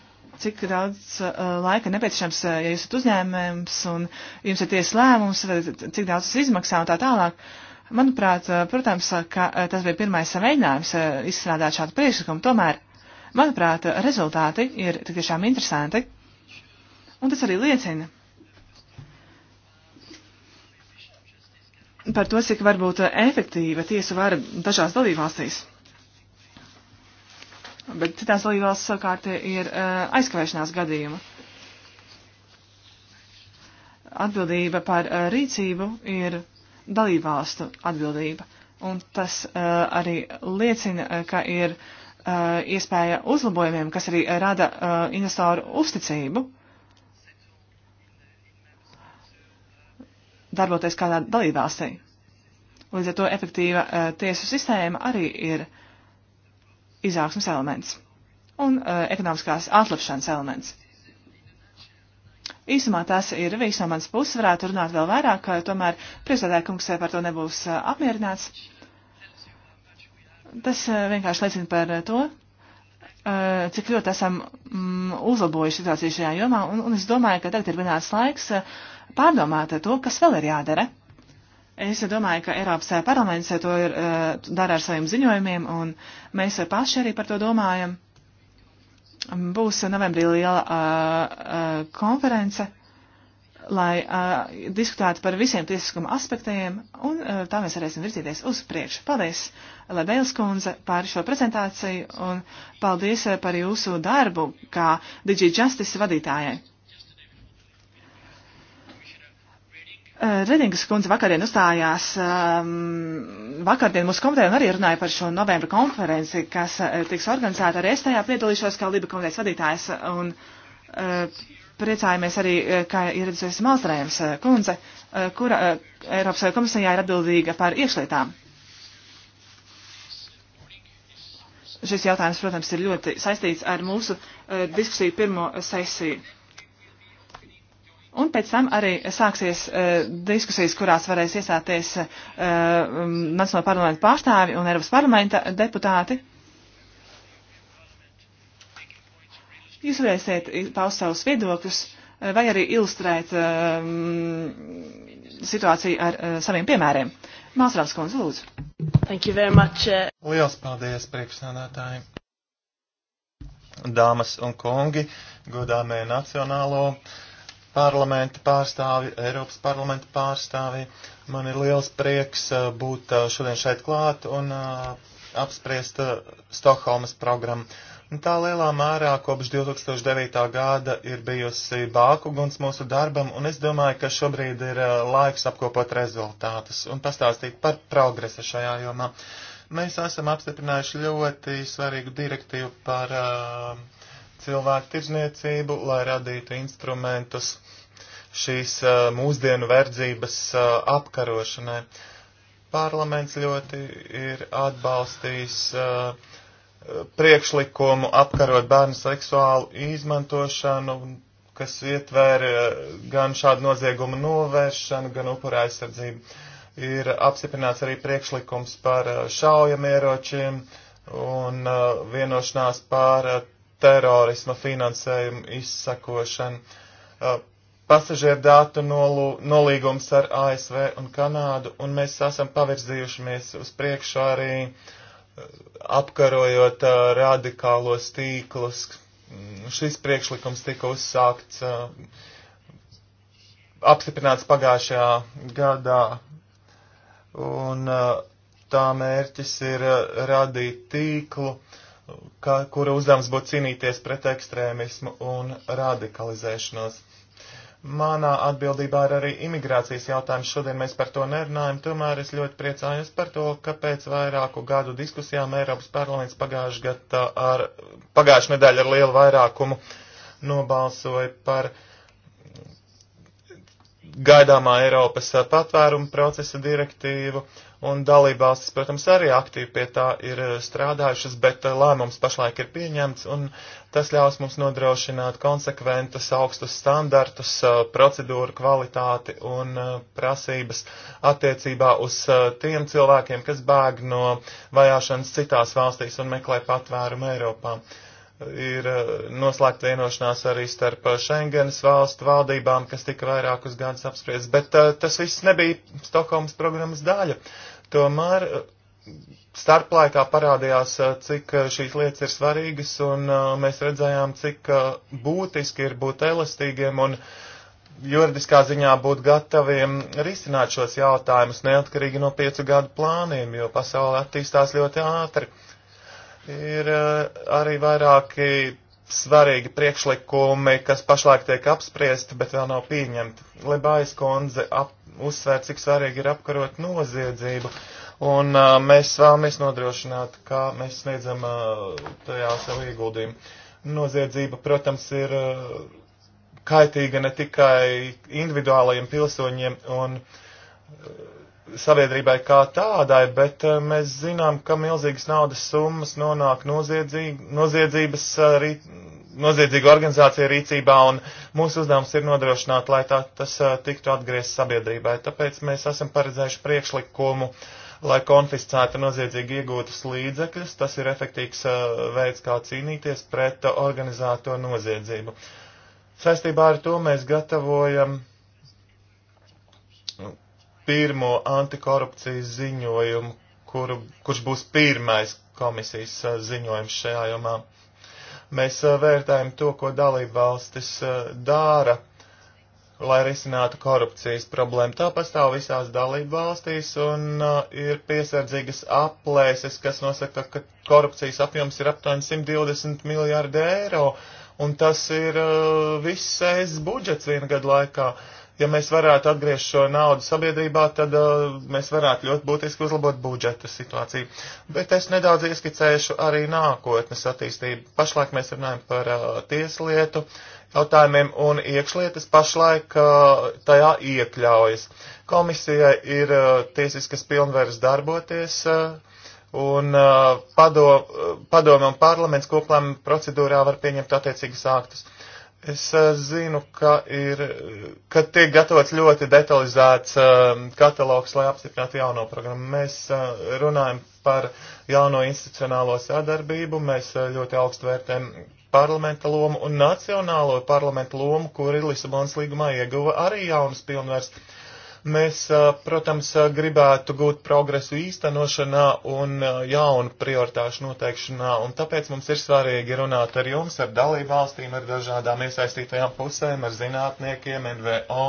cik daudz uh, laika nepieciešams, ja jūs esat uzņēmējums un jums ir tiesas lēmums, cik daudz tas izmaksā un tā tālāk. Uh, Manuprāt, eh, protams, ka eh, tas bija pirmais mēģinājums eh, izstrādāt šādu priekšlikumu, tomēr, manuprāt, rezultāti ir tiešām interesanti, un tas arī liecina par to, cik varbūt efektīva tiesu vara dažās dalībvalstīs. Bet citās dalībvalstīs savukārt ir aizkavēšanās gadījuma atbildība par rīcību ir dalībvalstu atbildība. Un tas uh, arī liecina, uh, ka ir uh, iespēja uzlabojumiem, kas arī rada uh, investoru uzticību darboties kādā dalībvalstī. Līdz ar to efektīva uh, tiesu sistēma arī ir izaugsmas elements un uh, ekonomiskās atlapšanas elements. Īsumā tas ir viss no manas puses. Varētu runāt vēl vairāk, tomēr priekšsēdētājkungs par to nebūs apmierināts. Tas vienkārši liecina par to, cik ļoti esam mm, uzlabojuši situāciju šajā jomā, un, un es domāju, ka tagad ir vienāds laiks pārdomāt to, kas vēl ir jādara. Es domāju, ka Eiropas parlaments to ir, dara ar saviem ziņojumiem, un mēs paši arī par to domājam būs novembrī liela uh, uh, konference, lai uh, diskutētu par visiem tiesiskuma aspektiem, un uh, tā mēs varēsim virzīties uz priekšu. Paldies, Lebēls kundze, par šo prezentāciju, un paldies par jūsu darbu kā Digi Justice vadītājai. Eh, Redingas kundze vakarien uzstājās, um, vakardien mūsu komitē un arī runāja par šo novembra konferenci, kas uh, tiks organizēta arī es tajā piedalīšos kā Liba komitejas vadītājs un uh, priecājamies arī, ka ieradusies Malstrējums uh, kundze, uh, kura uh, Eiropas komisijā ir atbildīga par iekšlietām. Šis jautājums, protams, ir ļoti saistīts ar mūsu uh, diskusiju pirmo sesiju. Un pēc tam arī sāksies uh, diskusijas, kurās varēs iesāties uh, Nacionāla parlamenta pārstāvi un Eiropas parlamenta deputāti. Jūs varēsiet paust savus viedokļus e, vai arī ilustrēt uh, situāciju ar uh, saviem piemēriem. Māsrāvs kundze, lūdzu. Thank you very much. Liels paldies, priekšsādātāji. Dāmas un kungi, godāmie nacionālo. Uh, parlamenta pārstāvi, Eiropas parlamenta pārstāvi. Man ir liels prieks uh, būt uh, šodien šeit klāt un uh, apspriest Stokholmas programmu. Un tā lielā mērā kopš 2009. gada ir bijusi bākuguns mūsu darbam, un es domāju, ka šobrīd ir laiks apkopot rezultātus un pastāstīt par progresu šajā jomā. Mēs esam apstiprinājuši ļoti svarīgu direktīvu par uh, cilvēku tirzniecību, lai radītu instrumentus šīs eh, mūsdienu verdzības eh, apkarošanai. Parlaments ļoti ir atbalstījis eh, priekšlikumu apkarot bērnu seksuālu izmantošanu, kas ietver gan šādu noziegumu novēršanu, gan upura aizsardzību. Ir apstiprināts arī priekšlikums par šaujamieročiem un vienošanās par terorisma finansējumu izsakošanu pasažieru dātu nolīgums ar ASV un Kanādu, un mēs esam pavirzījušamies uz priekšu arī eh, apkarojot uh, radikālos tīklus. Mm, šis priekšlikums tika uzsākts, uh, apstiprināts pagājušajā gadā, un uh, tā mērķis ir radīt tīklu, ka, kura uzdevums būtu cīnīties pret ekstrēmismu un radikalizēšanos Manā atbildībā ir arī imigrācijas jautājums. Šodien mēs par to nerunājam, tomēr es ļoti priecājos par to, ka pēc vairāku gadu diskusijām Eiropas parlaments pagājuši gada ar, pagājuši nedēļu ar lielu vairākumu nobalsoja par gaidāmā Eiropas patvērumu procesa direktīvu un dalībvalstis, protams, arī aktīvi pie tā ir eh, strādājušas, bet eh, lēmums pašlaik ir pieņemts, un tas ļaus mums nodrošināt konsekventus, augstus standartus, eh, procedūru kvalitāti un prasības attiecībā uz tiem cilvēkiem, kas bēg no vajāšanas citās valstīs un meklē patvērumu Eiropā. Ir noslēgta vienošanās arī starp Schengenas valstu valdībām, kas tika vairākus gadus apspriests, bet tas viss nebija Stokholmas programmas daļa. Uh, Tomēr eh, starplaikā parādījās, eh, cik eh, šīs lietas ir svarīgas, un mēs redzējām, cik būtiski ir būt elastīgiem un juridiskā ziņā būt gataviem risināt šos jautājumus neatkarīgi no piecu gadu plāniem, jo pasaule attīstās ļoti ātri. Ir arī vairāki svarīgi priekšlikumi, kas pašlaik tiek apspriesti, bet vēl nav pieņemti. Lebājas kundze ap uzsvērt, cik svarīgi ir apkarot noziedzību. Un uh, mēs vēlamies nodrošināt, kā mēs sniedzam uh, tajā savu ieguldījumu. Noziedzība, protams, ir uh, kaitīga ne tikai individuālajiem pilsoņiem un uh, sabiedrībai kā tādai, bet uh, mēs zinām, ka milzīgas naudas summas nonāk noziedzības arī noziedzīgu organizāciju rīcībā, un mūsu uzdevums ir nodrošināt, lai tā, tas tiktu atgriezts sabiedrībai. Tāpēc mēs esam paredzējuši priekšlikumu, lai konfiscētu noziedzīgi iegūtas līdzekļus. Tas ir efektīvs veids, kā cīnīties pret organizēto noziedzību. Saistībā ar to mēs gatavojam pirmo antikorupcijas ziņojumu, kuru, kurš būs pirmais komisijas ziņojums šajā jomā. Um, Mēs eh, vērtējam to, ko dalībvalstis eh, dara, lai risinātu korupcijas problēmu. Tā pastāv visās dalībvalstīs un eh, ir piesardzīgas aplēses, kas nosaka, ka korupcijas apjoms ir aptuveni 120 miljārdi eiro, un tas ir viss es budžets viena gada laikā. Uh, Ja mēs varētu atgriezt šo naudu sabiedrībā, tad uh, mēs varētu ļoti būtiski uzlabot budžeta situāciju. Bet es nedaudz ieskicēšu arī nākotnes attīstību. Pašlaik mēs runājam par uh, tieslietu jautājumiem un iekšlietas pašlaik uh, tajā iekļaujas. Komisijai ir uh, tiesiskas pilnvaras darboties. Uh, un uh, uh, padome un parlaments koplēm procedūrā var pieņemt attiecīgas aktus. Es eh, zinu, ka ir, ka tiek gatavots ļoti detalizēts eh, katalogs, lai apstiprinātu jauno programmu. Mēs eh, runājam par jauno institucionālo sadarbību, mēs ļoti augstu vērtējam parlamenta lomu un nacionālo parlamenta lomu, kuri Lisabonas līgumā ieguva arī jaunas pilnvērs. Mēs, protams, gribētu gūt progresu īstenošanā un jaunu prioritāšu noteikšanā, un tāpēc mums ir svarīgi runāt ar jums, ar dalību valstīm, ar dažādām iesaistītajām pusēm, ar zinātniekiem, NVO,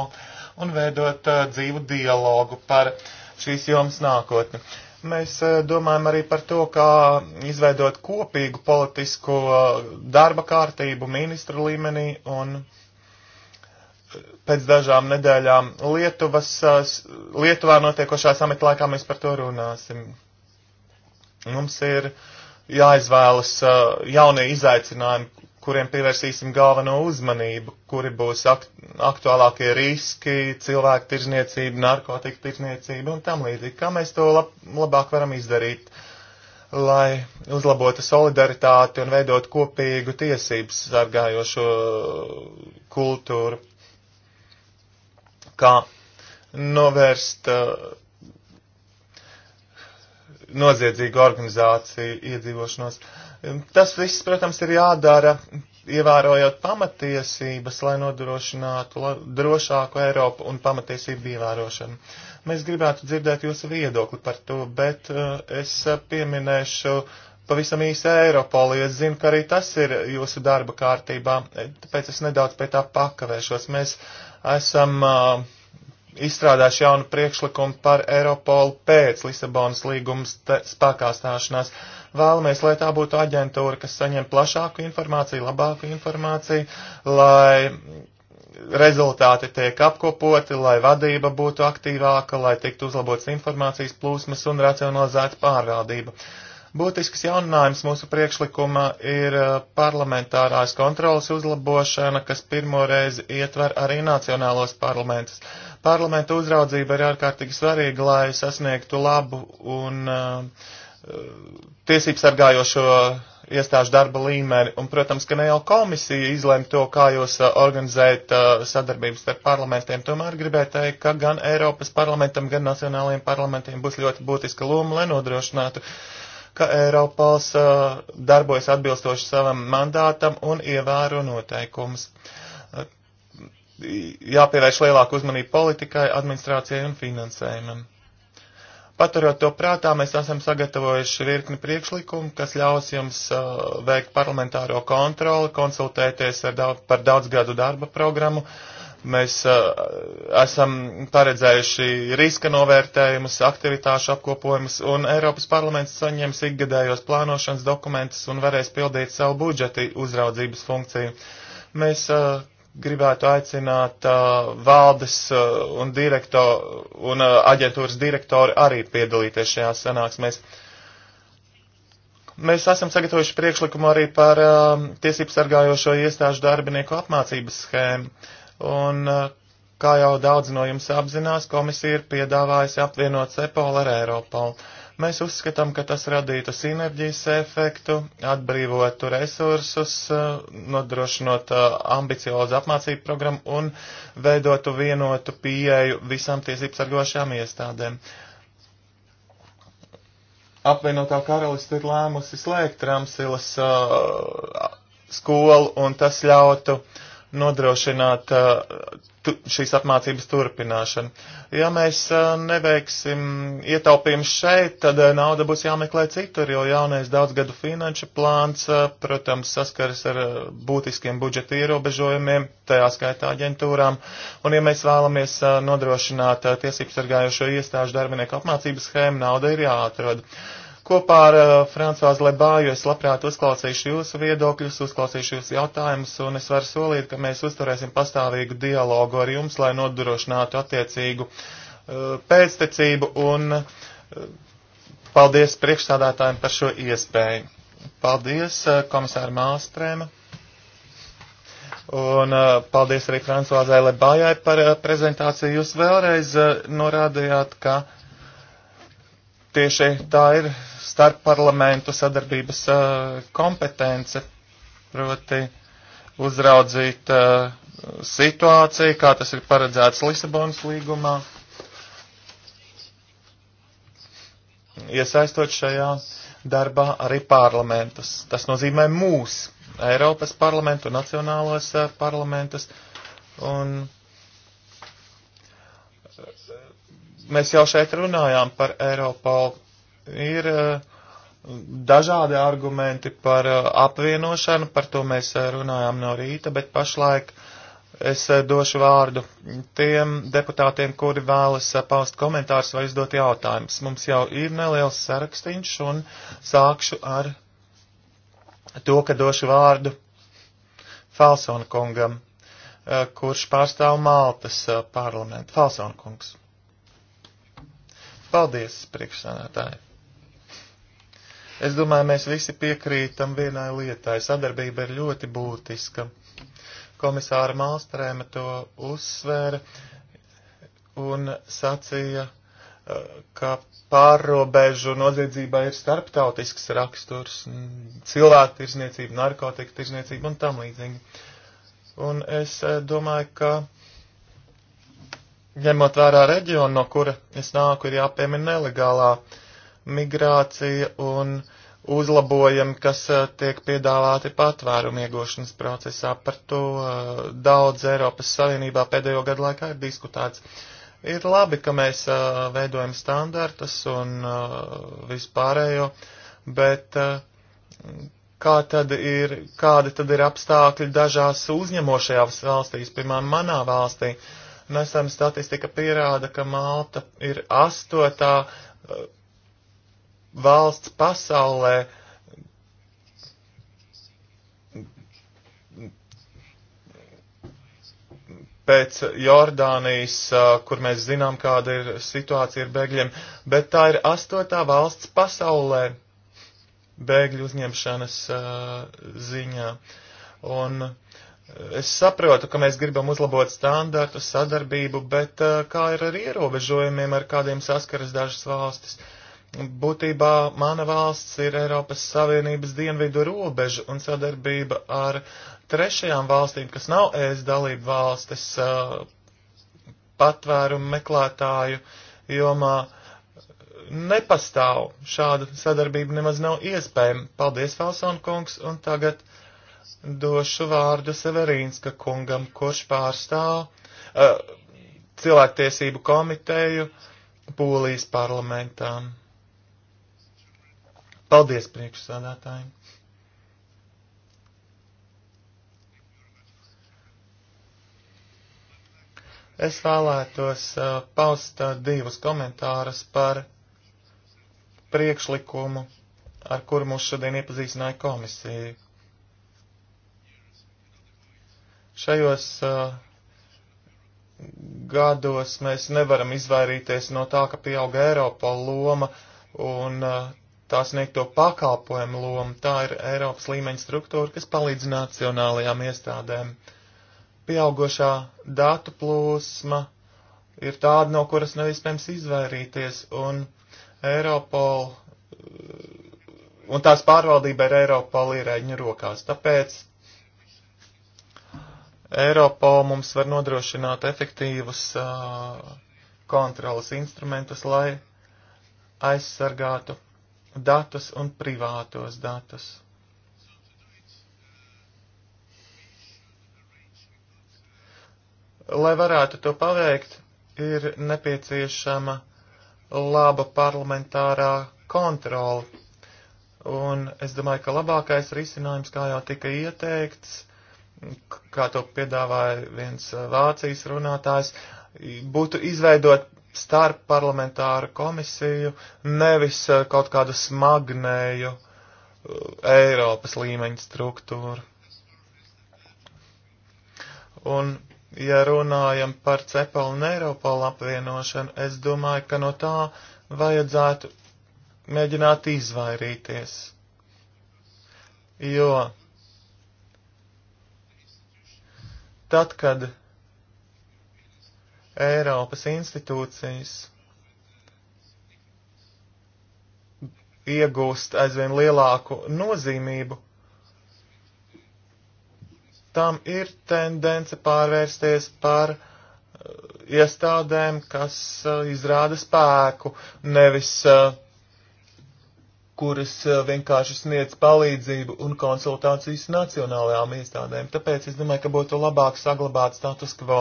un veidot dzīvu dialogu par šīs jomas nākotni mēs domājam arī par to, kā izveidot kopīgu politisku darba kārtību ministru līmenī un pēc dažām nedēļām Lietuvas, Lietuvā notiekošā samita laikā mēs par to runāsim. Mums ir jāizvēlas jaunie izaicinājumi, kuriem pievērsīsim galveno uzmanību, kuri būs akt, aktuālākie riski, cilvēku tirzniecība, narkotika tirzniecība un tam līdzīgi. Kā mēs to lab, labāk varam izdarīt, lai uzlabotu solidaritāti un veidot kopīgu tiesības sargājošo kultūru? kā novērst uh, noziedzīgu organizāciju iedzīvošanos. Um, tas viss, protams, ir jādara, ievērojot pamatiesības, lai nodrošinātu la drošāku Eiropu un pamatiesību ievērošanu. Mēs gribētu dzirdēt jūsu viedokli par to, bet uh, es pieminēšu uh, Pavisam īsi Eiropoli, es zinu, ka arī tas ir jūsu darba kārtībā, tāpēc es nedaudz pie tā pakavēšos. Mēs esam uh, izstrādājuši jaunu priekšlikumu par Eiropolu pēc Lisabonas līgumas spēkā stāšanās. Vēlamies, lai tā būtu aģentūra, kas saņem plašāku informāciju, labāku informāciju, lai rezultāti tiek apkopoti, lai vadība būtu aktīvāka, lai tiktu uzlabots informācijas plūsmas un racionalizēta pārvaldība. Uh, Būtisks jauninājums mūsu priekšlikumā ir uh, parlamentārās kontrolas uzlabošana, kas pirmoreiz ietver arī nacionālos parlamentus. Parlamenta uzraudzība ir ārkārtīgi svarīga, lai sasniegtu labu un uh, tiesību sargājošo iestāžu darba līmeni, un, protams, ka ne jau komisija izlēma to, kā jūs uh, organizējat uh, sadarbības starp parlamentiem. Tomēr gribēju teikt, ka gan Eiropas parlamentam, gan nacionālajiem parlamentiem būs ļoti būtiska loma, lai nodrošinātu uh, ka Eiropols uh, darbojas atbilstoši savam mandātam un ievēro noteikumus. Uh, jāpievērš lielāku uzmanību politikai, administrācijai un finansējumam. Paturot to prātā, mēs esam sagatavojuši virkni priekšlikumu, kas ļaus jums uh, veikt parlamentāro kontroli, konsultēties ar daudz, par daudzgadu darba programmu, uh, Mēs uh, esam paredzējuši riska novērtējumus, aktivitāšu apkopojumus, un Eiropas parlaments saņems ikgadējos plānošanas dokumentus un varēs pildīt savu budžeti uzraudzības funkciju. Mēs uh, gribētu aicināt uh, valdes uh, un, direkto, un uh, aģentūras direktori arī piedalīties šajā sanāksmēs. Mēs Mēs esam sagatavojuši priekšlikumu arī par uh, tiesību sargājošo iestāžu darbinieku apmācības schēmu un, uh, kā jau daudz no jums apzinās, komisija ir piedāvājusi apvienot Sepol ar Eiropolu. Mēs uzskatām, ka tas radītu sinerģijas efektu, atbrīvotu resursus, uh, nodrošinot uh, ambiciozu apmācību programmu un veidotu vienotu pieeju visām tiesības sargošajām iestādēm. Apvienotā karalista ir lēmusi slēgt Ramsilas uh, skolu un tas ļautu uh, nodrošināt tu, šīs apmācības turpināšanu. Ja mēs neveiksim ietaupījums šeit, tad nauda būs jāmeklē citur, jo jaunais daudzgadu finanšu plāns, protams, saskaras ar būtiskiem budžeta ierobežojumiem, tajā skaitā aģentūrām. Un ja mēs vēlamies nodrošināt tiesības sargājošo iestāžu darbinieku apmācības schēmu, nauda ir jāatrod. Uh, Kopā ar uh, Francāzu Lebāju es labprāt uzklausīšu jūsu viedokļus, uzklausīšu jūsu jautājumus, un es varu solīt, ka mēs uzturēsim pastāvīgu dialogu ar jums, lai nodrošinātu attiecīgu uh, pēctecību, un uh, paldies priekšstādātājiem par šo iespēju. Paldies, uh, komisāra Mālstrēma. Un uh, paldies arī Francāzai Lebājai par uh, prezentāciju. Jūs vēlreiz uh, norādījāt, ka tieši tā ir starp parlamentu sadarbības kompetence, proti uzraudzīt situāciju, kā tas ir paredzēts Lisabonas līgumā, iesaistot šajā darbā arī parlamentus. Tas nozīmē mūs, Eiropas parlamentu, nacionālos parlamentus. Un Mēs jau šeit runājām par Eiropolu. Ir eh, dažādi argumenti par eh, apvienošanu, par to mēs eh, runājām no rīta, bet pašlaik es došu vārdu tiem deputātiem, kuri vēlas paust komentārus vai uzdot jautājumus. Mums jau ir neliels sarakstīns un sākšu ar to, ka došu vārdu Falsona kungam, kurš pārstāv Maltas parlamentu. Falsona kungs. Paldies, priekšsēdētāji! Es domāju, mēs visi piekrītam vienai lietai. Sadarbība ir ļoti būtiska. Komisāra Mālstrēma to uzsvēra un sacīja, eh, ka pārrobežu noziedzībai ir starptautisks raksturs, cilvēku tirzniecība, narkotika tirzniecība un tam līdzīgi. Un es eh, domāju, ka Ņemot vērā reģionu, no kura es nāku, ir jāpiemina nelegālā migrācija un uzlabojumi, kas eh, tiek piedāvāti patvērumu iegūšanas procesā. Par to eh, daudz Eiropas Savienībā pēdējo gadu laikā ir diskutēts. Ir labi, ka mēs eh, veidojam standartus un vispārējo, bet kā tad ir, kādi tad ir apstākļi dažās uzņemošajās valstīs, piemēram, manā valstī. Uh, Nesam statistika pierāda, ka Malta ir astotā uh, valsts pasaulē, pēc Jordānijas, uh, kur mēs zinām, kāda ir situācija ar bēgļiem, bet tā ir astotā valsts pasaulē bēgļu uzņemšanas uh, ziņā. Un Es saprotu, ka mēs gribam uzlabot standārtu sadarbību, bet eh, kā ir ar ierobežojumiem, ar kādiem saskaras dažas valstis? Būtībā mana valsts ir Eiropas Savienības dienvidu robeža un sadarbība ar trešajām valstīm, kas nav ES dalību valstis, eh, patvērumu meklētāju jomā nepastāv. Šāda sadarbība nemaz nav iespējama. Paldies, Falsona kungs, un tagad došu vārdu Severīnska kungam, kurš pārstāv uh, cilvēktiesību komiteju Polijas parlamentā. Paldies priekšsādātājiem! Es vēlētos uh, paust uh, divus komentārus par priekšlikumu, ar kuru mūs šodien iepazīstināja komisija. Šajos uh, gados mēs nevaram izvairīties no tā, ka pieauga Eiropa loma un uh, tā sniegto pakalpojumu loma. Tā ir Eiropas līmeņa struktūra, kas palīdz nacionālajām iestādēm. Pieaugošā datu plūsma ir tāda, no kuras nav iespējams izvairīties, un Eiropol un tās pārvaldība ar Eiropolu ir ēģņu rokās. Tāpēc Eiropol mums var nodrošināt efektīvus uh, kontrolas instrumentus, lai aizsargātu datus un privātos datus. Lai varētu to paveikt, ir nepieciešama laba parlamentārā kontrola. Un es domāju, ka labākais risinājums, kā jau tika ieteikts, kā to piedāvāja viens eh, Vācijas runātājs, būtu izveidot starp parlamentāru komisiju, nevis eh, kaut kādu smagnēju eh, Eiropas līmeņa struktūru. Un, ja runājam par CEPAL un Eiropol apvienošanu, es domāju, ka no tā vajadzētu mēģināt izvairīties. Jo Tad, kad Eiropas institūcijas iegūst aizvien lielāku nozīmību, tam ir tendence pārvērsties par uh, iestādēm, kas uh, izrāda spēku, nevis uh, kuras eh, vienkārši sniedz palīdzību un konsultācijas nacionālajām iestādēm. Tāpēc es domāju, ka būtu labāk saglabāt status quo.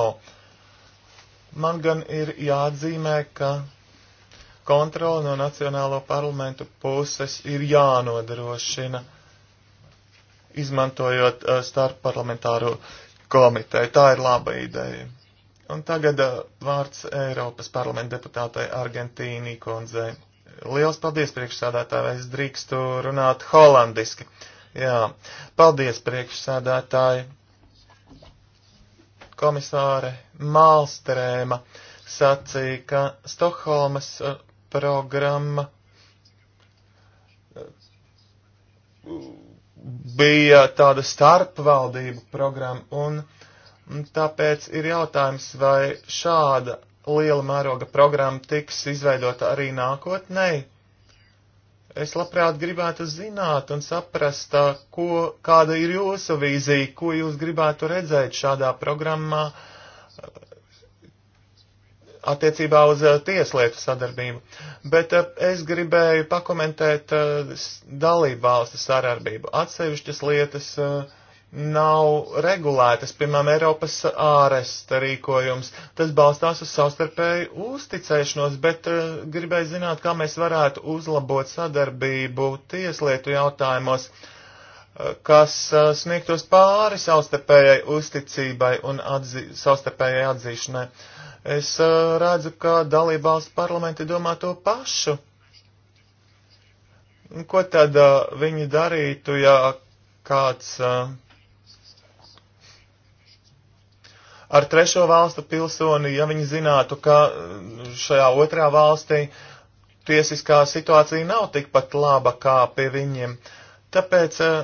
Man gan ir jāatzīmē, ka kontrola no nacionālo parlamentu puses ir jānodrošina, izmantojot eh, starpparlamentāro komiteju. Tā ir laba ideja. Un tagad eh, vārds Eiropas parlamenta deputātai Argentīnī kundzei. Liels paldies priekšsādātāji, vai es drīkstu runāt holandiski. Jā, paldies priekšsādātāji. Komisāre Malstrēma sacīja, ka Stokholmas e, programma e, bija tāda starpvaldību programma, un tāpēc ir jautājums, vai šāda liela mēroga programma tiks izveidota arī nākotnē. Es labprāt gribētu zināt un saprast, ko, kāda ir jūsu vīzija, ko jūs gribētu redzēt šādā programmā attiecībā uz tieslietu sadarbību. Bet es gribēju pakomentēt dalību valstu sadarbību. Atsevišķas lietas uh, nav regulētas, piemēram, Eiropas āresta rīkojums. Tas balstās uz savstarpēju uzticēšanos, bet uh, gribēju zināt, kā mēs varētu uzlabot sadarbību tieslietu jautājumos, uh, kas uh, sniegtos pāri savstarpējai uzticībai un atzī savstarpējai atzīšanai. Es uh, redzu, ka dalībvalstu parlamenti domā to pašu. Ko tad uh, viņi darītu, ja kāds uh, ar trešo valstu pilsoni, ja viņi zinātu, ka mm, šajā otrā valstī tiesiskā situācija nav tikpat laba kā pie viņiem. Tāpēc eh,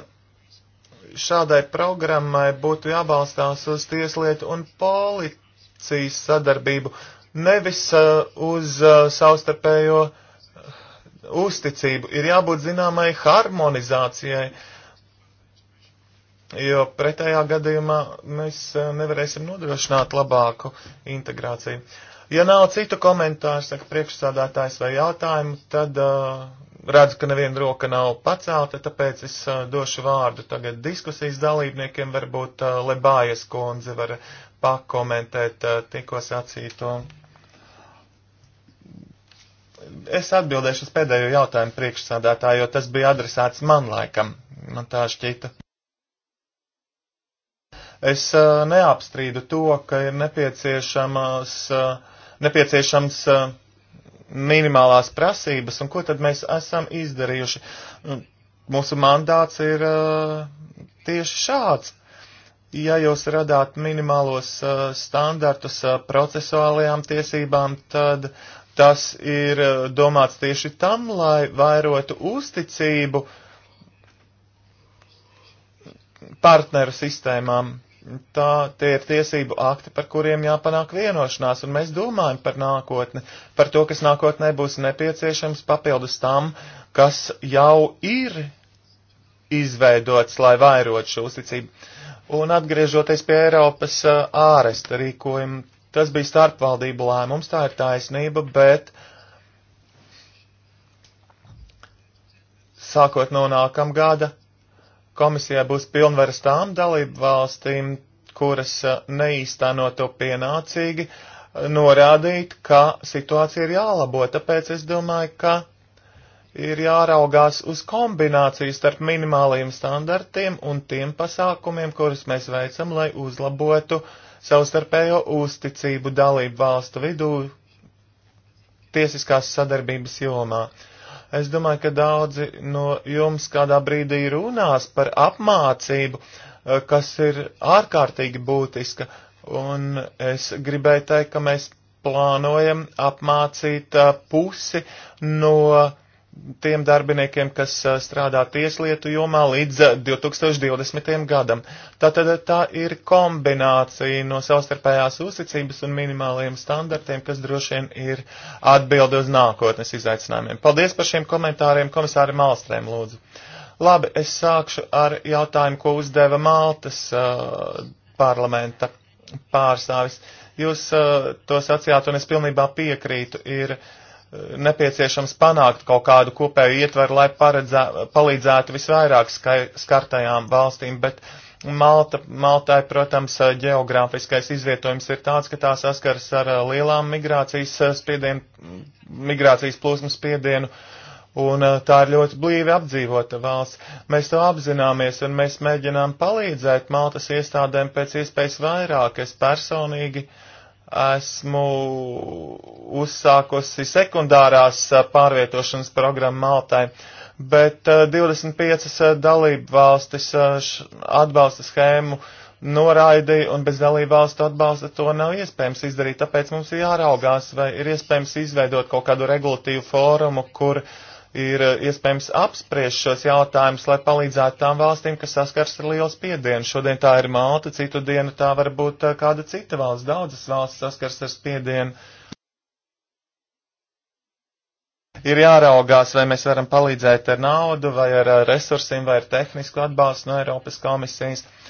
šādai programmai būtu jābalstās uz tieslietu un policijas sadarbību, nevis eh, uz eh, savstarpējo uzticību. Ir jābūt zināmai harmonizācijai. Uh, jo pretējā gadījumā mēs eh, nevarēsim nodrošināt labāku integrāciju. Ja nav citu komentāru, saka priekšsādātājs vai jautājumu, tad uh, redzu, ka neviena roka nav pacelta, tāpēc es uh, došu vārdu tagad diskusijas dalībniekiem, varbūt uh, Lebājas kundze var pakomentēt uh, tikko sacīto. Es atbildēšu uz pēdējo jautājumu priekšsādātāju, jo tas bija adresēts man laikam. Man tā šķita. Es neapstrīdu to, ka ir nepieciešamas, nepieciešams minimālās prasības, un ko tad mēs esam izdarījuši. Nu, mūsu mandāts ir tieši šāds. Ja jūs radāt minimālos standartus procesuālajām tiesībām, tad tas ir domāts tieši tam, lai vairotu uzticību partneru sistēmām. Tā tie ir tiesību akti, par kuriem jāpanāk vienošanās, un mēs domājam par nākotni, par to, kas nākotnē būs nepieciešams papildus tam, kas jau ir izveidots, lai vairot šo uzticību. Un atgriežoties pie Eiropas uh, āresta rīkojuma, tas bija starpvaldību lēmums, tā ir taisnība, bet sākot no nākamgada Komisijai būs pilnvaras tām dalību valstīm, kuras eh, neīsteno to pienācīgi, eh, norādīt, ka situācija ir jālabo. Tāpēc es domāju, ka ir jāraugās uz kombināciju starp minimāliem standartiem un tiem pasākumiem, kurus mēs veicam, lai uzlabotu savstarpējo uzticību dalību valstu vidū tiesiskās sadarbības jomā. Uh, Es domāju, ka daudzi no jums kādā brīdī runās par apmācību, eh, kas ir ārkārtīgi būtiska, un es gribēju teikt, ka mēs plānojam apmācīt eh, pusi no tiem darbiniekiem, kas strādā tieslietu jomā līdz 2020. gadam. Tātad tā ir kombinācija no savstarpējās uzticības un minimālajiem standartiem, kas droši vien ir atbildi uz nākotnes izaicinājumiem. Paldies par šiem komentāriem, komisāri Malstrēm, lūdzu. Labi, es sākšu ar jautājumu, ko uzdeva Maltas uh, parlamenta pārstāvis. Jūs uh, to sacījāt, un es pilnībā piekrītu, ir uh, nepieciešams panākt kaut kādu kopēju ietvaru, lai paredzā, palīdzētu visvairāk skai, skartajām valstīm, bet Malta, Maltai, protams, geogrāfiskais izvietojums ir tāds, ka tā saskaras ar lielām migrācijas spiedienu, migrācijas plūsmas spiedienu, un tā ir ļoti blīvi apdzīvota valsts. Mēs to apzināmies, un mēs mēģinām palīdzēt Maltas iestādēm pēc iespējas vairāk. Es personīgi uh, esmu uzsākusi sekundārās eh, pārvietošanas programmu Maltai, bet 25 eh, eh, dalību valstis atbalsta schēmu noraidīja un bez dalību valstu atbalsta to nav iespējams izdarīt, tāpēc mums ir jāraugās, vai ir iespējams izveidot kaut kādu regulatīvu fórumu, kur uh, ir eh, iespējams apspriest šos jautājumus, lai palīdzētu tām valstīm, kas saskars ar lielu spiedienu. Šodien tā ir Malta, citu dienu tā var būt eh, kāda cita valsts. Daudzas valsts saskars ar spiedienu. Ir jāraugās, vai mēs varam palīdzēt ar naudu, vai ar eh, resursiem, vai ar tehnisku atbalstu no Eiropas komisijas. Uh,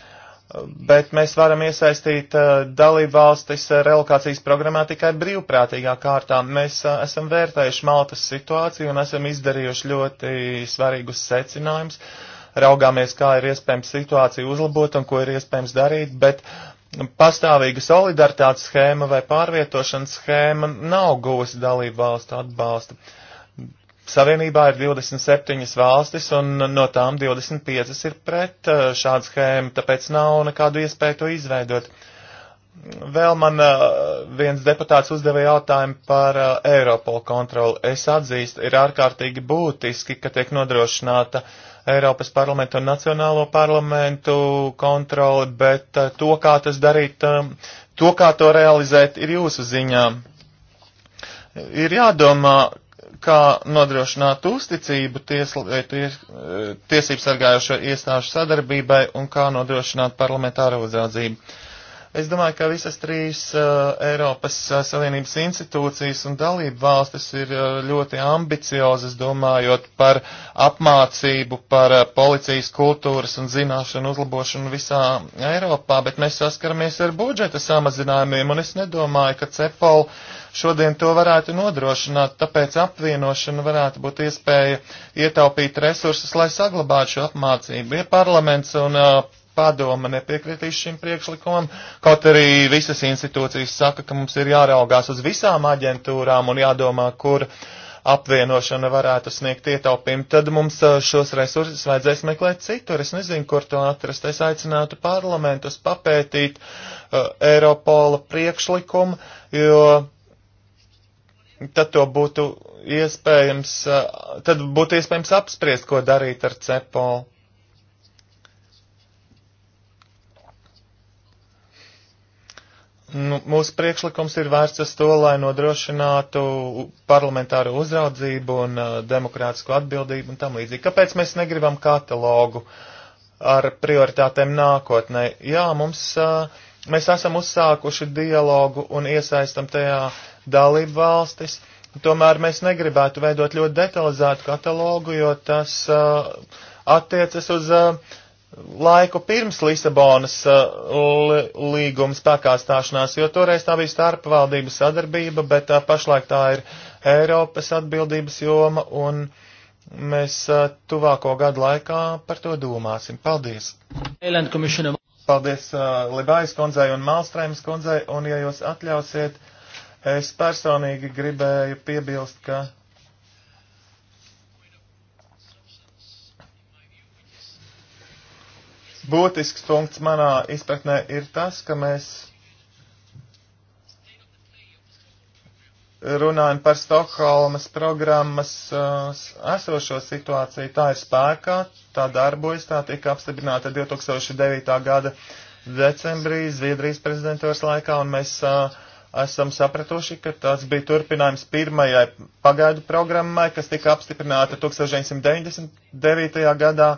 bet mēs varam iesaistīt uh, dalībvalstis uh, relokācijas programmā tikai brīvprātīgā kārtā. Mēs uh, esam vērtējuši Maltas situāciju un esam izdarījuši ļoti svarīgus secinājumus. Raugāmies, kā ir iespējams situāciju uzlabot un ko ir iespējams darīt, bet pastāvīga solidaritātes schēma vai pārvietošanas schēma nav guvusi dalībvalstu atbalstu. Uh, Savienībā ir 27 valstis, un no tām 25 ir pret eh, šādu schēmu, tāpēc nav nekādu iespēju to izveidot. Vēl man eh, viens deputāts uzdeva jautājumu par eh, Eiropolu kontroli. Es atzīstu, ir ārkārtīgi būtiski, ka tiek nodrošināta Eiropas parlamentu un Nacionālo parlamentu kontroli, bet to, kā tas darīt, to, kā to realizēt, ir jūsu ziņā. Ir jādomā, kā nodrošināt uzticību tiesla, eh, ties, eh, tiesību sargājošo iestāžu sadarbībai un kā nodrošināt parlamentāro uzraudzību. Es domāju, ka visas trīs uh, Eiropas uh, Savienības institūcijas un dalību valstis ir uh, ļoti ambiciozas, domājot par apmācību, par uh, policijas kultūras un zināšanu uzlabošanu visā Eiropā, bet mēs saskaramies ar budžeta samazinājumiem, un es nedomāju, ka CEPOL šodien to varētu nodrošināt, tāpēc apvienošana varētu būt iespēja ietaupīt resursus, lai saglabātu šo apmācību. Ja parlaments un uh, padoma nepiekritīs šim priekšlikumam, kaut arī visas institūcijas saka, ka mums ir jāraugās uz visām aģentūrām un jādomā, kur apvienošana varētu sniegt ietaupījumu, tad mums uh, šos resursus vajadzēs meklēt citur. Es nezinu, kur to atrast. Es aicinātu parlamentus papētīt uh, Eiropola priekšlikumu, jo tad to būtu iespējams, uh, tad būtu iespējams apspriest, ko darīt ar Cepolu. Nu, mūsu priekšlikums ir vērsts uz to, lai nodrošinātu parlamentāru uzraudzību un uh, demokrātisku atbildību un tam līdzīgi. Kāpēc mēs negribam katalogu ar prioritātēm nākotnē? Jā, mums, uh, mēs esam uzsākuši dialogu un iesaistam tajā dalību valstis. Tomēr mēs negribētu veidot ļoti detalizētu katalogu, jo tas uh, attiecas uz uh, laiku pirms Lisabonas uh, līguma spēkā stāšanās, jo toreiz tā bija starpvaldības sadarbība, bet uh, pašlaik tā ir Eiropas atbildības joma, un mēs uh, tuvāko gadu laikā par to domāsim. Paldies! Paldies Libājas kundzei un Malstrēmas kundzei, un ja jūs atļausiet, es personīgi gribēju piebilst, ka būtisks punkts manā izpratnē ir tas, ka mēs runājam par Stokholmas programmas uh, esošo situāciju. Tā ir spēkā, tā darbojas, tā tika apstiprināta 2009. gada decembrī Zviedrijas prezidentūras laikā, un mēs uh, esam sapratuši, ka tas bija turpinājums pirmajai pagaidu programmai, kas tika apstiprināta 1999. gadā,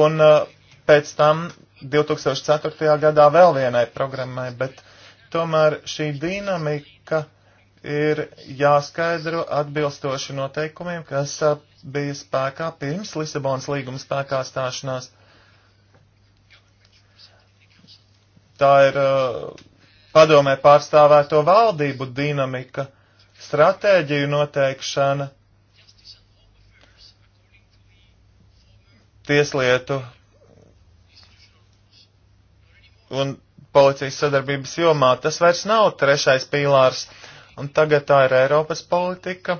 un uh, pēc tam 2004. gadā vēl vienai programmai, bet tomēr šī dinamika ir jāskaidro atbilstoši noteikumiem, kas bija spēkā pirms Lisabonas līguma spēkā stāšanās. Tā ir padomē pārstāvēto valdību dinamika, stratēģiju noteikšana, tieslietu un policijas sadarbības jomā. Tas vairs nav trešais pīlārs, un tagad tā ir Eiropas politika,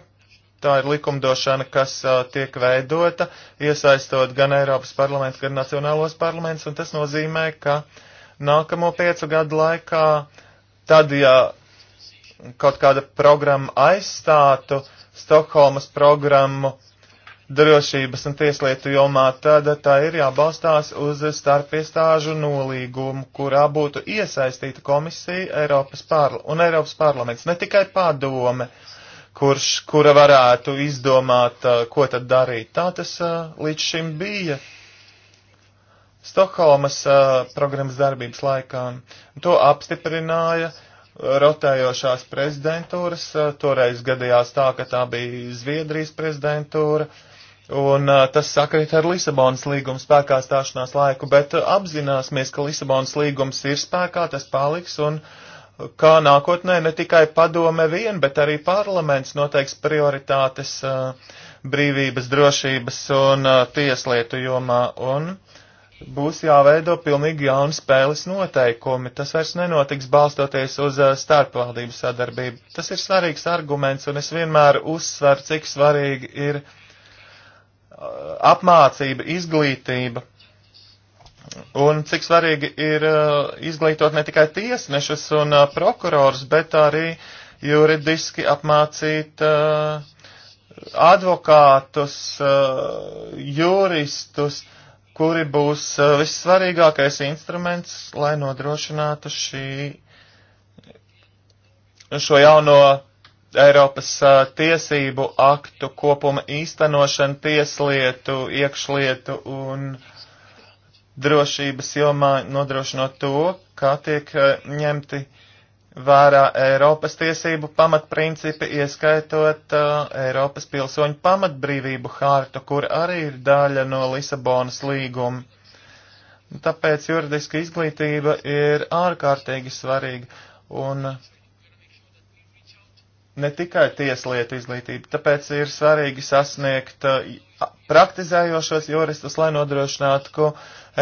tā ir likumdošana, kas uh, tiek veidota, iesaistot gan Eiropas parlamentu, gan nacionālos parlamentus, un tas nozīmē, ka nākamo piecu gadu laikā, tad, ja kaut kāda programma aizstātu Stokholmas programmu, drošības un tieslietu jomā, tad tā ir jābalstās uz starpiestāžu nolīgumu, kurā būtu iesaistīta komisija Eiropas parla un Eiropas parlaments, ne tikai padome, kurš, kura varētu izdomāt, ko tad darīt. Tā tas līdz šim bija. Stokholmas programmas darbības laikā to apstiprināja rotējošās prezidentūras. Toreiz gadījās tā, ka tā bija Zviedrijas prezidentūra. Uh, Un uh, tas sakrīt ar Lisabonas līguma spēkā stāšanās laiku, bet uh, apzināsimies, ka Lisabonas līgums ir spēkā, tas paliks, un kā nākotnē ne tikai padome vien, bet arī parlaments noteiks prioritātes uh, brīvības, drošības un uh, tieslietu jomā, un būs jāveido pilnīgi jauni spēles noteikumi. Tas vairs nenotiks balstoties uz uh, starpvaldību sadarbību. Tas ir svarīgs arguments, un es vienmēr uzsveru, cik svarīgi ir apmācība, izglītība. Un cik svarīgi ir uh, izglītot ne tikai tiesnešus un uh, prokurors, bet arī juridiski apmācīt uh, advokātus, juristus, kuri būs vissvarīgākais instruments, lai nodrošinātu šī, šo jauno Eiropas uh, tiesību aktu kopuma īstenošana tieslietu, iekšlietu un drošības jomā nodrošinot to, kā tiek uh, ņemti vērā Eiropas tiesību pamatprincipi, ieskaitot uh, Eiropas pilsoņu pamatbrīvību hārtu, kur arī ir daļa no Lisabonas līguma. Tāpēc juridiska izglītība ir ārkārtīgi svarīga. Un uh, ne tikai tieslietu izglītību, tāpēc ir svarīgi sasniegt uh, praktizējošos juristus, lai nodrošinātu, ka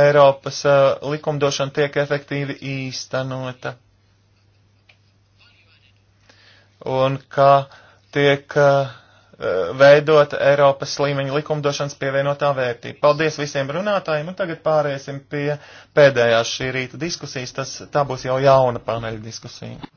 Eiropas uh, likumdošana tiek efektīvi īstenota. Un ka tiek uh, veidot Eiropas līmeņa likumdošanas pievienotā vērtība. Paldies visiem runātājiem, un tagad pāriesim pie pēdējās šī rīta diskusijas. Tas, tā būs jau jauna paneļa diskusija.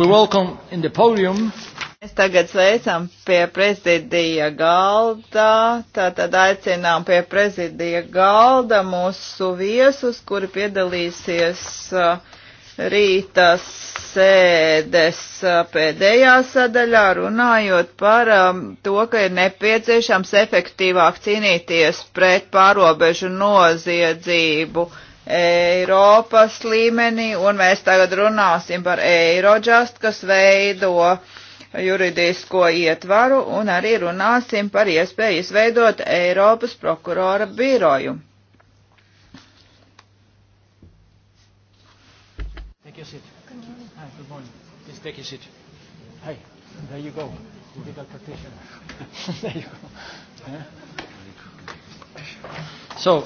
We welcome in the podium. Mēs tagad sveicam pie prezidija galda, tātad aicinām pie prezidija galda mūsu viesus, kuri piedalīsies uh, rīta sēdes uh, pēdējā sadaļā, runājot par um, to, ka ir nepieciešams efektīvāk cīnīties pret pārobežu noziedzību Eiropas līmenī, un mēs tagad runāsim par Eirodžast, kas veido juridisko ietvaru, un arī runāsim par iespēju izveidot Eiropas prokurora biroju. Take your seat. Hi, good morning. Please take your seat. Hi, there you go. Legal practitioner. there you go. Yeah. So,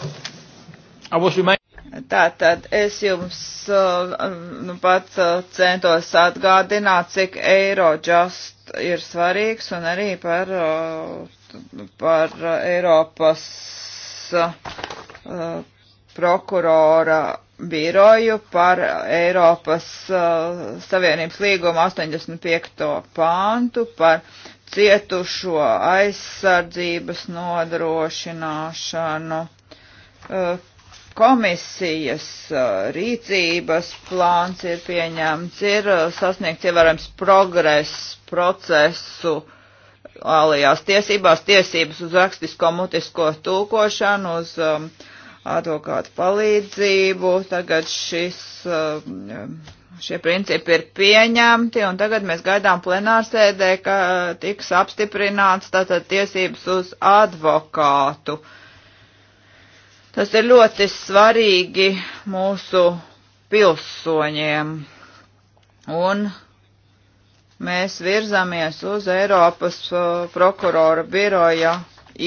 I was reminded. Tātad es jums uh, nu, pats uh, centos atgādināt, cik Eurojust ir svarīgs un arī par, uh, par Eiropas prokurora biroju par Eiropas Savienības līguma 85. pāntu par cietušo aizsardzības nodrošināšanu Komisijas uh, rīcības plāns ir pieņemts, ir uh, sasniegts ievērojams progress procesu alajās tiesībās, tiesības uz rakstisko mutisko tūkošanu, uz um, advokātu palīdzību. Tagad šis, um, šie principi ir pieņemti, un tagad mēs gaidām plenārsēdē, ka tiks apstiprināts tātad tiesības uz advokātu. Uh, Tas ir ļoti svarīgi mūsu pilsoņiem. Un mēs virzamies uz Eiropas uh, prokurora biroja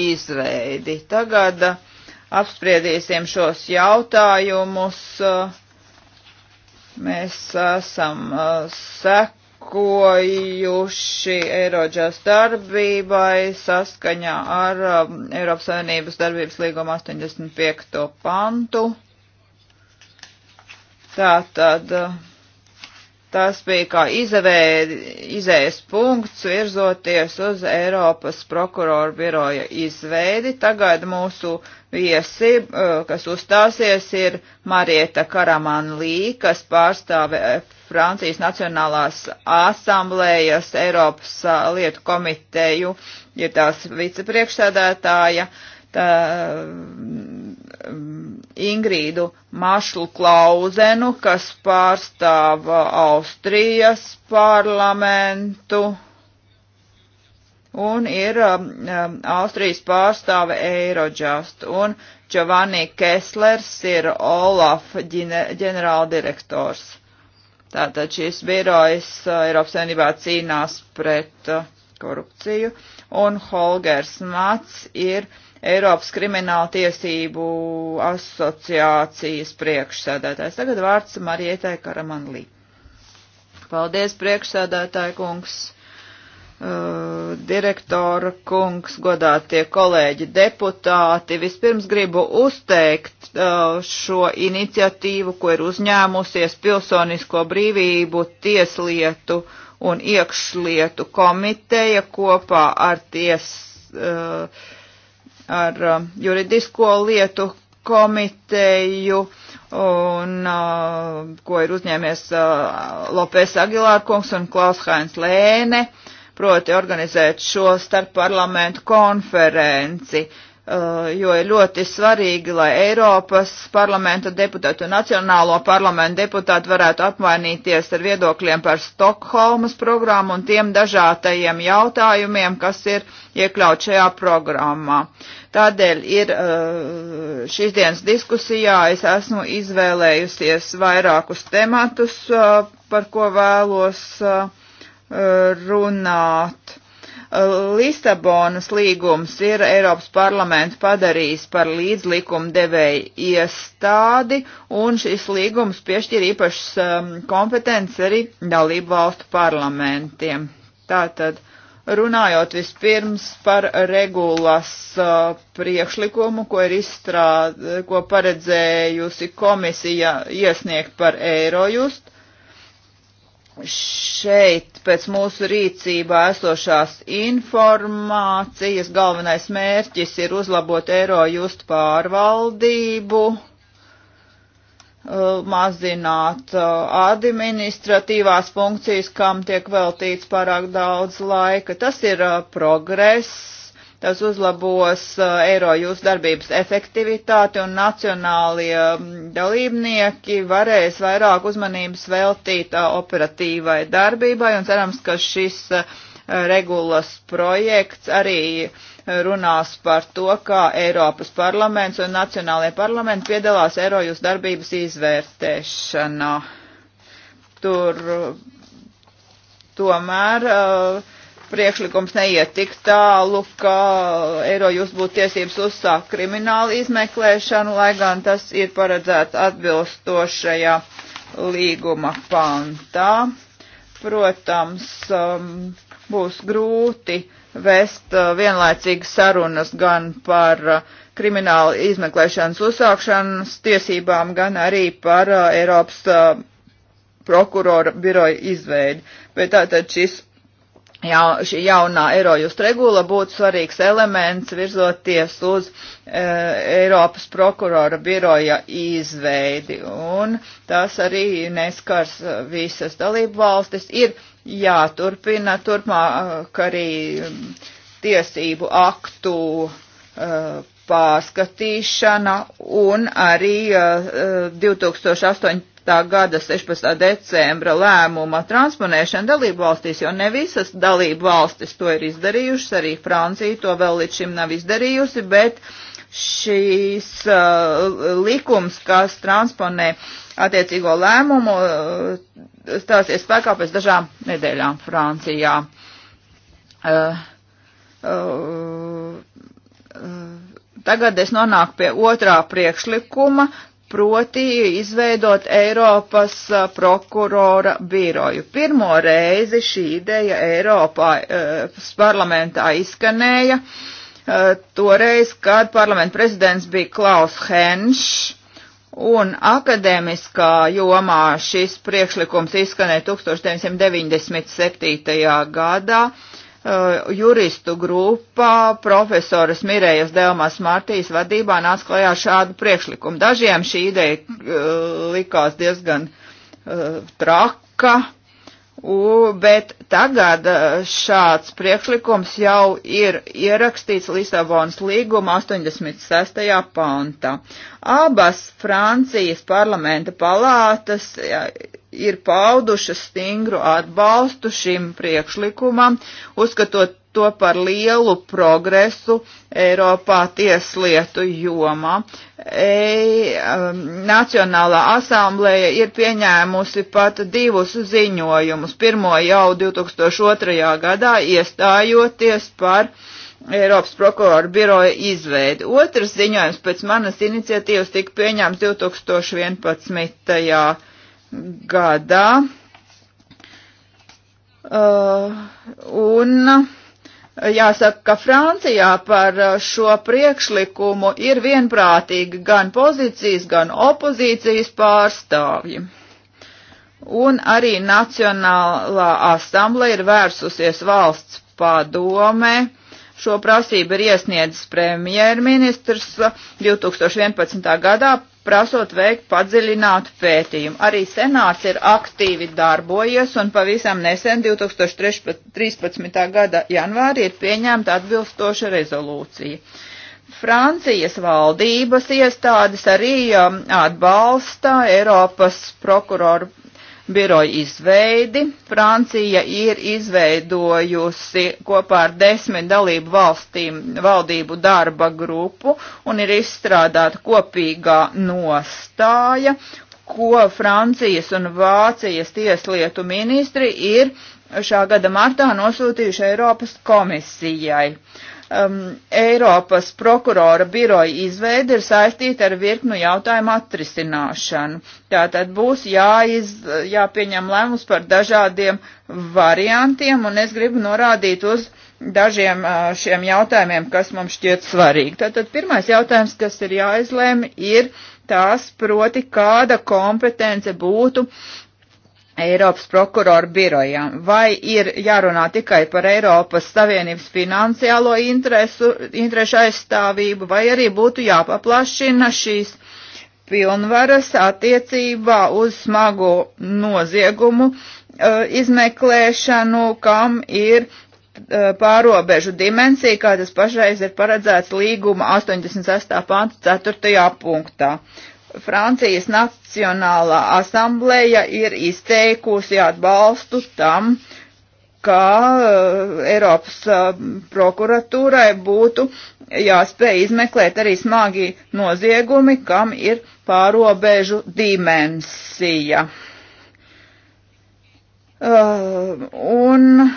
izveidi. Tagad uh, apspriedīsim šos jautājumus. Uh, mēs esam sek sekojuši Eirodžās darbībai saskaņā ar um, Eiropas Savienības darbības līguma 85. pantu. Tātad uh, tas bija kā izavē, izējas punkts virzoties uz Eiropas prokuroru biroja izveidi. Tagad mūsu viesi, uh, kas uzstāsies, ir Marieta Karamanlī, kas pārstāve Francijas Nacionālās asamblējas Eiropas lietu komiteju ir tās vicepriekšsēdētāja. Tā, mm, Ingrīdu Mašlu Klauzenu, kas pārstāv Austrijas parlamentu un ir um, Austrijas pārstāve Eirodžast, un Giovanni Kesslers ir Olaf ģenerāldirektors. Tātad šīs birojas uh, Eiropas Savienībā cīnās pret uh, korupciju, un Holgers Mats ir Eiropas Krimināla tiesību asociācijas priekšsēdētājs. Tagad vārds Marietai Karamanlī. Paldies, priekšsēdētāji kungs! Uh, direktora kungs, godātie kolēģi deputāti. Vispirms gribu uzteikt uh, šo iniciatīvu, ko ir uzņēmusies Pilsonisko brīvību tieslietu un iekšlietu komiteja kopā ar ties, uh, ar um, juridisko lietu komiteju un ko ir uzņēmies Lopes Agilārkungs un Klaus Hainz Lēne proti organizēt šo starpparlamentu konferenci, uh, jo ir ļoti svarīgi, lai Eiropas parlamenta deputāti un Nacionālo parlamentu deputāti varētu apmainīties ar viedokļiem par Stokholmas programmu un tiem dažātajiem jautājumiem, kas ir iekļaut šajā programmā. Tādēļ ir uh, šīs dienas diskusijā es esmu izvēlējusies vairākus tematus, uh, par ko vēlos runāt. Lisabonas līgums ir Eiropas parlamentu padarījis par līdzlikumdevēju iestādi, un šis līgums piešķir īpašas um, kompetences arī dalību valstu parlamentiem. Tātad, runājot vispirms par regulas uh, priekšlikumu, ko ir izstrād, ko paredzējusi komisija iesniegt par Eirojust, šeit pēc mūsu rīcībā esošās informācijas galvenais mērķis ir uzlabot eiro just pārvaldību, uh, mazināt uh, administratīvās funkcijas, kam tiek veltīts pārāk daudz laika. Tas ir uh, progress Tas uzlabos uh, eiro jūsu darbības efektivitāti un nacionālie um, dalībnieki varēs vairāk uzmanības veltīt uh, operatīvai darbībai un cerams, ka šis uh, regulas projekts arī runās par to, kā Eiropas parlaments un nacionālajie parlamenti piedalās Eirojus darbības izvērtēšanā. Tur tomēr uh, priekšlikums neiet tik tālu, ka Eirojust būtu tiesības uzsākt kriminālu izmeklēšanu, lai gan tas ir paredzēts atbilstošajā līguma pantā. Protams, um, būs grūti vest uh, vienlaicīgi sarunas gan par uh, kriminālu izmeklēšanas uzsākšanas tiesībām, gan arī par uh, Eiropas uh, prokurora biroja izveidi. Bet tātad šis ja, šī jaunā Eirojust regula būtu svarīgs elements virzoties uz e, Eiropas prokurora biroja izveidi. Un tas arī neskars visas dalību valstis. Ir jāturpina turpmāk arī tiesību aktu e, pārskatīšana un arī e, e 2008 gada 16. decembra lēmuma transponēšana dalību valstīs, jo ne visas dalību valstis to ir izdarījušas, arī Francija to vēl līdz šim nav izdarījusi, bet šīs uh, likums, kas transponē attiecīgo lēmumu, uh, stāsies spēkā pēc dažām nedēļām Francijā. Uh, uh, uh, Tagad es nonāku pie otrā priekšlikuma, proti izveidot Eiropas eh, prokurora biroju. Pirmo reizi šī ideja Eiropā eh, parlamentā izskanēja eh, toreiz, kad parlamenta prezidents bija Klaus Henšs. Un akadēmiskā jomā šis priekšlikums izskanēja 1997. gadā, Eh, juristu grupā profesoras Mirējas Delmas Martīs vadībā nāca klajā šādu priekšlikumu. Dažiem šī ideja uh, likās diezgan uh, traka, u, bet tagad šāds priekšlikums jau ir ierakstīts Lisabonas līguma 86. pantā. Abas Francijas parlamenta palātas ir paudušas stingru atbalstu šim priekšlikumam, uzskatot to par lielu progresu Eiropā tieslietu jomā. E, Nacionālā asamblēja ir pieņēmusi pat divus ziņojumus. Pirmo jau 2002. gadā iestājoties par Eiropas prokuroru biroja izveidi. Otrs ziņojums pēc manas iniciatīvas tika pieņēmts 2011. gadā gadā. Uh, un jāsaka, ka Francijā par šo priekšlikumu ir vienprātīgi gan pozīcijas, gan opozīcijas pārstāvji. Un arī Nacionālā asambla ir vērsusies valsts padomē. Šo prasību ir iesniedzis premjerministrs 2011. gadā prasot veikt padziļinātu pētījumu. Arī senāts ir aktīvi darbojies un pavisam nesen 2013. gada janvārī ir pieņemta atbilstoša rezolūcija. Francijas valdības iestādes arī um, atbalsta Eiropas prokuroru biroju izveidi. Francija ir izveidojusi kopā ar desmit dalību valstīm valdību darba grupu un ir izstrādāta kopīgā nostāja, ko Francijas un Vācijas tieslietu ministri ir šā gada martā nosūtījuši Eiropas komisijai. Uh, um, Eiropas prokurora biroja izveida ir saistīta ar virknu jautājumu atrisināšanu. Tātad būs jāiz, jāpieņem lēmums par dažādiem variantiem, un es gribu norādīt uz dažiem uh, šiem jautājumiem, kas mums šķiet svarīgi. Tātad pirmais jautājums, kas ir jāizlēma, ir tās proti, kāda kompetence būtu Eiropas prokuroru birojām, vai ir jārunā tikai par Eiropas Savienības finansiālo interesu, interešu aizstāvību, vai arī būtu jāpaplašina šīs pilnvaras attiecībā uz smagu noziegumu uh, izmeklēšanu, kam ir uh, pārobežu dimensija, kā tas pašreiz ir paredzēts līguma 86. pānta 4. punktā. Francijas Nacionālā asamblēja ir izteikusi atbalstu tam, ka eh, Eiropas eh, prokuratūrai būtu jāspēj izmeklēt arī smagi noziegumi, kam ir pārobežu dimensija. Uh, un uh,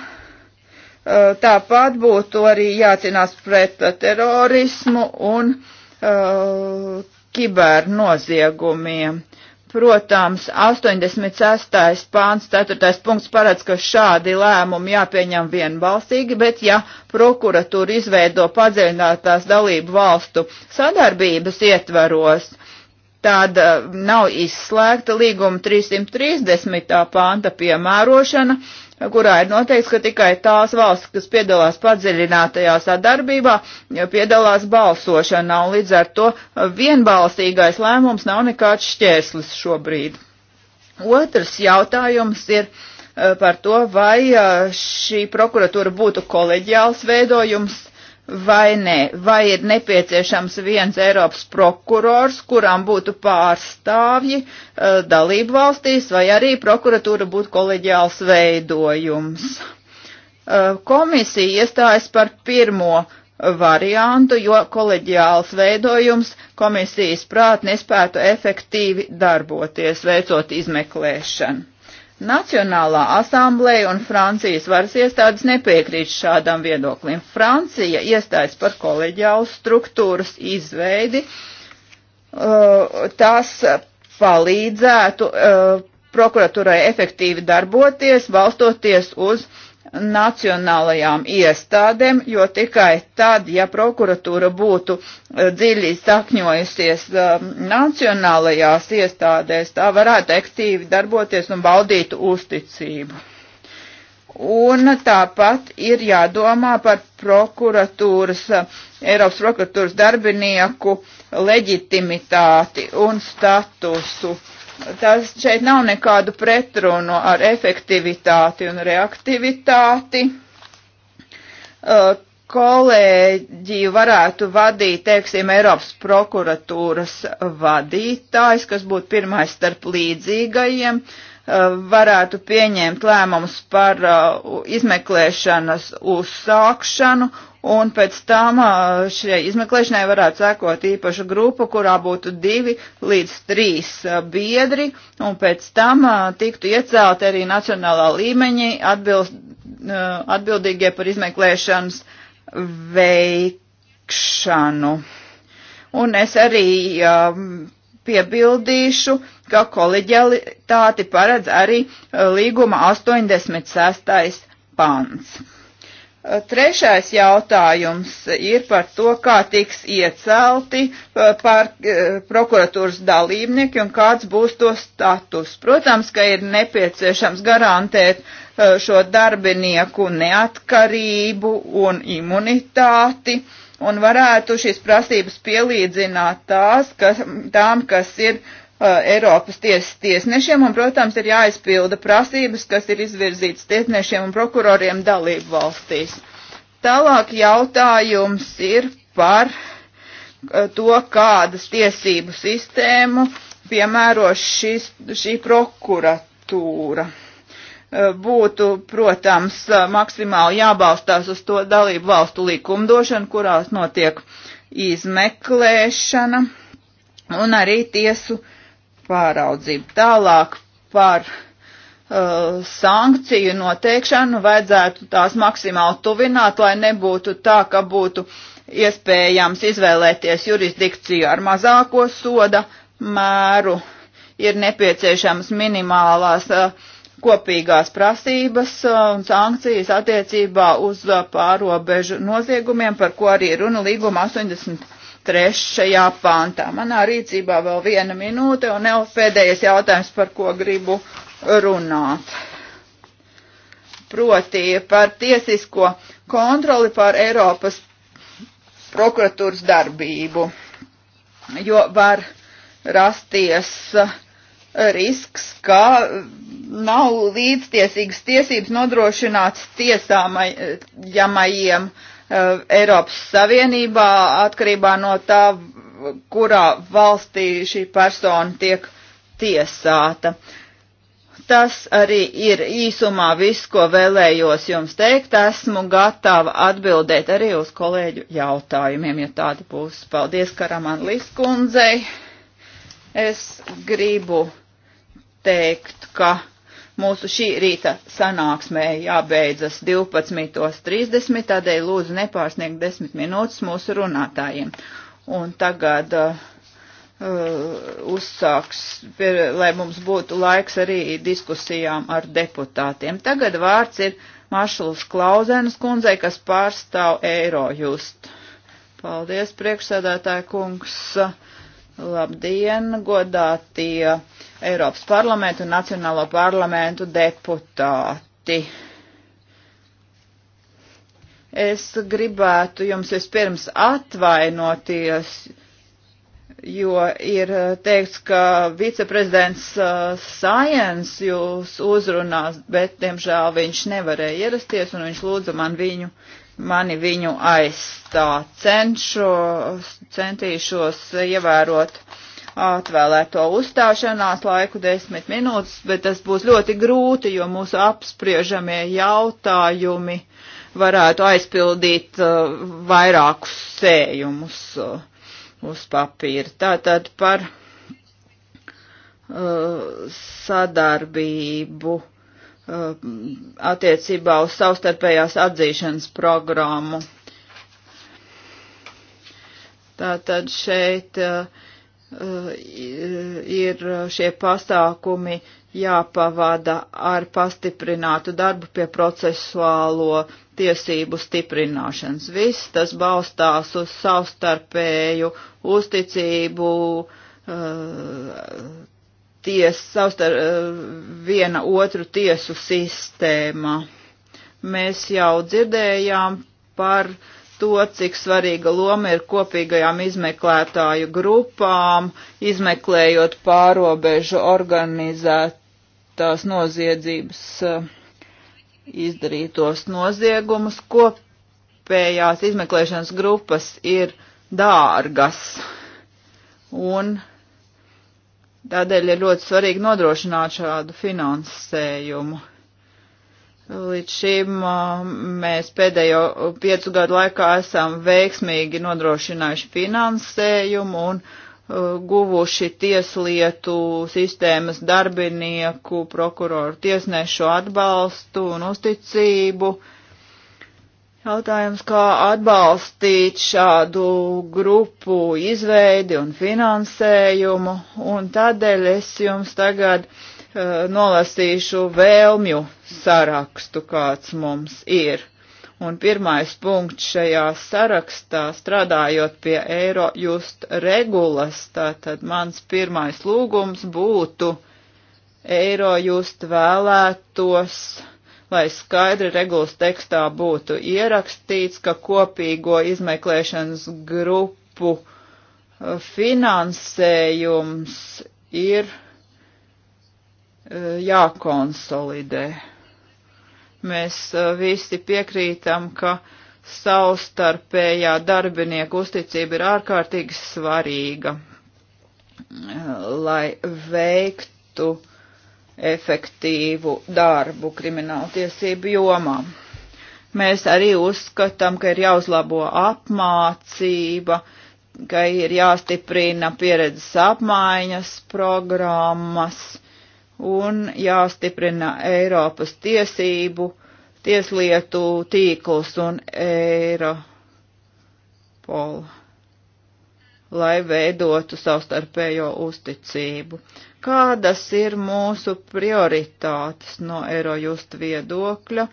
tāpat būtu arī jācīnās pret terorismu un uh, kibernoziegumiem. Protams, 86. pāns 4. punkts paredz, ka šādi lēmumi jāpieņem vienbalsīgi, bet ja prokuratūra izveido padziļinātās dalību valstu sadarbības ietvaros, tad eh, nav izslēgta līguma 330. pānta piemērošana, kurā ir noteikts, ka tikai tās valsts, kas piedalās padziļinātajā sadarbībā, piedalās balsošanā, un līdz ar to vienbalsīgais lēmums nav nekāds šķērslis šobrīd. Otrs jautājums ir eh, par to, vai eh, šī prokuratūra būtu koleģiāls veidojums vai nē, vai ir nepieciešams viens Eiropas prokurors, kuram būtu pārstāvji eh, dalību valstīs, vai arī prokuratūra būtu koleģiāls veidojums. Eh, komisija iestājas par pirmo variantu, jo koleģiāls veidojums komisijas prāt nespētu efektīvi darboties, veicot izmeklēšanu. Nacionālā asamblēja un Francijas varas iestādes nepiekrīt šādam viedoklim. Francija iestājas par koleģiālu struktūras izveidi, uh, tas palīdzētu uh, prokuratūrai efektīvi darboties, balstoties uz uh, nacionālajām iestādēm, jo tikai tad, ja prokuratūra būtu eh, dziļi sakņojusies eh, nacionālajās iestādēs, tā varētu aktīvi darboties un baudīt uzticību. Un tāpat ir jādomā par prokuratūras, eh, Eiropas prokuratūras darbinieku leģitimitāti un statusu. Uh, Tas šeit nav nekādu pretrunu ar efektivitāti un reaktivitāti. Uh, kolēģi varētu vadīt, teiksim, Eiropas prokuratūras vadītājs, kas būtu pirmais starp līdzīgajiem, varētu pieņemt lēmumus par izmeklēšanas uzsākšanu Un pēc tam šai izmeklēšanai varētu sekot īpaša grupa, kurā būtu divi līdz trīs biedri, un pēc tam tiktu iecelt arī nacionālā līmeņa atbild, atbildīgie par izmeklēšanas veikšanu. Un es arī piebildīšu, ka koleģialitāti paredz arī līguma 86. pants. Eh, trešais jautājums ir par to, kā tiks iecelti eh, par eh, prokuratūras dalībnieki un kāds būs to status. Protams, ka ir nepieciešams garantēt šo darbinieku neatkarību un imunitāti un varētu šīs prasības pielīdzināt tās, kas, tām, kas ir uh, Uh, Eiropas tiesas tiesnešiem, un, protams, ir jāizpilda prasības, kas ir izvirzītas tiesnešiem un prokuroriem dalību valstīs. Tālāk jautājums ir par uh, to, kādas tiesību sistēmu piemēro šis, šī prokuratūra. Uh, būtu, protams, maksimāli jābalstās uz to dalību valstu likumdošanu, kurās notiek izmeklēšana un arī tiesu uh, pāraudzību. Tālāk par uh, sankciju noteikšanu vajadzētu tās maksimāli tuvināt, lai nebūtu tā, ka būtu iespējams izvēlēties jurisdikciju ar mazāko soda mēru. Ir nepieciešams minimālās uh, kopīgās prasības uh, un sankcijas attiecībā uz uh, pārobežu noziegumiem, par ko arī runa līguma 80 trešajā pāntā. Manā rīcībā vēl viena minūte un jau pēdējais jautājums, par ko gribu runāt. Proti par tiesisko kontroli pār Eiropas prokuratūras darbību, jo var rasties uh, risks, ka nav līdztiesīgas tiesības nodrošināts tiesāmajamajiem uh, Eh, Eiropas Savienībā atkarībā no tā, kurā valstī šī persona tiek tiesāta. Tas arī ir īsumā viss, ko vēlējos jums teikt. Esmu gatava atbildēt arī uz kolēģu jautājumiem, ja tādi būs. Paldies Karaman Liskundzei. Es gribu teikt, ka Mūsu šī rīta sanāksmē jābeidzas 12.30, tādēļ lūdzu nepārsniegt 10 minūtes mūsu runātājiem. Un tagad uh, uh uzsāks, pir, lai mums būtu laiks arī diskusijām ar deputātiem. Tagad vārds ir Maršals Klauzēnas kundzei, kas pārstāv eiro just. Paldies, priekšsēdētāja kungs. Labdien, godātie Eiropas parlamentu un Nacionālo parlamentu deputāti. Es gribētu jums vispirms atvainoties, jo ir teikts, ka viceprezidents uh, Sajens jūs uzrunās, bet, diemžēl, viņš nevarēja ierasties un viņš lūdza man viņu, mani viņu aizstāt. Cenšos, centīšos ievērot atvēlēto uzstāšanās laiku desmit minūtes, bet tas būs ļoti grūti, jo mūsu apspriežamie jautājumi varētu aizpildīt uh, vairākus sējumus uh, uz papīra. Tātad par uh, sadarbību uh, attiecībā uz savstarpējās atzīšanas programmu. Tātad šeit uh, Eh, ir eh, šie pasākumi jāpavada ar pastiprinātu darbu pie procesuālo tiesību stiprināšanas. Viss tas balstās uz savstarpēju uzticību, eh, ties, savstar, viena otru tiesu sistēma. Mēs jau dzirdējām par uh, to, cik svarīga loma ir kopīgajām izmeklētāju grupām, izmeklējot pārobežu organizētās noziedzības eh, izdarītos noziegumus. Kopējās izmeklēšanas grupas ir dārgas un tādēļ ir ļoti svarīgi nodrošināt šādu finansējumu Līdz šim uh, mēs pēdējo piecu gadu laikā esam veiksmīgi nodrošinājuši finansējumu un uh, guvuši tieslietu sistēmas darbinieku, prokuroru, tiesnešu atbalstu un uzticību. Jautājums, kā atbalstīt šādu grupu izveidi un finansējumu, un tādēļ es jums tagad uh, Eh, nolasīšu vēlmju sarakstu, kāds mums ir. Un pirmais punkts šajā sarakstā, strādājot pie eiro just regulas, tātad mans pirmais lūgums būtu eiro just vēlētos, lai skaidri regulas tekstā būtu ierakstīts, ka kopīgo izmeklēšanas grupu eh, finansējums ir Eh, jākonsolidē. Mēs eh, visi piekrītam, ka savstarpējā darbinieku uzticība ir ārkārtīgi svarīga, eh, lai veiktu efektīvu darbu krimināltiesību jomā. Mēs arī uzskatām, ka ir jāuzlabo apmācība, ka ir jāstiprina pieredzes apmaiņas programmas, un jāstiprina Eiropas tiesību, tieslietu tīkls un Eiropol, lai veidotu savstarpējo uzticību. Kādas ir mūsu prioritātes no Eirojust viedokļa,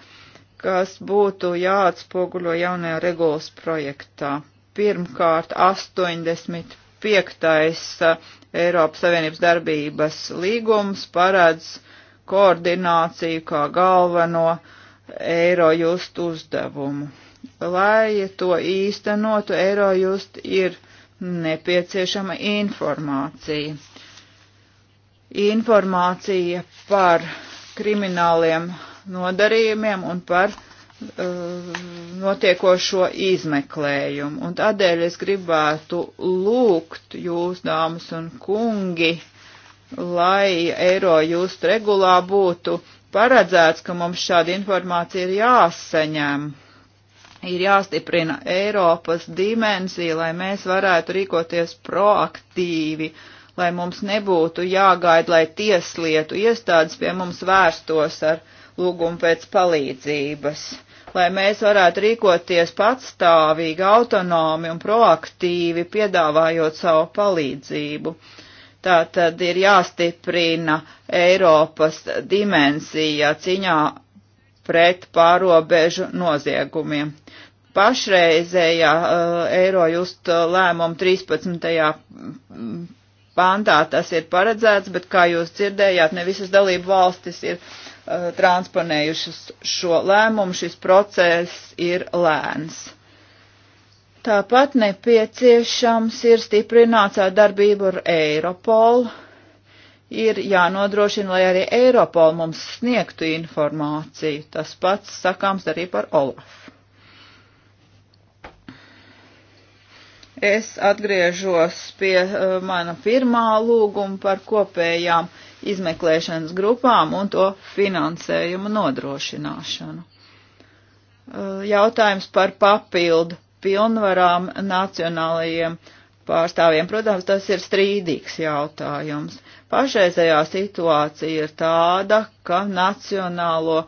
kas būtu jāatspoguļo jaunajā regulas projektā? Pirmkārt, 85 Eiropas Savienības darbības līgums parāds koordināciju kā galveno Eirojust uzdevumu. Lai to īstenotu, Eirojust ir nepieciešama informācija. Informācija par krimināliem nodarījumiem un par Uh, notiekošo izmeklējumu. Un tādēļ es gribētu lūgt jūs, dāmas un kungi, lai eiro just regulā būtu paredzēts, ka mums šāda informācija ir jāsaņem. Ir jāstiprina Eiropas dimensija, lai mēs varētu rīkoties proaktīvi, lai mums nebūtu jāgaida, lai tieslietu iestādes pie mums vērstos ar lūgumu pēc palīdzības lai mēs varētu rīkoties patstāvīgi, autonomi un proaktīvi, piedāvājot savu palīdzību. Tā tad ir jāstiprina Eiropas dimensija ciņā pret pārobežu noziegumiem. Pašreizējā uh, Eirojust uh, lēmuma 13. Mm, pāntā tas ir paredzēts, bet, kā jūs dzirdējāt, ne visas dalību valstis ir uh, Eh, transponējušas šo lēmumu, šis process ir lēns. Tāpat nepieciešams ir stiprināt sadarbību ar Eiropolu. Ir jānodrošina, lai arī Eiropola mums sniegtu informāciju. Tas pats sakāms arī par Olafu. es atgriežos pie uh, mana pirmā lūguma par kopējām izmeklēšanas grupām un to finansējumu nodrošināšanu. Jautājums par papildu pilnvarām nacionālajiem pārstāvjiem. Protams, tas ir strīdīgs jautājums. Pašreizējā situācija ir tāda, ka nacionālo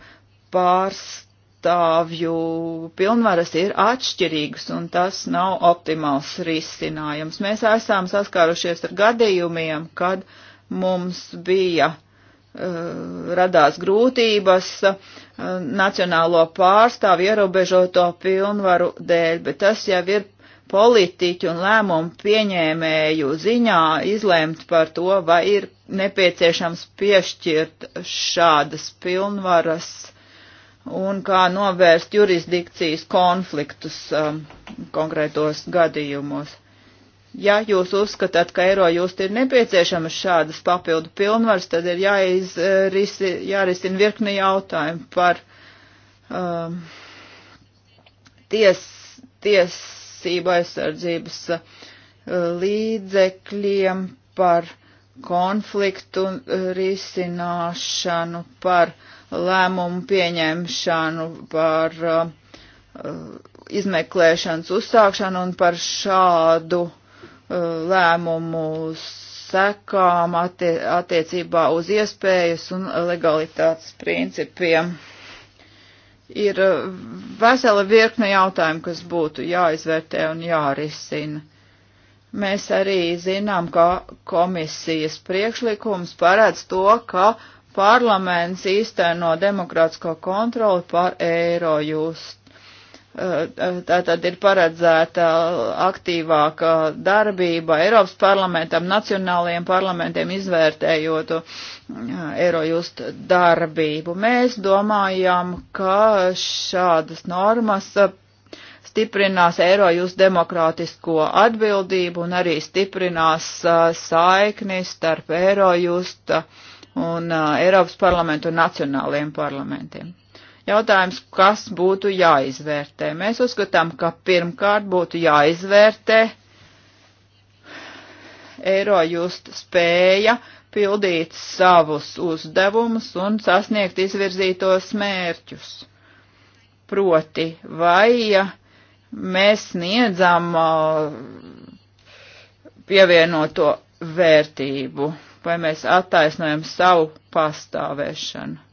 pārstāvju pilnvaras ir atšķirīgas, un tas nav optimāls risinājums. Mēs esam saskārušies ar gadījumiem, kad uh, mums bija eh, radās grūtības eh, nacionālo pārstāvu ierobežoto pilnvaru dēļ, bet tas jau ir politiķu un lēmumu pieņēmēju ziņā izlēmt par to, vai ir nepieciešams piešķirt šādas pilnvaras un kā novērst jurisdikcijas konfliktus um, konkrētos gadījumos. Ja jūs uzskatāt, ka eiro just ir nepieciešamas šādas papildu pilnvaras, tad ir jāizrisi, jārisina virkni jautājumu par um, ties, tiesību aizsardzības uh, līdzekļiem, par konfliktu uh, risināšanu, par lēmumu pieņemšanu, par uh, uh izmeklēšanas uzsākšanu un par šādu Uh, lēmumu sekām attie attiecībā uz iespējas un legalitātes principiem. Ir uh, vesela virkne jautājumu, kas būtu jāizvērtē un jārisina. Mēs arī zinām, ka komisijas priekšlikums paredz to, ka parlaments īsteno demokrātisko kontroli pār Eirojust Tātad ir paredzēta aktīvāka darbība Eiropas parlamentam, nacionālajiem parlamentiem izvērtējot uh, Eurojust darbību. Mēs domājam, ka šādas normas stiprinās Eurojust demokrātisko atbildību un arī stiprinās uh, saikni starp Eurojust un uh, Eiropas parlamentu un nacionālajiem parlamentiem. Jautājums, kas būtu jāizvērtē? Mēs uzskatām, ka pirmkārt būtu jāizvērtē eiro just spēja pildīt savus uzdevumus un sasniegt izvirzītos mērķus. Proti, vai mēs sniedzam uh, pievienoto vērtību, vai mēs attaisnojam savu pastāvēšanu.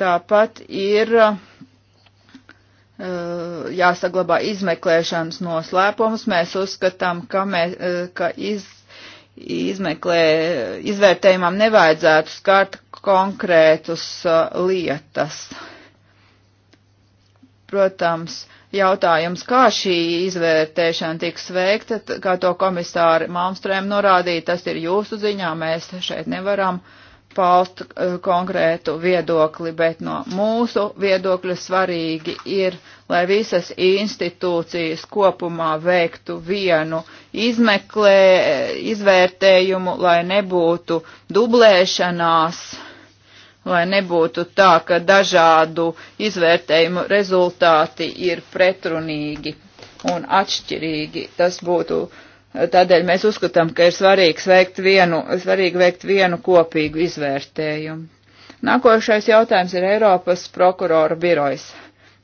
Tāpat ir uh, jāsaglabā izmeklēšanas noslēpums. Mēs uzskatām, ka, mēs, uh, ka iz, izmeklē, izvērtējumam nevajadzētu skart konkrētus uh, lietas. Protams, jautājums, kā šī izvērtēšana tiks veikta, kā to komisāri Malmstrēm norādīja, tas ir jūsu ziņā, mēs šeit nevaram uh, paust eh, konkrētu viedokli, bet no mūsu viedokļa svarīgi ir, lai visas institūcijas kopumā veiktu vienu izmeklē, izvērtējumu, lai nebūtu dublēšanās, lai nebūtu tā, ka dažādu izvērtējumu rezultāti ir pretrunīgi un atšķirīgi. Tas būtu uh, Tādēļ mēs uzskatām, ka ir svarīgs veikt vienu, svarīgi veikt vienu kopīgu izvērtējumu. Nākošais jautājums ir Eiropas prokurora birojas.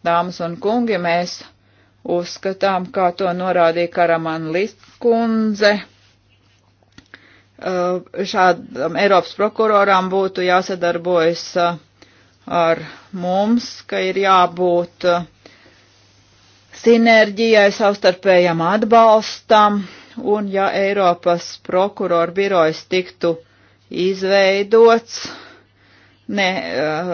Dāmas un kungi, mēs uzskatām, kā to norādīja Karaman Liskundze. Uh, šādam Eiropas prokuroram būtu jāsadarbojas uh, ar mums, ka ir jābūt uh, sinerģijai, savstarpējam atbalstam un ja Eiropas prokuroru birojas tiktu izveidots, ne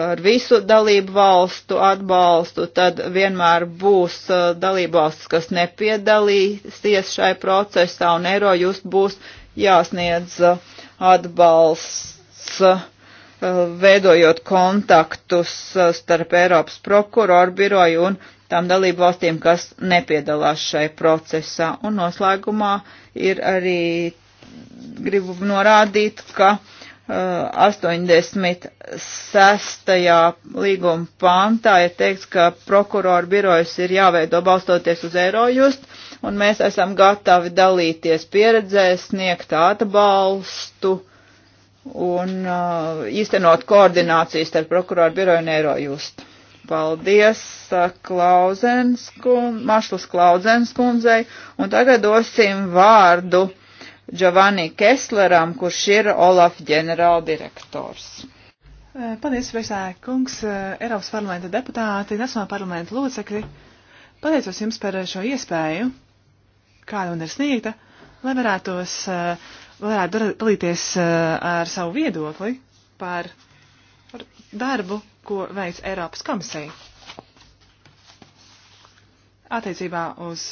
ar visu dalību valstu atbalstu, tad vienmēr būs uh, dalību valsts, kas nepiedalīsies šai procesā, un eiro just būs jāsniedz uh, atbalsts uh, veidojot kontaktus starp Eiropas prokuroru biroju un tām dalību valstīm, kas nepiedalās šai procesā. Un noslēgumā ir arī, gribu norādīt, ka uh, 86. līguma pāntā ir teikts, ka prokuroru birojas ir jāveido balstoties uz Eirojust, un mēs esam gatavi dalīties pieredzē, sniegt atbalstu un uh, īstenot koordinācijas starp prokuroru biroju un Eirojust. Paldies uh, Klauzenskund, Mašlas Klauzenskundzei, un tagad dosim vārdu Giovanni Kessleram, kurš ir Olaf ģenerāldirektors. Eh, paldies, Veisē, kungs, eh, Eiropas parlamenta deputāti, Nacionālā parlamenta locekļi. Pateicos jums par eh, šo iespēju, kāda man ir sniegta, lai varētos, varētu dalīties ar savu viedokli par, par darbu ko veic Eiropas komisija attiecībā uz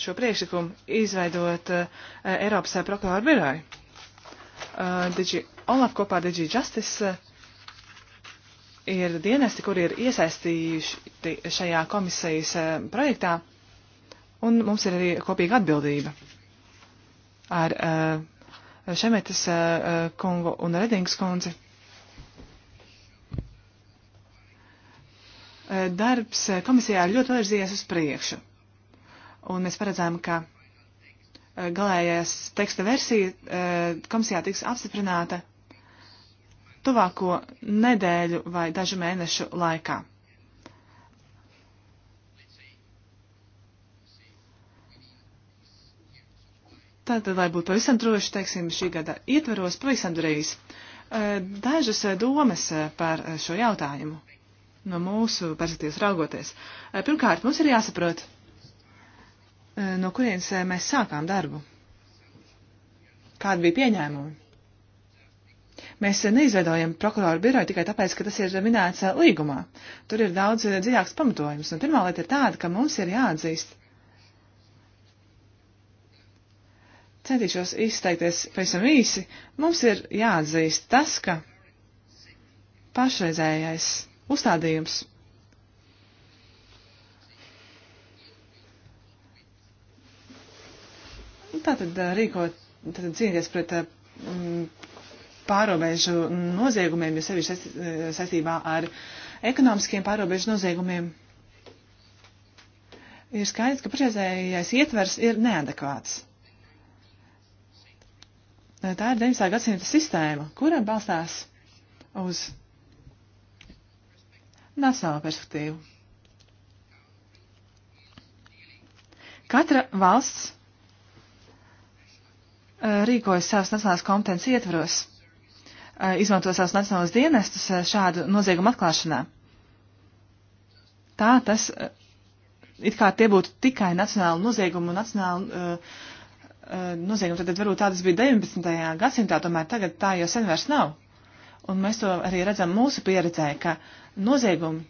šo priekšlikumu izveidot uh, Eiropas eh, prokuroru biroju. Uh, Digi Olaf kopā Digi Justice uh, ir dienesti, kuri ir iesaistījuši šajā komisijas projektā, un mums ir arī kopīga atbildība ar Šemetes kungu un Redings kundzi. Eh, darbs eh, komisijā ļoti virzījies uz priekšu. Un mēs paredzējām, ka eh, galējās teksta versija komisijā tiks apstiprināta tuvāko nedēļu vai dažu mēnešu laikā. Tātad, lai būtu pavisam droši, teiksim, šī gada ietveros pavisam drīz dažas domas par šo jautājumu no mūsu perspektīvas raugoties. Eh, pirmkārt, mums ir jāsaprot, eh, no kurienes eh, mēs sākām darbu. Kāda bija pieņēmumi? Mēs neizveidojam prokuroru biroju tikai tāpēc, ka tas ir minēts līgumā. Tur ir daudz dziļāks pamatojums. Un pirmā lieta ir tāda, ka mums ir jāatzīst. Centīšos izteikties pavisam īsi. Mums ir jāatzīst tas, ka pašreizējais uzstādījums. Tātad rīkot, tātad cīnīties pret pārobežu noziegumiem, jo sevišķi saistībā ar ekonomiskiem pārobežu noziegumiem. Ir skaidrs, ka pašreizējais ietvers ir neadekvāts. Tā ir 19. gadsimta sistēma, kura balstās uz nacionālo perspektīvu. Katra valsts eh, rīkojas savas nacionālās kompetences ietvaros, eh, izmanto savus nacionālos dienestus eh, šādu noziegumu atklāšanā. Tā tas it kā tie būtu tikai nacionāli noziegumi un nacionāli uh, uh, noziegumi. Tad, tad varbūt tādas bija 19. gadsimtā, tomēr tagad tā jau sen vairs nav. Un mēs to arī redzam mūsu pieredzē, ka noziegumi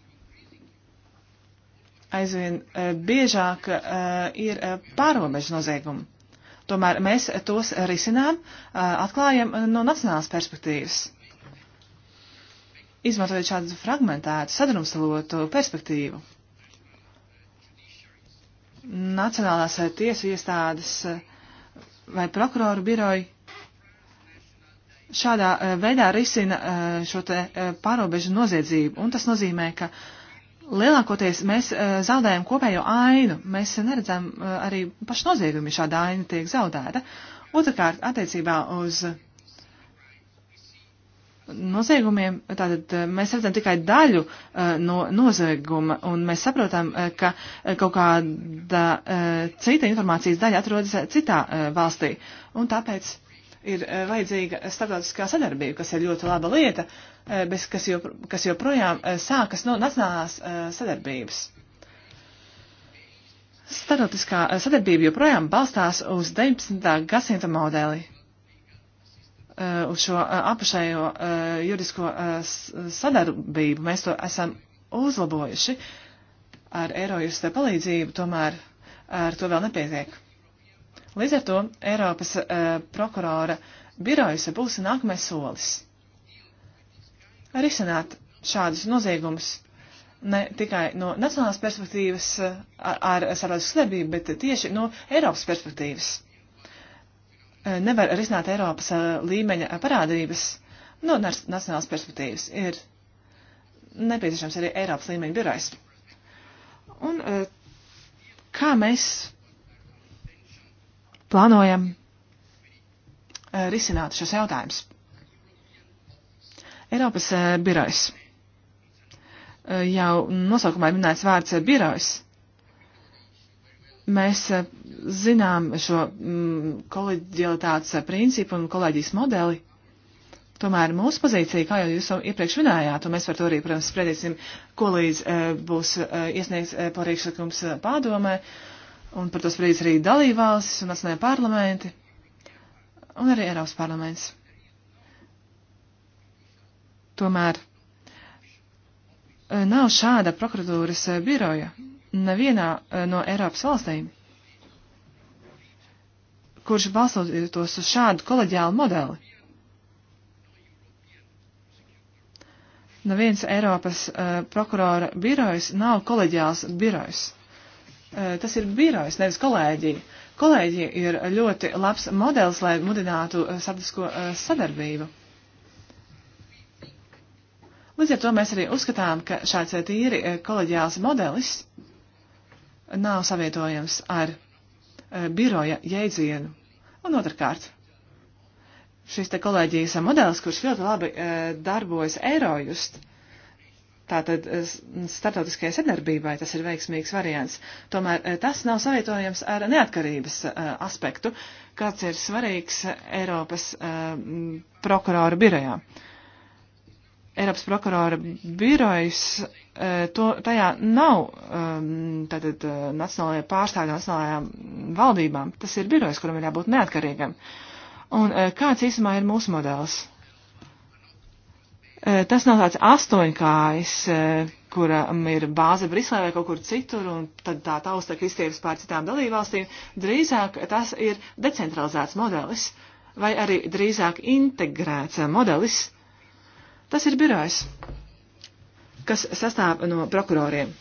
aizvien e, biežāk e, ir e, pārobežu noziegumi. Tomēr mēs tos risinām, atklājam no nacionālas perspektīvas. Izmantojot šādu fragmentētu, sadrumstalotu perspektīvu. Nacionālās tiesu iestādes vai prokuroru biroji šādā eh, veidā risina eh, šo te eh, pārobežu noziedzību. Un tas nozīmē, ka lielākoties mēs zaudējam kopējo ainu. Mēs neredzam arī pašu noziegumu, ja šāda aina tiek zaudēta. Otrakārt, attiecībā uz noziegumiem, tātad mēs redzam tikai daļu uh, no nozieguma, un mēs saprotam, uh, ka kaut kāda uh, cita informācijas daļa atrodas citā valstī. Un tāpēc ir eh, vajadzīga starptautiskā sadarbība, kas ir ļoti laba lieta, eh, bez kas, jo, kas joprojām eh, sākas no nacionālās sadarbības. Starptautiskā sadarbība joprojām balstās uz 19. gadsimta modeli, uz šo apšējo juridisko sadarbību. Mēs to esam uzlabojuši ar Eirojusta palīdzību, tomēr ar to vēl nepietiek. Līdz ar to Eiropas e, prokurora birojas būs nākamais solis. Risināt šādus noziegumus ne tikai no nacionālās perspektīvas eh, ar, ar starptautisku sadarbību, bet tieši no Eiropas perspektīvas. E, nevar risināt Eiropas e, līmeņa parādības no nacionālās perspektīvas. Ir nepieciešams arī Eiropas līmeņa birojs. Un kā mēs plānojam eh, risināt šos jautājumus. Eiropas eh, birojs. Eh, jau nosaukumā ir minēts vārds birojs. Mēs zinām šo mm, koleģialitātes principu un kolēģijas modeli. Tomēr mūsu pozīcija, kā jau jūs jau iepriekš minējāt, un mēs par to arī, protams, spriedīsim, ko līdz būs iesniegts priekšlikums pārdomē, uh, un par to spriedz arī dalībvalstis un nacionālajie parlamenti, un arī Eiropas parlaments. Tomēr eh, nav šāda prokuratūras eh, biroja nevienā eh, no Eiropas valstīm, kurš balstotos uz šādu koleģiālu modeli. Neviens Eiropas uh, prokurora birojs nav koleģiāls birojs tas ir birojs, nevis kolēģija. Kolēģija ir ļoti labs modelis, lai mudinātu starptautisko sadarbību. Līdz ar to mēs arī uzskatām, ka šāds tīri kolēģiāls modelis nav savietojams ar biroja jēdzienu. Un otrkārt, šis te kolēģijas modelis, kurš ļoti labi darbojas Eirojust, Tātad eh, starptautiskajai sadarbībai tas ir veiksmīgs variants. Tomēr eh, tas nav savietojams ar neatkarības eh, aspektu, kāds ir svarīgs Eiropas prokurora birojā. Eiropas prokurora birojas, to, tajā nav ehm, tātad, nacionālajie pārstāvji nacionālajām valdībām. Tas ir birojs, kuram ir jābūt neatkarīgam. Un kāds īsumā ir mūsu modelis? Eh, tas nav tāds astoņkājs, eh, kuram ir bāze Briselē vai kaut kur citur, un tad tā tausta kristievis pār citām dalībvalstīm. Drīzāk tas ir decentralizēts modelis, vai arī drīzāk integrēts eh, modelis. Tas ir birojs, kas sastāv no prokuroriem.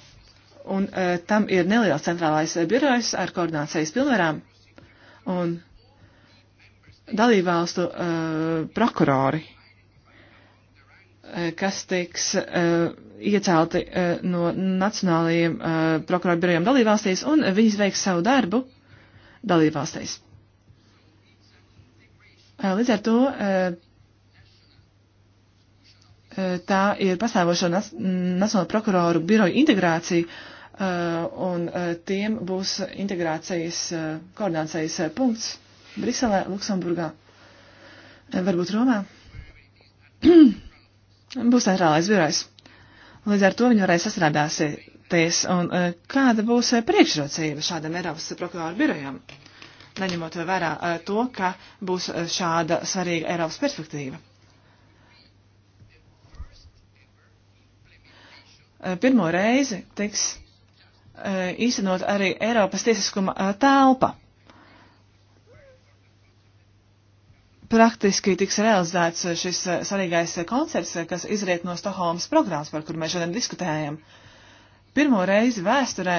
Un uh, tam ir neliels centrālais birojs ar koordinācijas pilnvarām un dalībvalstu uh, prokurori Eh, kas tiks uh, iecelti uh, no nacionālajiem uh, prokuroru birojiem dalībvalstīs, un viņi veiks savu darbu dalībvalstīs. Uh, līdz ar to uh, tā ir pastāvošo nac nacionālo prokuroru biroju integrācija, uh, un uh, tiem būs integrācijas uh, koordinācijas uh, punkts Briselē, Luksemburgā, uh, varbūt Romā. būs centrālais birojs. Līdz ar to viņi varēs sastrādāties. Un e, kāda būs e, priekšrocība šādam Eiropas prokuroru birojam, neņemot vērā e, to, ka būs šāda svarīga Eiropas perspektīva? Pirmo reizi tiks īstenot arī Eiropas tiesiskuma telpa. Uh, praktiski tiks realizēts šis eh, svarīgais koncerts, eh, kas izriet no Stokholmas programmas, par kuru mēs šodien diskutējam. Pirmo reizi vēsturē,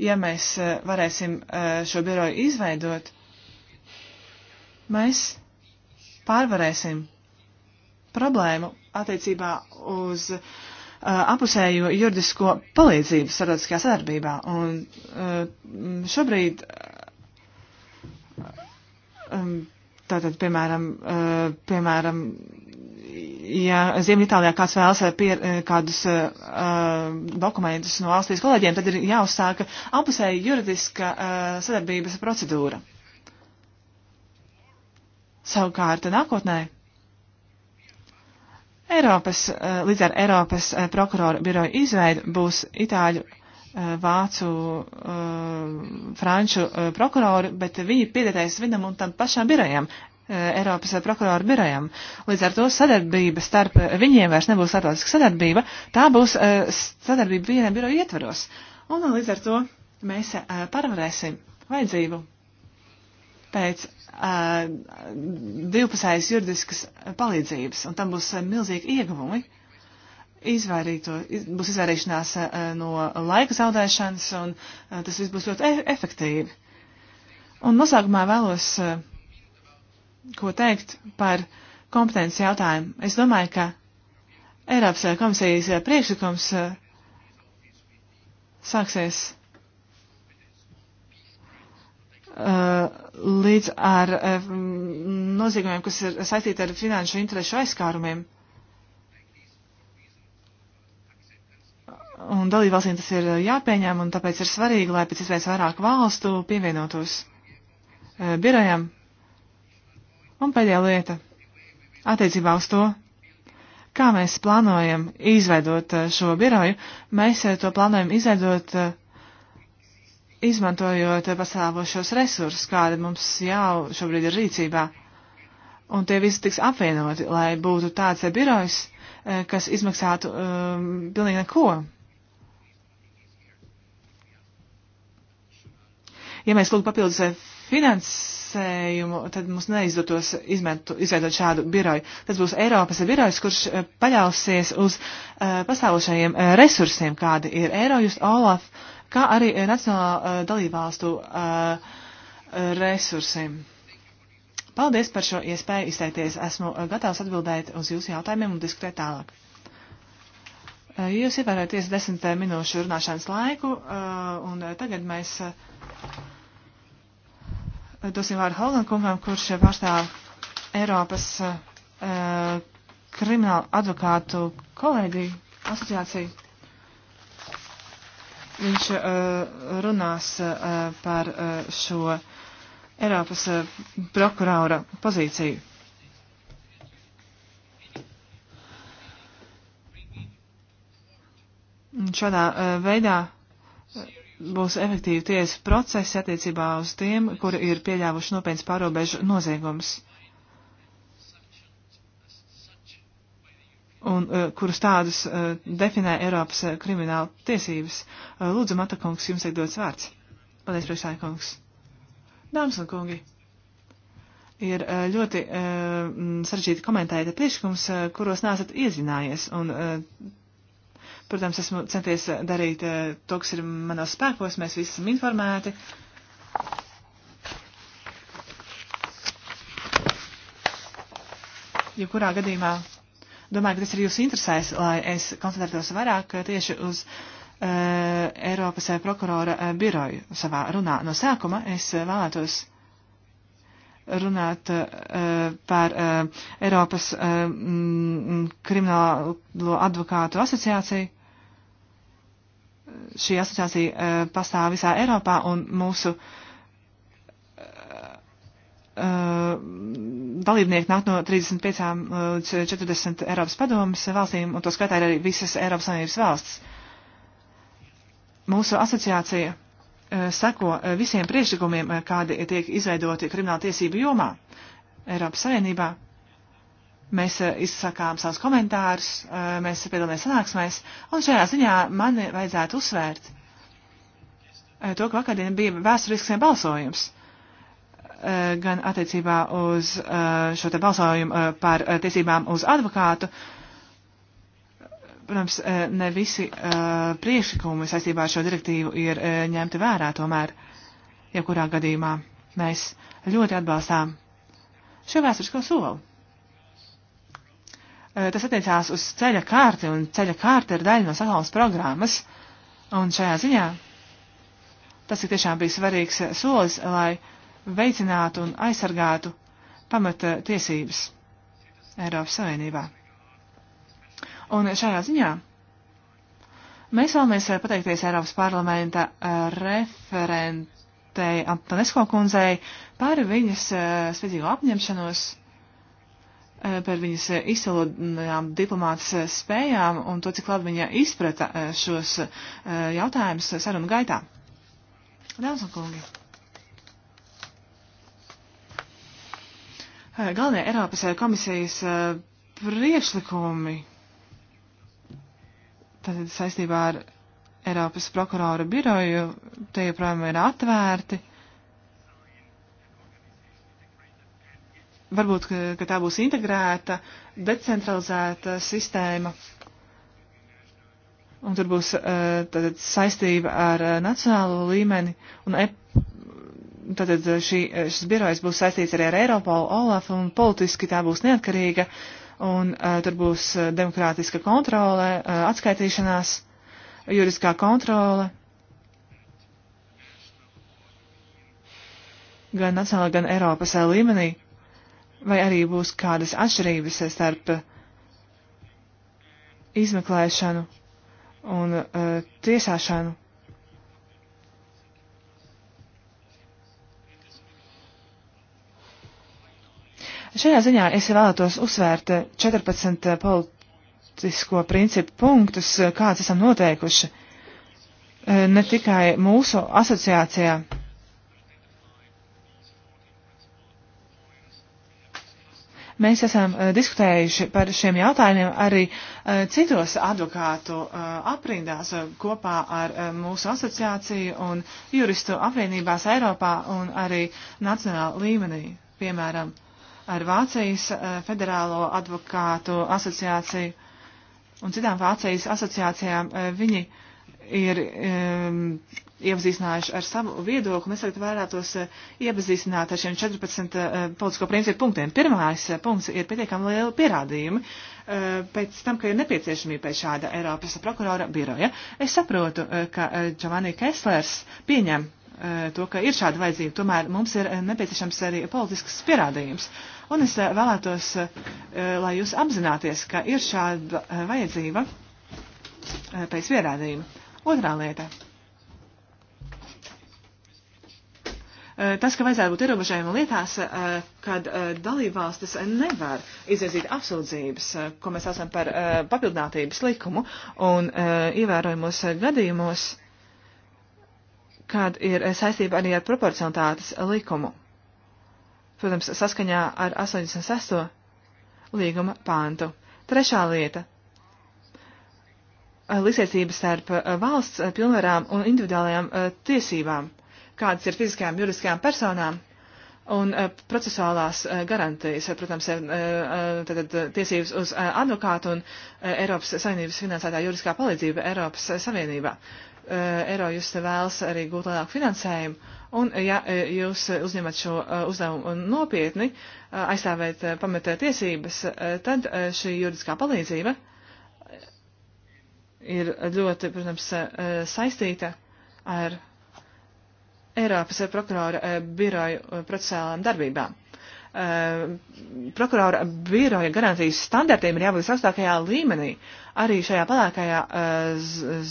ja mēs eh, varēsim šo biroju izveidot, mēs pārvarēsim problēmu attiecībā uz uh, apusējo juridisko palīdzību starptautiskajā sadarbībā. Un uh, šobrīd um, Tātad, piemēram, eh, piemēram ja Ziemeļitālijā kāds vēlas eh, pier, eh, kādus uh, dokumentus no valstīs kolēģiem, tad ir jāuzsāk apusēji juridiska uh, sadarbības procedūra. Savukārt nākotnē Eiropas, līdz ar Eiropas prokuroru biroju izveidu būs Itāļu Eh, vācu, eh, franču eh, prokuroru, bet viņi piedētais vienam un tam pašam birojam. Eiropas prokuroru birojam. Līdz ar to sadarbība starp viņiem vairs nebūs starptautiska sadarbība, tā būs sadarbība vienam biroju ietvaros. Un līdz ar to mēs pārvarēsim vajadzību pēc divpusējas juridiskas palīdzības, un tam būs milzīgi ieguvumi. Uh, izvairīto, iz, būs izvairīšanās eh, no laika zaudēšanas, un eh, tas viss būs ļoti e efektīvi. Un noslēgumā vēlos eh, ko teikt par kompetenci jautājumu. Es domāju, ka Eiropas komisijas priekšlikums sāksies līdz ar noziegumiem, kas ir saistīti ar finanšu interešu aizskārumiem. un dalībvalstīm tas ir eh, jāpieņem, un tāpēc ir svarīgi, lai pēc iespējas vairāk valstu pievienotos e, birojam. Un pēdējā lieta attiecībā uz to, kā mēs plānojam izveidot eh, šo biroju, mēs to plānojam izveidot izmantojot pastāvošos resursus, kādi mums jau šobrīd ir rīcībā. Un tie visi tiks apvienoti, lai būtu tāds birojs, kas izmaksātu um, pilnīgi neko. ja mēs lūgtu papildus finansējumu, tad mums neizdotos izmantu, izveidot šādu biroju. Tas būs Eiropas birojs, kurš eh, paļausies uz uh, pastāvošajiem uh, resursiem, kādi ir Eirojus, Olaf, kā arī Nacionālā uh, dalībvalstu uh, resursiem. Paldies par šo iespēju izteikties. Esmu gatavs atbildēt uz jūsu jautājumiem un diskutēt tālāk. Eh, jūs ievērojaties desmit eh, minūšu runāšanas laiku, eh, un tagad mēs dosim vārdu Hollandkungam, kurš pārstāv Eiropas kriminālu advokātu kolēģiju asociāciju. Viņš runās par šo Eiropas prokurora pozīciju. Šādā eh, veidā eh, būs efektīvi tiesa procesi attiecībā uz tiem, kuri ir pieļāvuši nopietnas pārobežu noziegums. un uh, kurus tādus uh, definē Eiropas uh, krimināla tiesības. Uh, lūdzu, Matakungs, jums tiek dots vārds. Paldies, priekšsēkungs. Dāmas un kungi, ir uh, ļoti uh, sarežģīti komentēta priekšlikums, uh, kuros nesat iezinājies, un uh, Protams, esmu centies darīt eh, to, kas ir manos spēkos, mēs visi esam informēti. Jebkurā gadījumā domāju, ka tas ir jūsu interesēs, lai es koncentrētos vairāk eh, tieši uz uh, Eiropas prokurora biroju savā runā. No sākuma es vēlētos runāt uh, par uh, Eiropas uh, kriminālo advokātu asociāciju. Šī asociācija uh, pastāv visā Eiropā un mūsu uh, dalībnieki nāk no 35 līdz 40 Eiropas padomas valstīm, un to skatā ir arī visas Eiropas Savienības valsts. Mūsu asociācija Eh, seko eh, visiem priekšlikumiem, eh, kādi tiek izveidoti krimināla tiesību jomā Eiropas Savienībā. Mēs izsakām savus komentārus, mēs piedalāmies sanāksmēs, un šajā ziņā man vajadzētu uzsvērt to, ka vakardien bija vēsturisks balsojums gan attiecībā uz šo te balsojumu par tiesībām uz advokātu, uh, Protams, eh, ne visi eh, priekšlikumi saistībā ar šo direktīvu ir eh, ņemti vērā tomēr, jebkurā gadījumā mēs ļoti atbalstām šo vēsturisko soli. Tas attiecās uz ceļa kārti, un ceļa kārta ir daļa no Stokholmas programmas, un šajā ziņā tas ir tiešām bija svarīgs solis, lai veicinātu un aizsargātu pamata tiesības Eiropas Savienībā. Un šajā ziņā mēs vēlamies eh, pateikties Eiropas parlamenta eh, referentei Antonesko kundzei par viņas eh, spēcīgo apņemšanos par viņas izcelotām diplomātas spējām un to, cik labi viņa izprata šos jautājumus sarunu gaitā. Dāmas un kungi! Galvenie Eiropas komisijas priekšlikumi Tātad saistībā ar Eiropas prokuroru biroju tie joprojām ir atvērti. Varbūt, ka, ka tā būs integrēta, decentralizēta sistēma. Un tur būs tātad, eh, saistība ar eh, nacionālo līmeni. Un ep, tātad eh, šī, šis birojs būs saistīts arī ar Eiropolu, Olafu un politiski tā būs neatkarīga. Uh, un uh, tur būs demokrātiska kontrole, uh, atskaitīšanās, juridiskā kontrole. Gan nacionāla, gan Eiropas līmenī. Vai arī būs kādas atšķirības starp izmeklēšanu un uh, tiesāšanu? Šajā ziņā es vēlētos uzsvērt 14 eh, politisko principu punktus, eh, kāds esam noteikuši eh, ne tikai mūsu asociācijā. Mēs esam diskutējuši par šiem jautājumiem arī citos advokātu aprindās kopā ar mūsu asociāciju un juristu apvienībās Eiropā un arī nacionāla līmenī, piemēram, ar Vācijas eh, federālo advokātu asociāciju un citām Vācijas asociācijām. Eh, viņi ir um, iepazīstinājuši ar savu viedokli, un es tagad vēlētos eh, iepazīstināt ar šiem 14 uh, politisko principu punktiem. Pirmais uh, punkts ir pietiekami liela pierādījuma uh, pēc tam, ka ir nepieciešamība pēc šāda Eiropas prokurora biroja. Es saprotu, ka Giovanni Kesslers pieņem Eh, to, ka ir šāda vajadzība. Tomēr mums ir eh, nepieciešams arī politisks pierādījums. Un es eh, vēlētos, lai jūs apzināties, ka ir šāda vajadzība pēc pierādījuma. Otrā lieta. Tas, ka vajadzētu būt ierobežojumi lietās, kad dalībvalstis nevar izvirzīt apsūdzības, ko mēs esam par papildinātības likumu, un ievērojumos gadījumos kad ir saistība arī ar proporcionalitātes likumu. Protams, saskaņā ar 86. līguma pāntu. Trešā lieta līdzsvarotības starp eh, valsts eh, pilnvarām un individuālajām eh, tiesībām, kādas ir fiziskajām, juridiskajām personām un procesuālās garantijas, protams, tātad tiesības uz advokātu un Eiropas Savienības finansētā juridiskā palīdzība Eiropas Savienībā eiro eh, jūs vēlas arī gūt lielāku finansējumu, un eh, ja eh, jūs uzņemat šo uzdevumu nopietni, aizstāvēt pamatē tiesības, tad šī juridiskā palīdzība ir ļoti, protams, saistīta ar Eiropas prokurora biroju procesālām darbībām. Eh, prokurora biroja garantijas standartiem ir jābūt augstākajā līmenī. Arī šajā palākajā eh,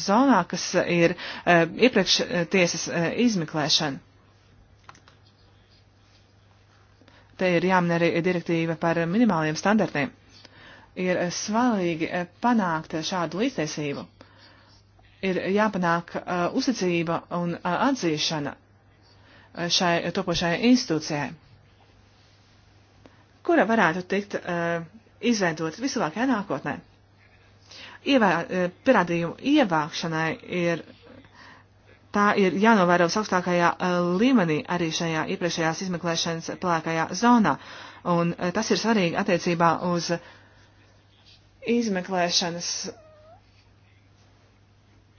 zonā, kas ir eh, iepriekš tiesas izmeklēšana. Te ir jāmin arī direktīva par minimāliem standartiem. Ir svarīgi panākt šādu līdztiesību. Ir jāpanāk uzticība un atzīšana šai topošajai institūcijai kura varētu tikt uh, izveidot vislabākajā nākotnē. Ievā, uh, pierādījumu ievākšanai ir, tā ir jānovēro augstākajā uh, līmenī arī šajā iepriekšējās izmeklēšanas plēkajā zonā, un uh, tas ir svarīgi attiecībā uz izmeklēšanas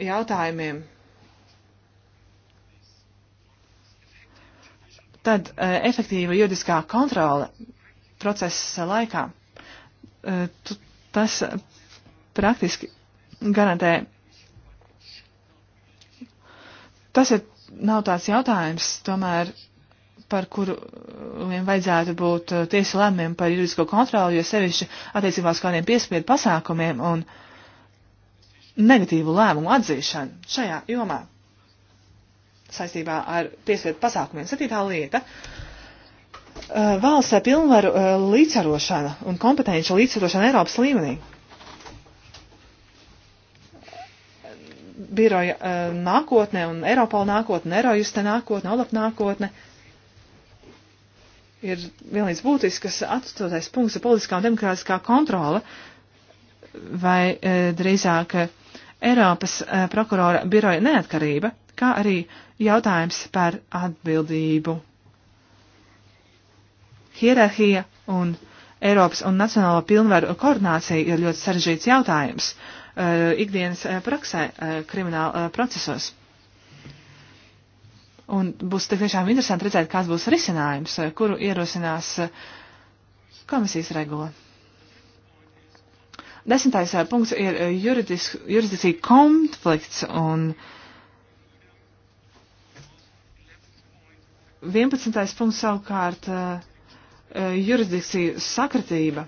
jautājumiem. Tad uh, efektīva juridiskā kontrole procesa laikā. E, tas praktiski garantē. Tas ir, nav tāds jautājums, tomēr, par kuru vien uh, vajadzētu būt uh, tiesa lēmumiem par juridisko kontroli, jo sevišķi attiecībā uz kādiem piespiedu pasākumiem un negatīvu lēmumu atzīšanu šajā jomā saistībā ar piespiedu pasākumiem. Satītā lieta. Uh, Uh, valsts pilnvaru uh, līdzsvarošana un kompetenci līdzsvarošana Eiropas līmenī. Biroja uh, nākotne un Eiropola nākotne, Eirojusta nākotne, Olaf nākotne ir vienlīdz būtisks atstotais punkts ir politiskā un demokrātiskā kontrola vai drīzāk Eiropas prokurora biroja neatkarība, kā arī jautājums par atbildību hierarhija un Eiropas un nacionālo pilnvaru koordinācija ir ļoti sarežģīts jautājums uh, ikdienas uh, praksē uh, krimināla uh, procesos. Un būs tiešām interesanti redzēt, kāds būs risinājums, uh, kuru ierosinās uh, komisijas regula. Desmitais uh, punkts ir uh, jurisdikcija konflikts un uh, 11. punkts savukārt Eh, jurisdikciju sakritība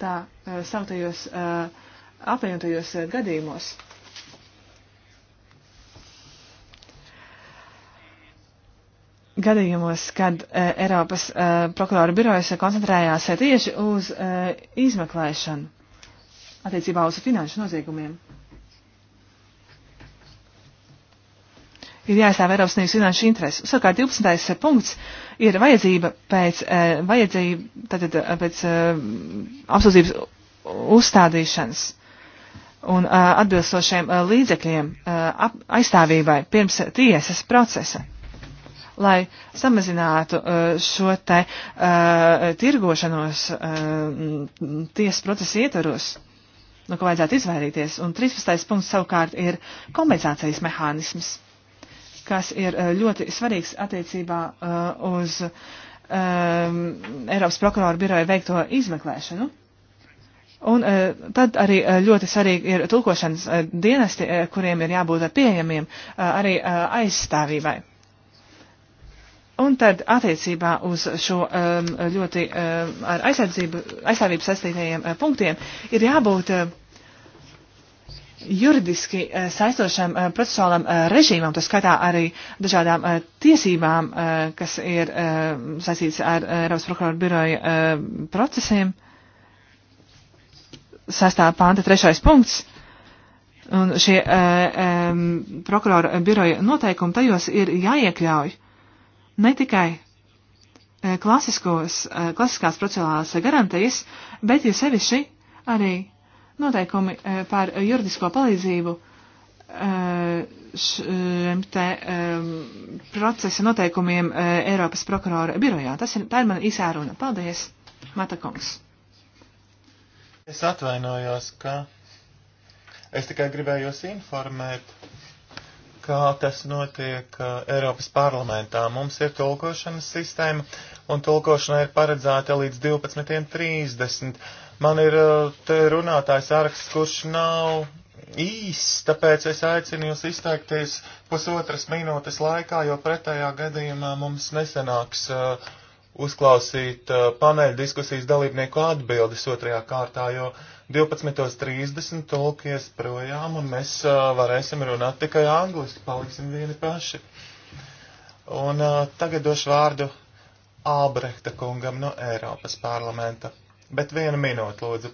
tā eh, sauktajos eh, apvienotajos gadījumos. Gadījumos, kad Eiropas prokurora birojas koncentrējās tieši uz izmeklēšanu attiecībā uz finanšu noziegumiem. ir jāizstāv Eiropas Savienības finanšu intereses. Savukārt 12. Eh, punkts ir vajadzība pēc, eh, vajadzība, tātad, eh, pēc apsūdzības uzstādīšanas un atbilstošiem līdzekļiem ap, aizstāvībai pirms tiesas procesa lai samazinātu šo te uh, tirgošanos uh, tiesas procesa ietvaros no nu, ka vajadzētu izvairīties. Un 13. punkts savukārt ir kompensācijas mehānisms kas ir eh, ļoti svarīgs attiecībā eh, uz um, Eiropas prokuroru biroja veikto izmeklēšanu. Un uh, tad arī uh, ļoti svarīgi ir tulkošanas uh, dienesti, uh, kuriem ir jābūt pieejamiem uh, arī uh, aizstāvībai. Un tad attiecībā uz šo um, ļoti um, ar aizsardzību, aizstāvību sastītajiem uh, punktiem ir jābūt uh, juridiski eh, saistošam eh, procesuālam eh, režīmam, tas skatā arī dažādām tiesībām, kas ir saistīts ar Eiropas prokuroru biroja procesiem. Sastāv panta trešais punkts. Un šie prokurora biroja noteikumi tajos ir jāiekļauj ne tikai klasiskos, klasiskās procesuālās garantijas, bet jo sevišķi arī noteikumi eh, par juridisko palīdzību eh, eh, šiem te procesa noteikumiem Eiropas prokurora birojā. Tas ir, tā ir mana īsā runa. Paldies, Mata kungs. Es atvainojos, ka es tikai gribēju jūs informēt, kā tas notiek Eiropas parlamentā. Mums ir tulkošanas sistēma, un tulkošana ir paredzēta līdz 12.30 Man ir eh, te runātājs saraksts, kurš nav īss, tāpēc es aicinu jūs izteikties pusotras minūtes laikā, jo pretējā gadījumā mums nesenāks uh, uzklausīt uh, paneļa diskusijas dalībnieku atbildes otrajā kārtā, jo 12.30 tulkies projām un mēs uh, varēsim runāt tikai angliski, paliksim vieni paši. Un tagad došu vārdu Ābrehta kungam no Eiropas parlamenta bet vienu minūtu lūdzu.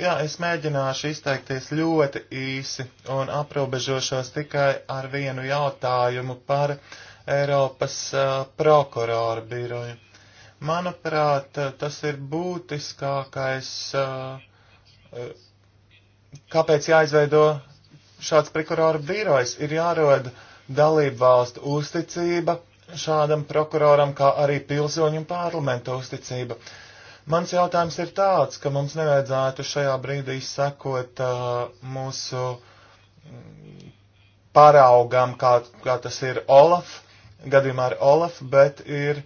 Jā, es mēģināšu izteikties ļoti īsi un aprobežošos tikai ar vienu jautājumu par Eiropas uh, prokuroru biroju. Manuprāt, tas ir būtiskākais, uh, kāpēc jāizveido šāds prokuroru birojs. Ir jārod dalību valstu uzticība šādam prokuroram, kā arī pilsoņu un parlamentu uzticība. Uh, Mans jautājums ir tāds, ka mums nevajadzētu šajā brīdī sekot uh, mūsu mm, paraugam, kā, kā tas ir Olaf, gadījumā ar Olaf, bet ir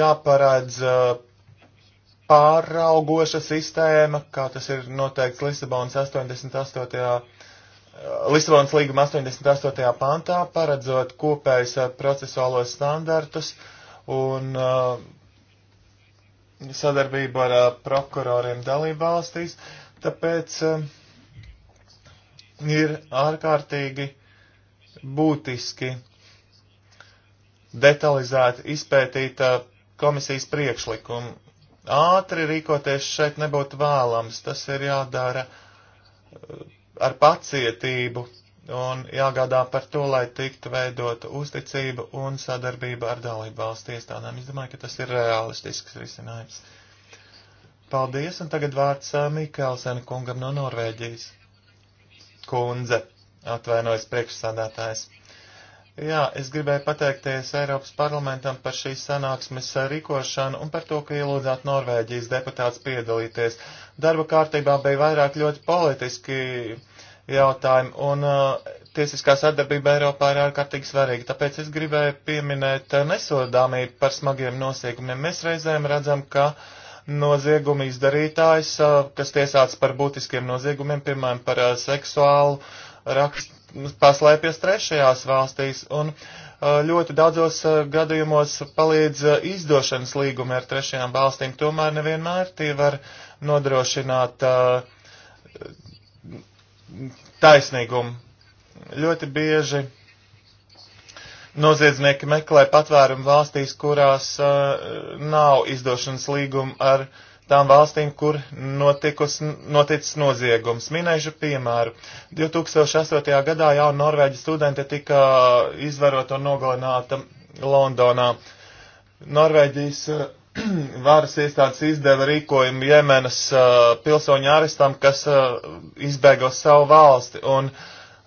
jāparādz uh, pāraugoša sistēma, kā tas ir noteikts Lisabonas 88. Uh, Lisabonas līguma 88. pantā, paredzot kopējas uh, procesuālos standartus un uh, sadarbību ar prokuroriem dalībvalstīs, tāpēc ir ārkārtīgi būtiski detalizēti izpētīt komisijas priekšlikumu. Ātri rīkoties šeit nebūtu vēlams, tas ir jādara ar pacietību un jāgādā par to, lai tiktu veidota uzticība un sadarbība ar dalību valstu iestādēm. Es domāju, ka tas ir realistisks risinājums. Paldies, un tagad vārds Mikēlsena kungam no Norvēģijas. Kundze, atvainojas priekšsādātājs. Jā, es gribēju pateikties Eiropas parlamentam par šīs sanāksmes rīkošanu un par to, ka ielūdzāt Norvēģijas deputāts piedalīties. Darba kārtībā bija vairāk ļoti politiski jautājumi, un uh, tiesiskā sadarbība Eiropā ir ārkārtīgi svarīga. Tāpēc es gribēju pieminēt uh, nesodāmību par smagiem nosiegumiem. Mēs reizēm redzam, ka nozieguma izdarītājs, uh, kas tiesāts par būtiskiem noziegumiem, piemēram, par uh, seksuālu rakstu, paslēpjas trešajās valstīs, un uh, ļoti daudzos uh, gadījumos palīdz izdošanas līgumi ar trešajām valstīm, tomēr nevienmēr tie var nodrošināt uh, taisnīgumu. Ļoti bieži noziedznieki meklē patvērumu valstīs, kurās uh, nav izdošanas līguma ar tām valstīm, kur notikus, noticis noziegums. Minēšu piemēru. 2008. gadā jauna norvēģa studente tika izvarota un nogalināta Londonā. Norvēģijas uh, varas iestādes izdeva rīkojumu Jemenas uh, pilsoņu arestam, kas uh, izbēga uz savu valsti. Un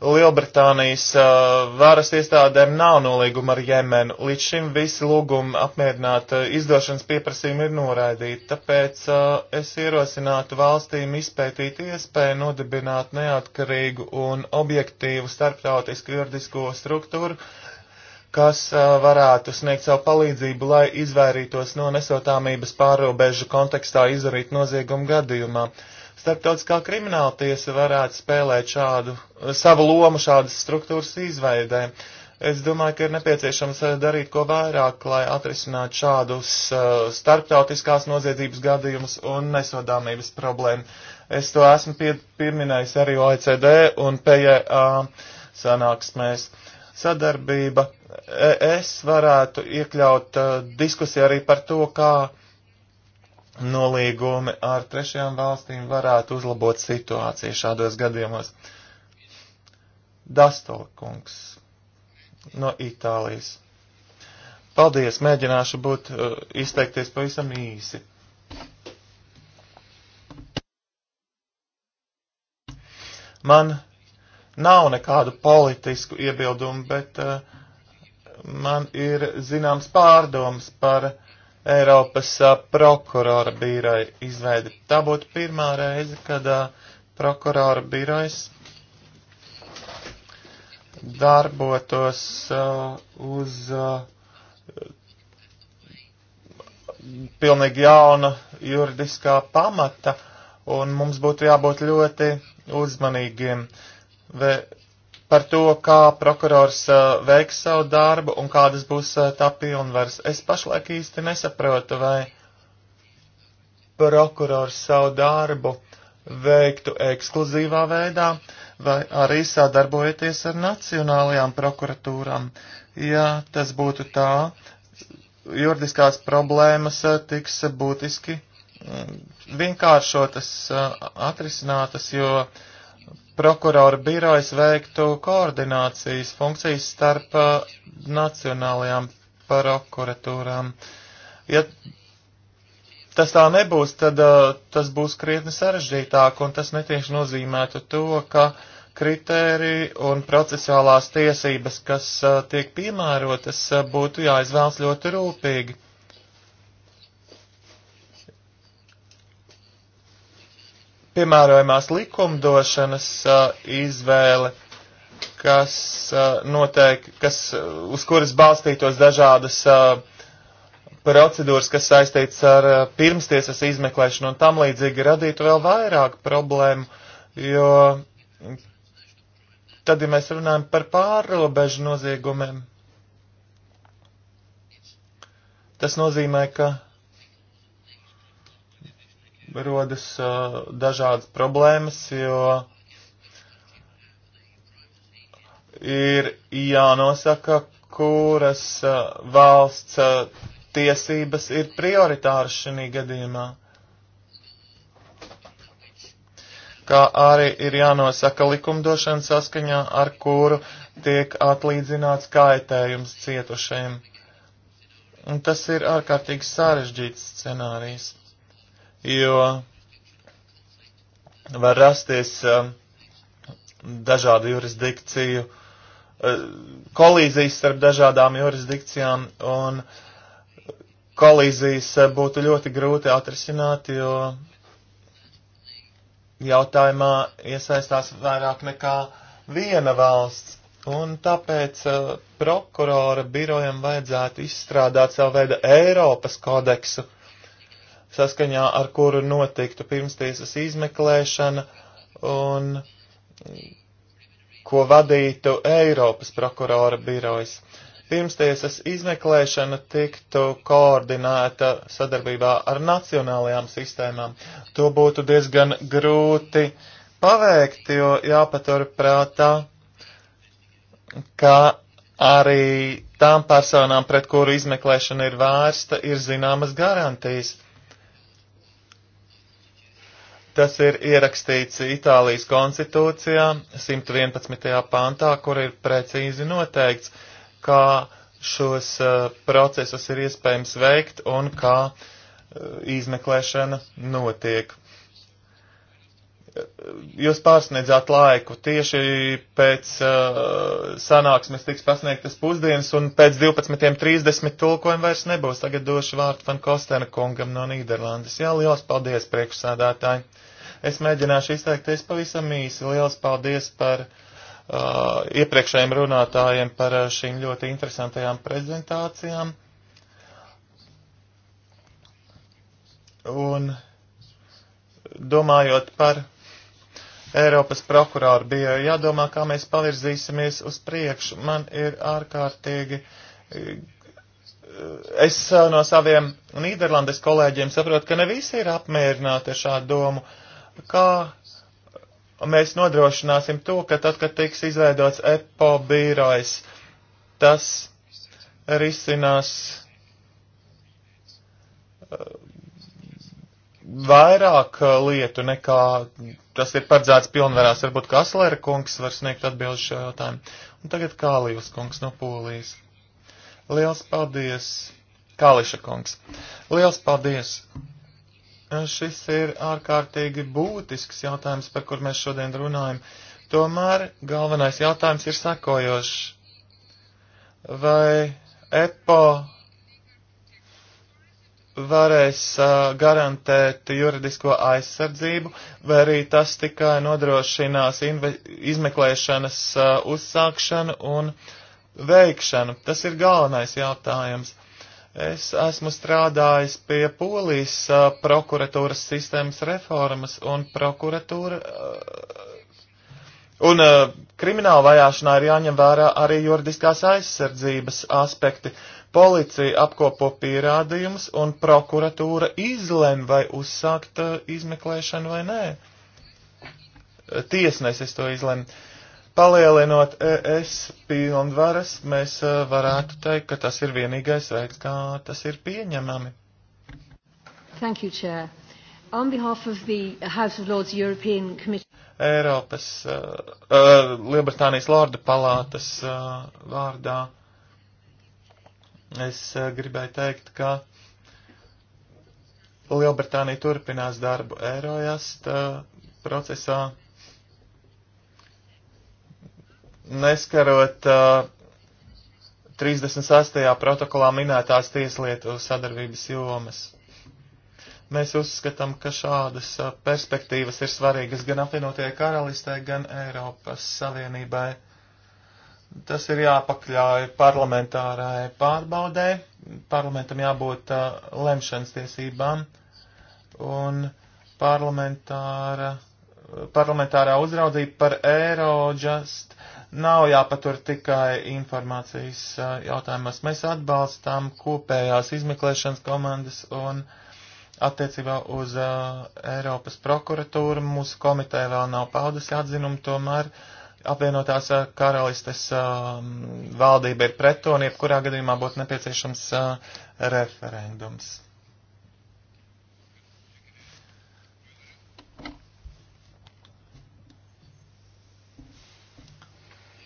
Lielbritānijas uh, varas iestādēm nav nolīguma ar Jemenu. Līdz šim visi lūgumi apmierināt uh, izdošanas pieprasījumi ir noraidīti. Tāpēc uh, es ierosinātu valstīm izpētīt iespēju nodibināt neatkarīgu un objektīvu starptautisku juridisko struktūru, uh, kas varētu sniegt savu palīdzību, lai izvairītos no nesotāmības pārobežu kontekstā izdarīt noziegumu gadījumā. Starptautiskā krimināla tiesa varētu spēlēt šādu, savu lomu šādas struktūras izveidē. Es domāju, ka ir nepieciešams darīt ko vairāk, lai atrisinātu šādus starptautiskās noziedzības gadījumus un nesodāmības problēmu. Es to esmu pie, pieminējis arī OECD un PJA sanāksmēs. Sadarbība es varētu iekļaut uh, diskusiju arī par to, kā nolīgumi ar trešajām valstīm varētu uzlabot situāciju šādos gadījumos. Dastolkungs no Itālijas. Paldies, mēģināšu būt uh, izteikties pavisam īsi. Man nav nekādu politisku iebildumu, bet uh, man ir zināms pārdoms par Eiropas a, prokurora biroja izveidi. Tā būtu pirmā reize, kad a, prokurora birojas darbotos a, uz pilnīgi jauna juridiskā pamata, un mums būtu jābūt ļoti uzmanīgiem. Vē, par to, kā prokurors uh, veiks savu darbu un kādas būs uh, tā pilnvaras. Es pašlaik īsti nesaprotu, vai prokurors savu darbu veiktu ekskluzīvā veidā, vai arī sadarbojoties ar nacionālajām prokuratūrām. Ja tas būtu tā, juridiskās problēmas uh, tiks būtiski mm, vienkāršotas, atrisinātas, jo uh, prokurora birojas veiktu koordinācijas funkcijas starp uh, nacionālajām prokuratūrām. Ja tas tā nebūs, tad uh, tas būs krietni sarežģītāk, un tas netieši nozīmētu to, ka kritēriji un procesuālās tiesības, kas uh, tiek piemērotas, uh, būtu jāizvēlas ļoti rūpīgi. piemērojamās likumdošanas uh, izvēle, kas uh, noteik, kas, uh, uz kuras balstītos dažādas procedūras, kas saistīts ar pirmstiesas izmeklēšanu un tam līdzīgi radītu vēl vairāk problēmu, jo tad, ja mēs runājam par pārrobežu noziegumiem, tas nozīmē, ka rodas uh, dažādas problēmas, jo ir jānosaka, kuras uh, valsts uh, tiesības ir prioritāras šī gadījumā. Kā arī ir jānosaka likumdošana saskaņā, ar kuru tiek atlīdzināts kaitējums cietušajiem. Un tas ir ārkārtīgi sarežģīts scenārijs jo var rasties um, dažādu jurisdikciju, uh, kolīzijas starp dažādām jurisdikcijām, un kolīzijas uh, būtu ļoti grūti atrisināt, jo jautājumā iesaistās vairāk nekā viena valsts. Un tāpēc uh, prokurora birojam vajadzētu izstrādāt savu veidu Eiropas kodeksu, uh, saskaņā ar kuru notiktu pirmstiesas izmeklēšana un ko vadītu Eiropas prokurora birojas. Pirmstiesas izmeklēšana tiktu koordinēta sadarbībā ar nacionālajām sistēmām. To būtu diezgan grūti paveikt, jo jāpatur prātā, ka arī tām personām, pret kuru izmeklēšana ir vērsta, ir zināmas garantijas. Tas ir ierakstīts Itālijas konstitūcijā 111. pāntā, kur ir precīzi noteikts, kā šos uh, procesus ir iespējams veikt un kā uh, izmeklēšana notiek jūs pārsniedzāt laiku. Tieši pēc uh, sanāksmes tiks pasniegtas pusdienas, un pēc 12.30 tulkojuma vairs nebūs. Tagad došu vārdu Van Kostena kungam no Nīderlandes. Jā, liels paldies, priekšsādātāji. Es mēģināšu izteikties pavisam īsi. Liels paldies par uh, iepriekšējiem runātājiem par uh, šīm ļoti interesantajām prezentācijām. Un domājot par Eiropas prokurori bija jādomā, kā mēs pavirzīsimies uz priekšu. Man ir ārkārtīgi. Eh, es no saviem Nīderlandes kolēģiem saprotu, ka ne visi ir apmierināti ar šādu domu. Kā mēs nodrošināsim to, ka tad, kad tiks izveidots EPO bīrojs, tas risinās eh, vairāk uh, lietu nekā tas ir paredzēts pilnvarās. Varbūt Kaslera kungs var sniegt atbildi šo jautājumu. Un tagad Kālijus kungs no Polijas. Liels paldies, Kāliša kungs. Liels paldies. Uh, šis ir ārkārtīgi būtisks jautājums, par kur mēs šodien runājam. Tomēr galvenais jautājums ir sekojošs. Vai EPO varēs uh, garantēt juridisko aizsardzību, vai arī tas tikai nodrošinās izmeklēšanas uh, uzsākšanu un veikšanu. Tas ir galvenais jautājums. Es esmu strādājis pie polijas uh, prokuratūras sistēmas reformas un prokuratūra. Un krimināla vajāšanā ir jāņem vērā arī juridiskās aizsardzības aspekti. Uh, Policija apkopo pierādījumus un prokuratūra izlem, vai uzsākt uh, izmeklēšanu vai nē. Tiesnesis to izlem. Palielinot ES pilnvaras, mēs uh, varētu teikt, ka tas ir vienīgais veids, kā tas ir pieņemami. Thank you, Chair. On behalf of the House of Lords European Committee. Eiropas, uh, uh, Lielbritānijas Lorda palātas uh, vārdā Es eh, gribēju teikt, ka Lielbritānija turpinās darbu Eirojast eh, procesā, neskarot 36. Eh, protokolā minētās tieslietu sadarbības jomas. Mēs uzskatām, ka šādas perspektīvas ir svarīgas gan apvienotajai karalistē, gan Eiropas Savienībai Tas ir jāpakļauj parlamentārai pārbaudē, parlamentam jābūt uh, lemšanas tiesībām un parlamentāra, parlamentārā uzraudzība par Eurojust nav jāpatur tikai informācijas uh, jautājumos. Mēs atbalstām kopējās izmeklēšanas komandas un attiecībā uz uh, Eiropas prokuratūru. Mūsu komiteja vēl nav paudusi atzinumu, tomēr. Uh, apvienotās karalistes valdība ir pret to, un jebkurā gadījumā būtu nepieciešams referendums.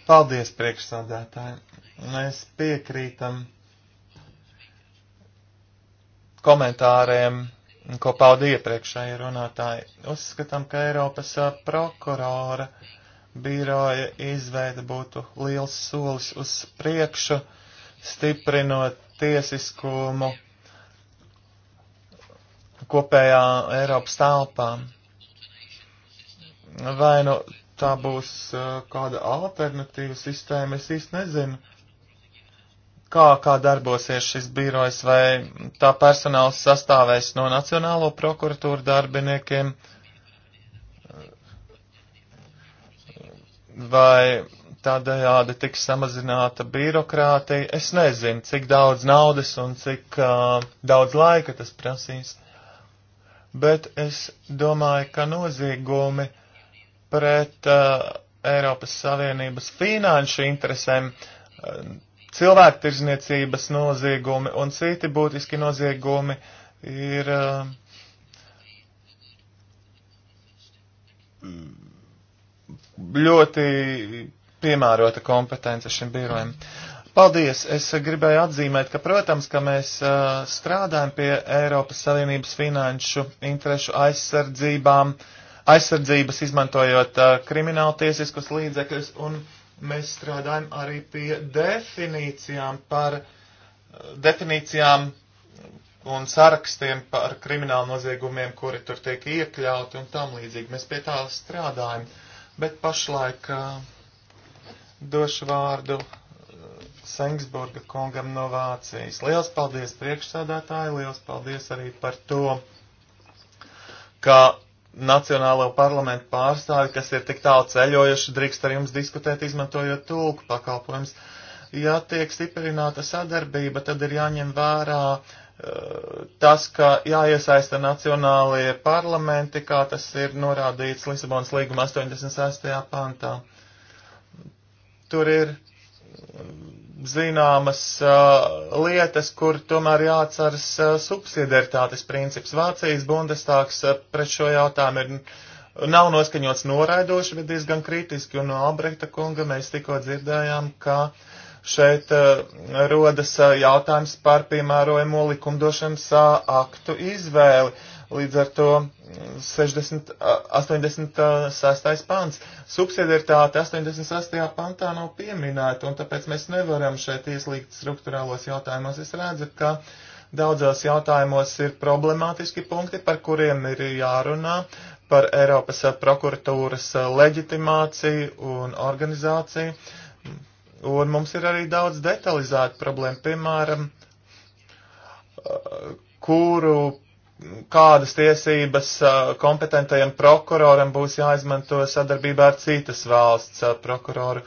Paldies, priekšsādātāji. Mēs piekrītam komentāriem, ko pauda iepriekšēji runātāji. Uzskatām, ka Eiropas prokurora uh, biroja izveida būtu liels solis uz priekšu, stiprinot tiesiskumu kopējā Eiropas telpā. Vai nu tā būs uh, kāda alternatīva sistēma, es īsti nezinu, kā, kā darbosies šis birojs, vai tā personāls sastāvēs no Nacionālo prokuratūru darbiniekiem, uh, vai tādējādi tiks samazināta birokrātija. Es nezinu, cik daudz naudas un cik uh, daudz laika tas prasīs, bet es domāju, ka noziegumi pret uh, Eiropas Savienības finanšu interesēm, uh, cilvēktirzniecības noziegumi un citi būtiski noziegumi ir. Uh, ļoti piemērota kompetence šim birojam. Paldies! Es gribēju atzīmēt, ka, protams, ka mēs uh, strādājam pie Eiropas Savienības finanšu interešu aizsardzībām, aizsardzības izmantojot uh, krimināltiesiskus līdzekļus, un mēs strādājam arī pie definīcijām par uh, definīcijām un sarakstiem par kriminālu noziegumiem, kuri tur tiek iekļauti un tam līdzīgi. Mēs pie tā strādājam. Uh, bet pašlaik uh, došu vārdu Sengsburga kungam no Vācijas. Liels paldies priekšsēdētāji, liels paldies arī par to, ka Nacionālo parlamentu pārstāvi, kas ir tik tālu ceļojuši, drīkst ar jums diskutēt, izmantojot tulku pakalpojumus. Ja tiek stiprināta sadarbība, tad ir jāņem vērā uh, Eh, tas, ka jāiesaista nacionālajie parlamenti, kā tas ir norādīts Lisabonas līguma 86. pantā. Tur ir mm, zināmas uh, lietas, kur tomēr jāatceras uh, subsidiaritātes princips. Vācijas bundestāks uh, pret šo jautājumu ir nav noskaņots noraidoši, bet diezgan kritiski, un no Albrehta kunga mēs tikko dzirdējām, ka uh, šeit eh, rodas eh, jautājums par piemērojamo likumdošanas eh, aktu izvēli. Līdz ar to 60, mm, 86. pants. Subsidiaritāte 86. pantā nav pieminēta, un tāpēc mēs nevaram šeit ieslīgt struktūrālos jautājumos. Es redzu, ka daudzos jautājumos ir problemātiski punkti, par kuriem ir jārunā, par Eiropas prokuratūras leģitimāciju un organizāciju Un mums ir arī daudz detalizētu problēmu, piemēram, eh, kuru, kādas tiesības eh, kompetentajam prokuroram būs jāizmanto sadarbībā ar citas valsts eh, prokuroru.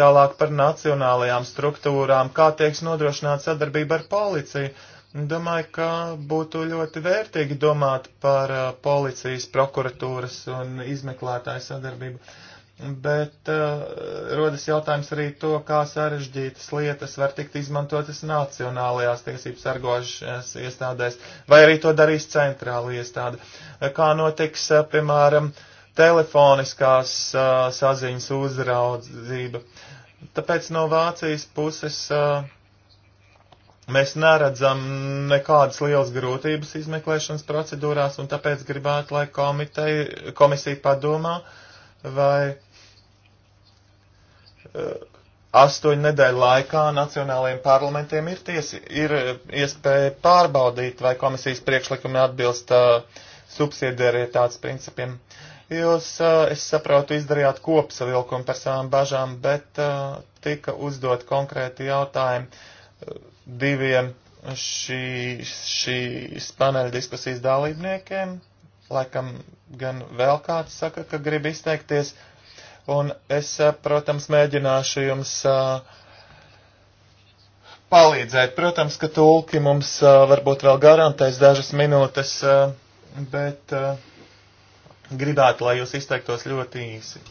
Tālāk par nacionālajām struktūrām, kā tieks nodrošināta sadarbība ar policiju. Domāju, ka būtu ļoti vērtīgi domāt par policijas, prokuratūras un izmeklētāju sadarbību. Uh, bet uh, rodas jautājums arī to, kā sarežģītas lietas var tikt izmantotas nacionālajās tiesības sargošās iestādēs, vai arī to darīs centrāla iestāde. Kā notiks, uh, piemēram, telefoniskās uh, saziņas uzraudzība. Tāpēc no Vācijas puses uh, mēs neredzam nekādas lielas grūtības izmeklēšanas procedūrās, un tāpēc gribētu, lai komiteja, komisija padomā, vai Eh, astoņu nedēļu laikā nacionālajiem parlamentiem ir, tiesi, ir eh, iespēja pārbaudīt, vai komisijas priekšlikumi atbilst uh, subsidiarietātes principiem. Jūs, uh, es saprotu, izdarījāt kopsavilkumu par savām bažām, bet uh, tika uzdot konkrēti jautājumi diviem šī, šīs paneļa diskusijas dalībniekiem. Laikam gan vēl kāds saka, ka grib izteikties. Uh, un es, eh, protams, mēģināšu jums eh, palīdzēt. Protams, ka tulki mums eh, varbūt vēl garantēs dažas minūtes, bet gribētu, lai jūs izteiktos ļoti īsi.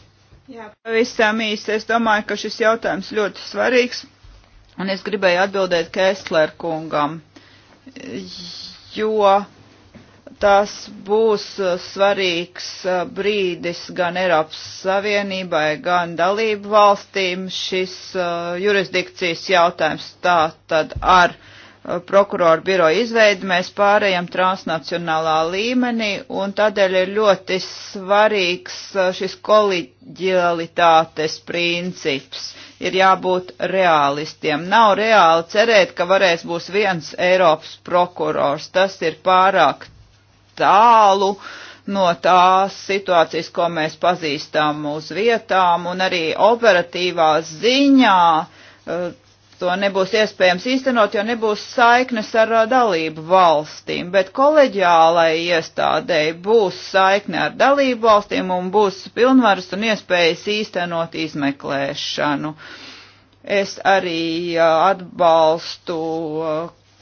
Jā, pavisam īsi. Es domāju, ka šis jautājums ļoti svarīgs, un es gribēju atbildēt Kēsler kungam, jo Tas būs uh, svarīgs uh, brīdis gan Eiropas Savienībai, gan dalību valstīm šis uh, jurisdikcijas jautājums. Tā tad ar prokuroru biroju izveidi mēs pārējām transnacionālā līmenī, un tādēļ ir ļoti svarīgs šis koliģialitātes princips. Ir jābūt realistiem. Nav reāli cerēt, ka varēs būs viens Eiropas prokurors. Tas ir pārāk tālu no tās situācijas, ko mēs pazīstam uz vietām, un arī operatīvā ziņā eh, to nebūs iespējams īstenot, jo nebūs saiknes ar eh, dalību valstīm, bet koleģiālai iestādēji būs saikne ar dalību valstīm un būs pilnvaras un iespējas īstenot izmeklēšanu. Es arī eh, atbalstu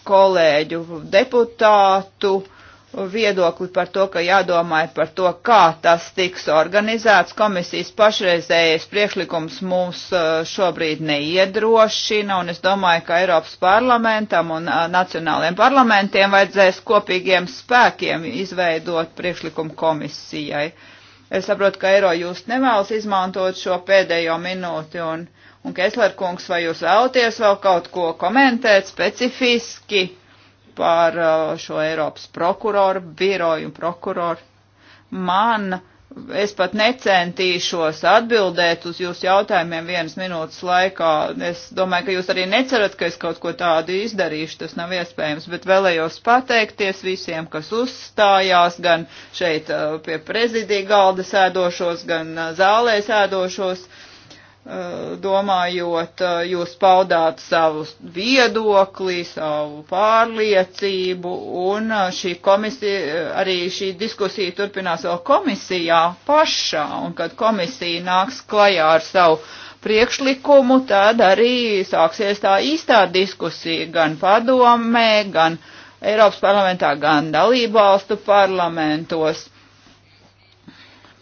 kolēģu deputātu uh, viedokli par to, ka jādomā par to, kā tas tiks organizēts. Komisijas pašreizējais priekšlikums mūs uh, šobrīd neiedrošina, un es domāju, ka Eiropas parlamentam un uh, nacionāliem parlamentiem vajadzēs kopīgiem spēkiem izveidot priekšlikumu komisijai. Es saprotu, ka eiro jūs nevēlas izmantot šo pēdējo minūti, un, un Kesler kungs, vai jūs vēlaties vēl kaut ko komentēt specifiski? par uh, šo Eiropas prokuroru biroju un prokuroru. Man, es pat necentīšos atbildēt uz jūsu jautājumiem vienas minūtes laikā. Es domāju, ka jūs arī necerat, ka es kaut ko tādu izdarīšu, tas nav iespējams, bet vēlējos pateikties visiem, kas uzstājās, gan šeit uh, pie prezidija galda sēdošos, gan uh, zālē sēdošos Eh, domājot, eh, jūs paudāt savu viedokli, savu pārliecību, un eh, šī komisija, arī šī diskusija turpinās vēl komisijā pašā, un kad komisija nāks klajā ar savu priekšlikumu, tad arī sāksies tā īstā diskusija gan padomē, gan Eiropas parlamentā, gan dalībvalstu parlamentos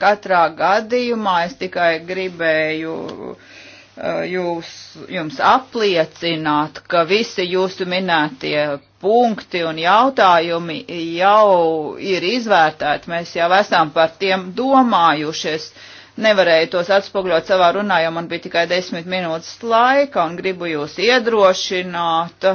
Katrā gadījumā es tikai gribēju eh, jūs, jums apliecināt, ka visi jūsu minētie punkti un jautājumi jau ir izvērtēti. Mēs jau esam par tiem domājušies nevarēju tos atspogļot savā runā, jo man bija tikai desmit minūtes laika un gribu jūs iedrošināt,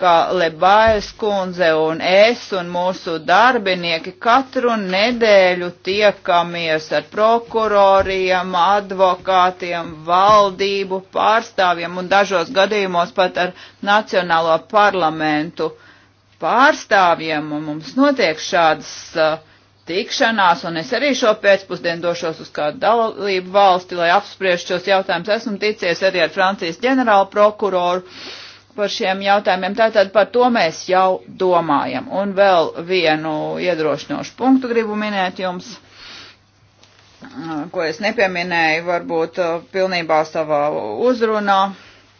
kā Lebājas kundze un es un mūsu darbinieki katru nedēļu tiekamies ar prokuroriem, advokātiem, valdību pārstāvjiem un dažos gadījumos pat ar Nacionālo parlamentu pārstāvjiem. Un mums notiek šādas uh, tikšanās, un es arī šo pēcpusdienu došos uz kādu dalību valsti, lai apspriež šos jautājumus. Esmu ticies arī ar Francijas ģenerālu prokuroru par šiem jautājumiem. Tātad par to mēs jau domājam. Un vēl vienu iedrošinošu punktu gribu minēt jums, ko es nepieminēju varbūt uh, pilnībā savā uzrunā.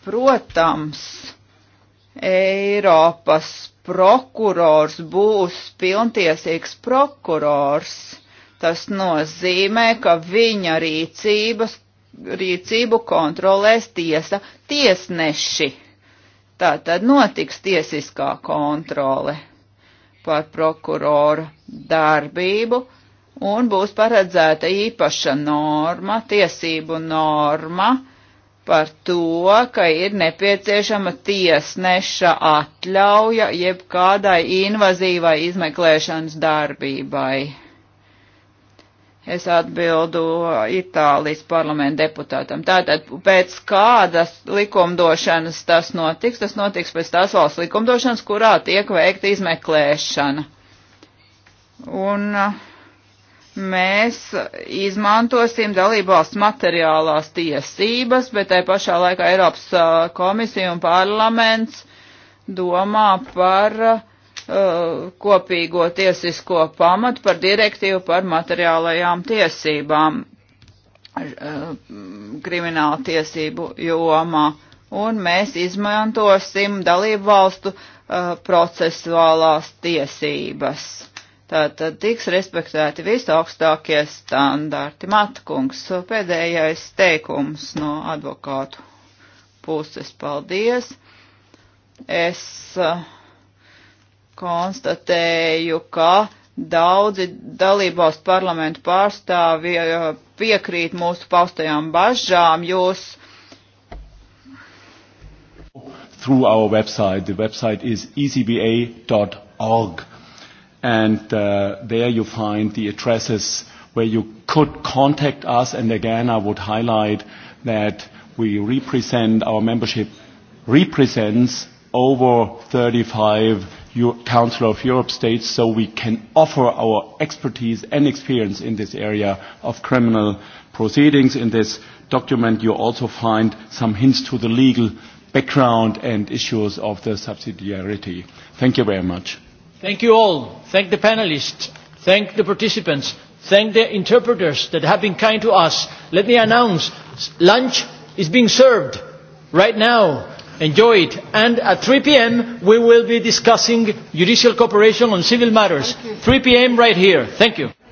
Protams, Eiropas prokurors būs pilntiesīgs prokurors. Tas nozīmē, ka viņa rīcības, rīcību kontrolēs tiesa tiesneši Tā tad notiks tiesiskā kontrole par prokuroru darbību un būs paredzēta īpaša norma, tiesību norma par to, ka ir nepieciešama tiesneša atļauja jebkādai invazīvai izmeklēšanas darbībai Es atbildu Itālijas parlamenta deputātam. Tātad pēc kādas likumdošanas tas notiks? Tas notiks pēc tās valsts likumdošanas, kurā tiek veikta izmeklēšana. Un uh, mēs izmantosim dalību valsts materiālās tiesības, bet tai pašā laikā Eiropas uh, komisija un parlaments domā par uh, uh, kopīgo tiesisko pamatu par direktīvu par materiālajām tiesībām uh, krimināla tiesību jomā. Un mēs izmantosim dalību valstu uh, procesuālās tiesības. Tātad tiks respektēti visi augstākie standarti. Matkungs, pēdējais teikums no advokātu puses. Paldies! Es uh, konstatēju, ka daudzi dalībvalstu parlamentu pārstāvji eh, piekrīt mūsu paustajām bažām. Jūs through our website. The website is ecba.org. And uh, there you find the addresses where you could contact us. And again, I would highlight that we represent, our membership represents over 35 Euro Council of Europe states so we can offer our expertise and experience in this area of criminal proceedings. In this document you also find some hints to the legal background and issues of the subsidiarity. Thank you very much. Thank you all. Thank the panelists. Thank the participants. Thank the interpreters that have been kind to us. Let me announce lunch is being served right now enjoy it and at three pm we will be discussing judicial cooperation on civil matters three pm right here. thank you.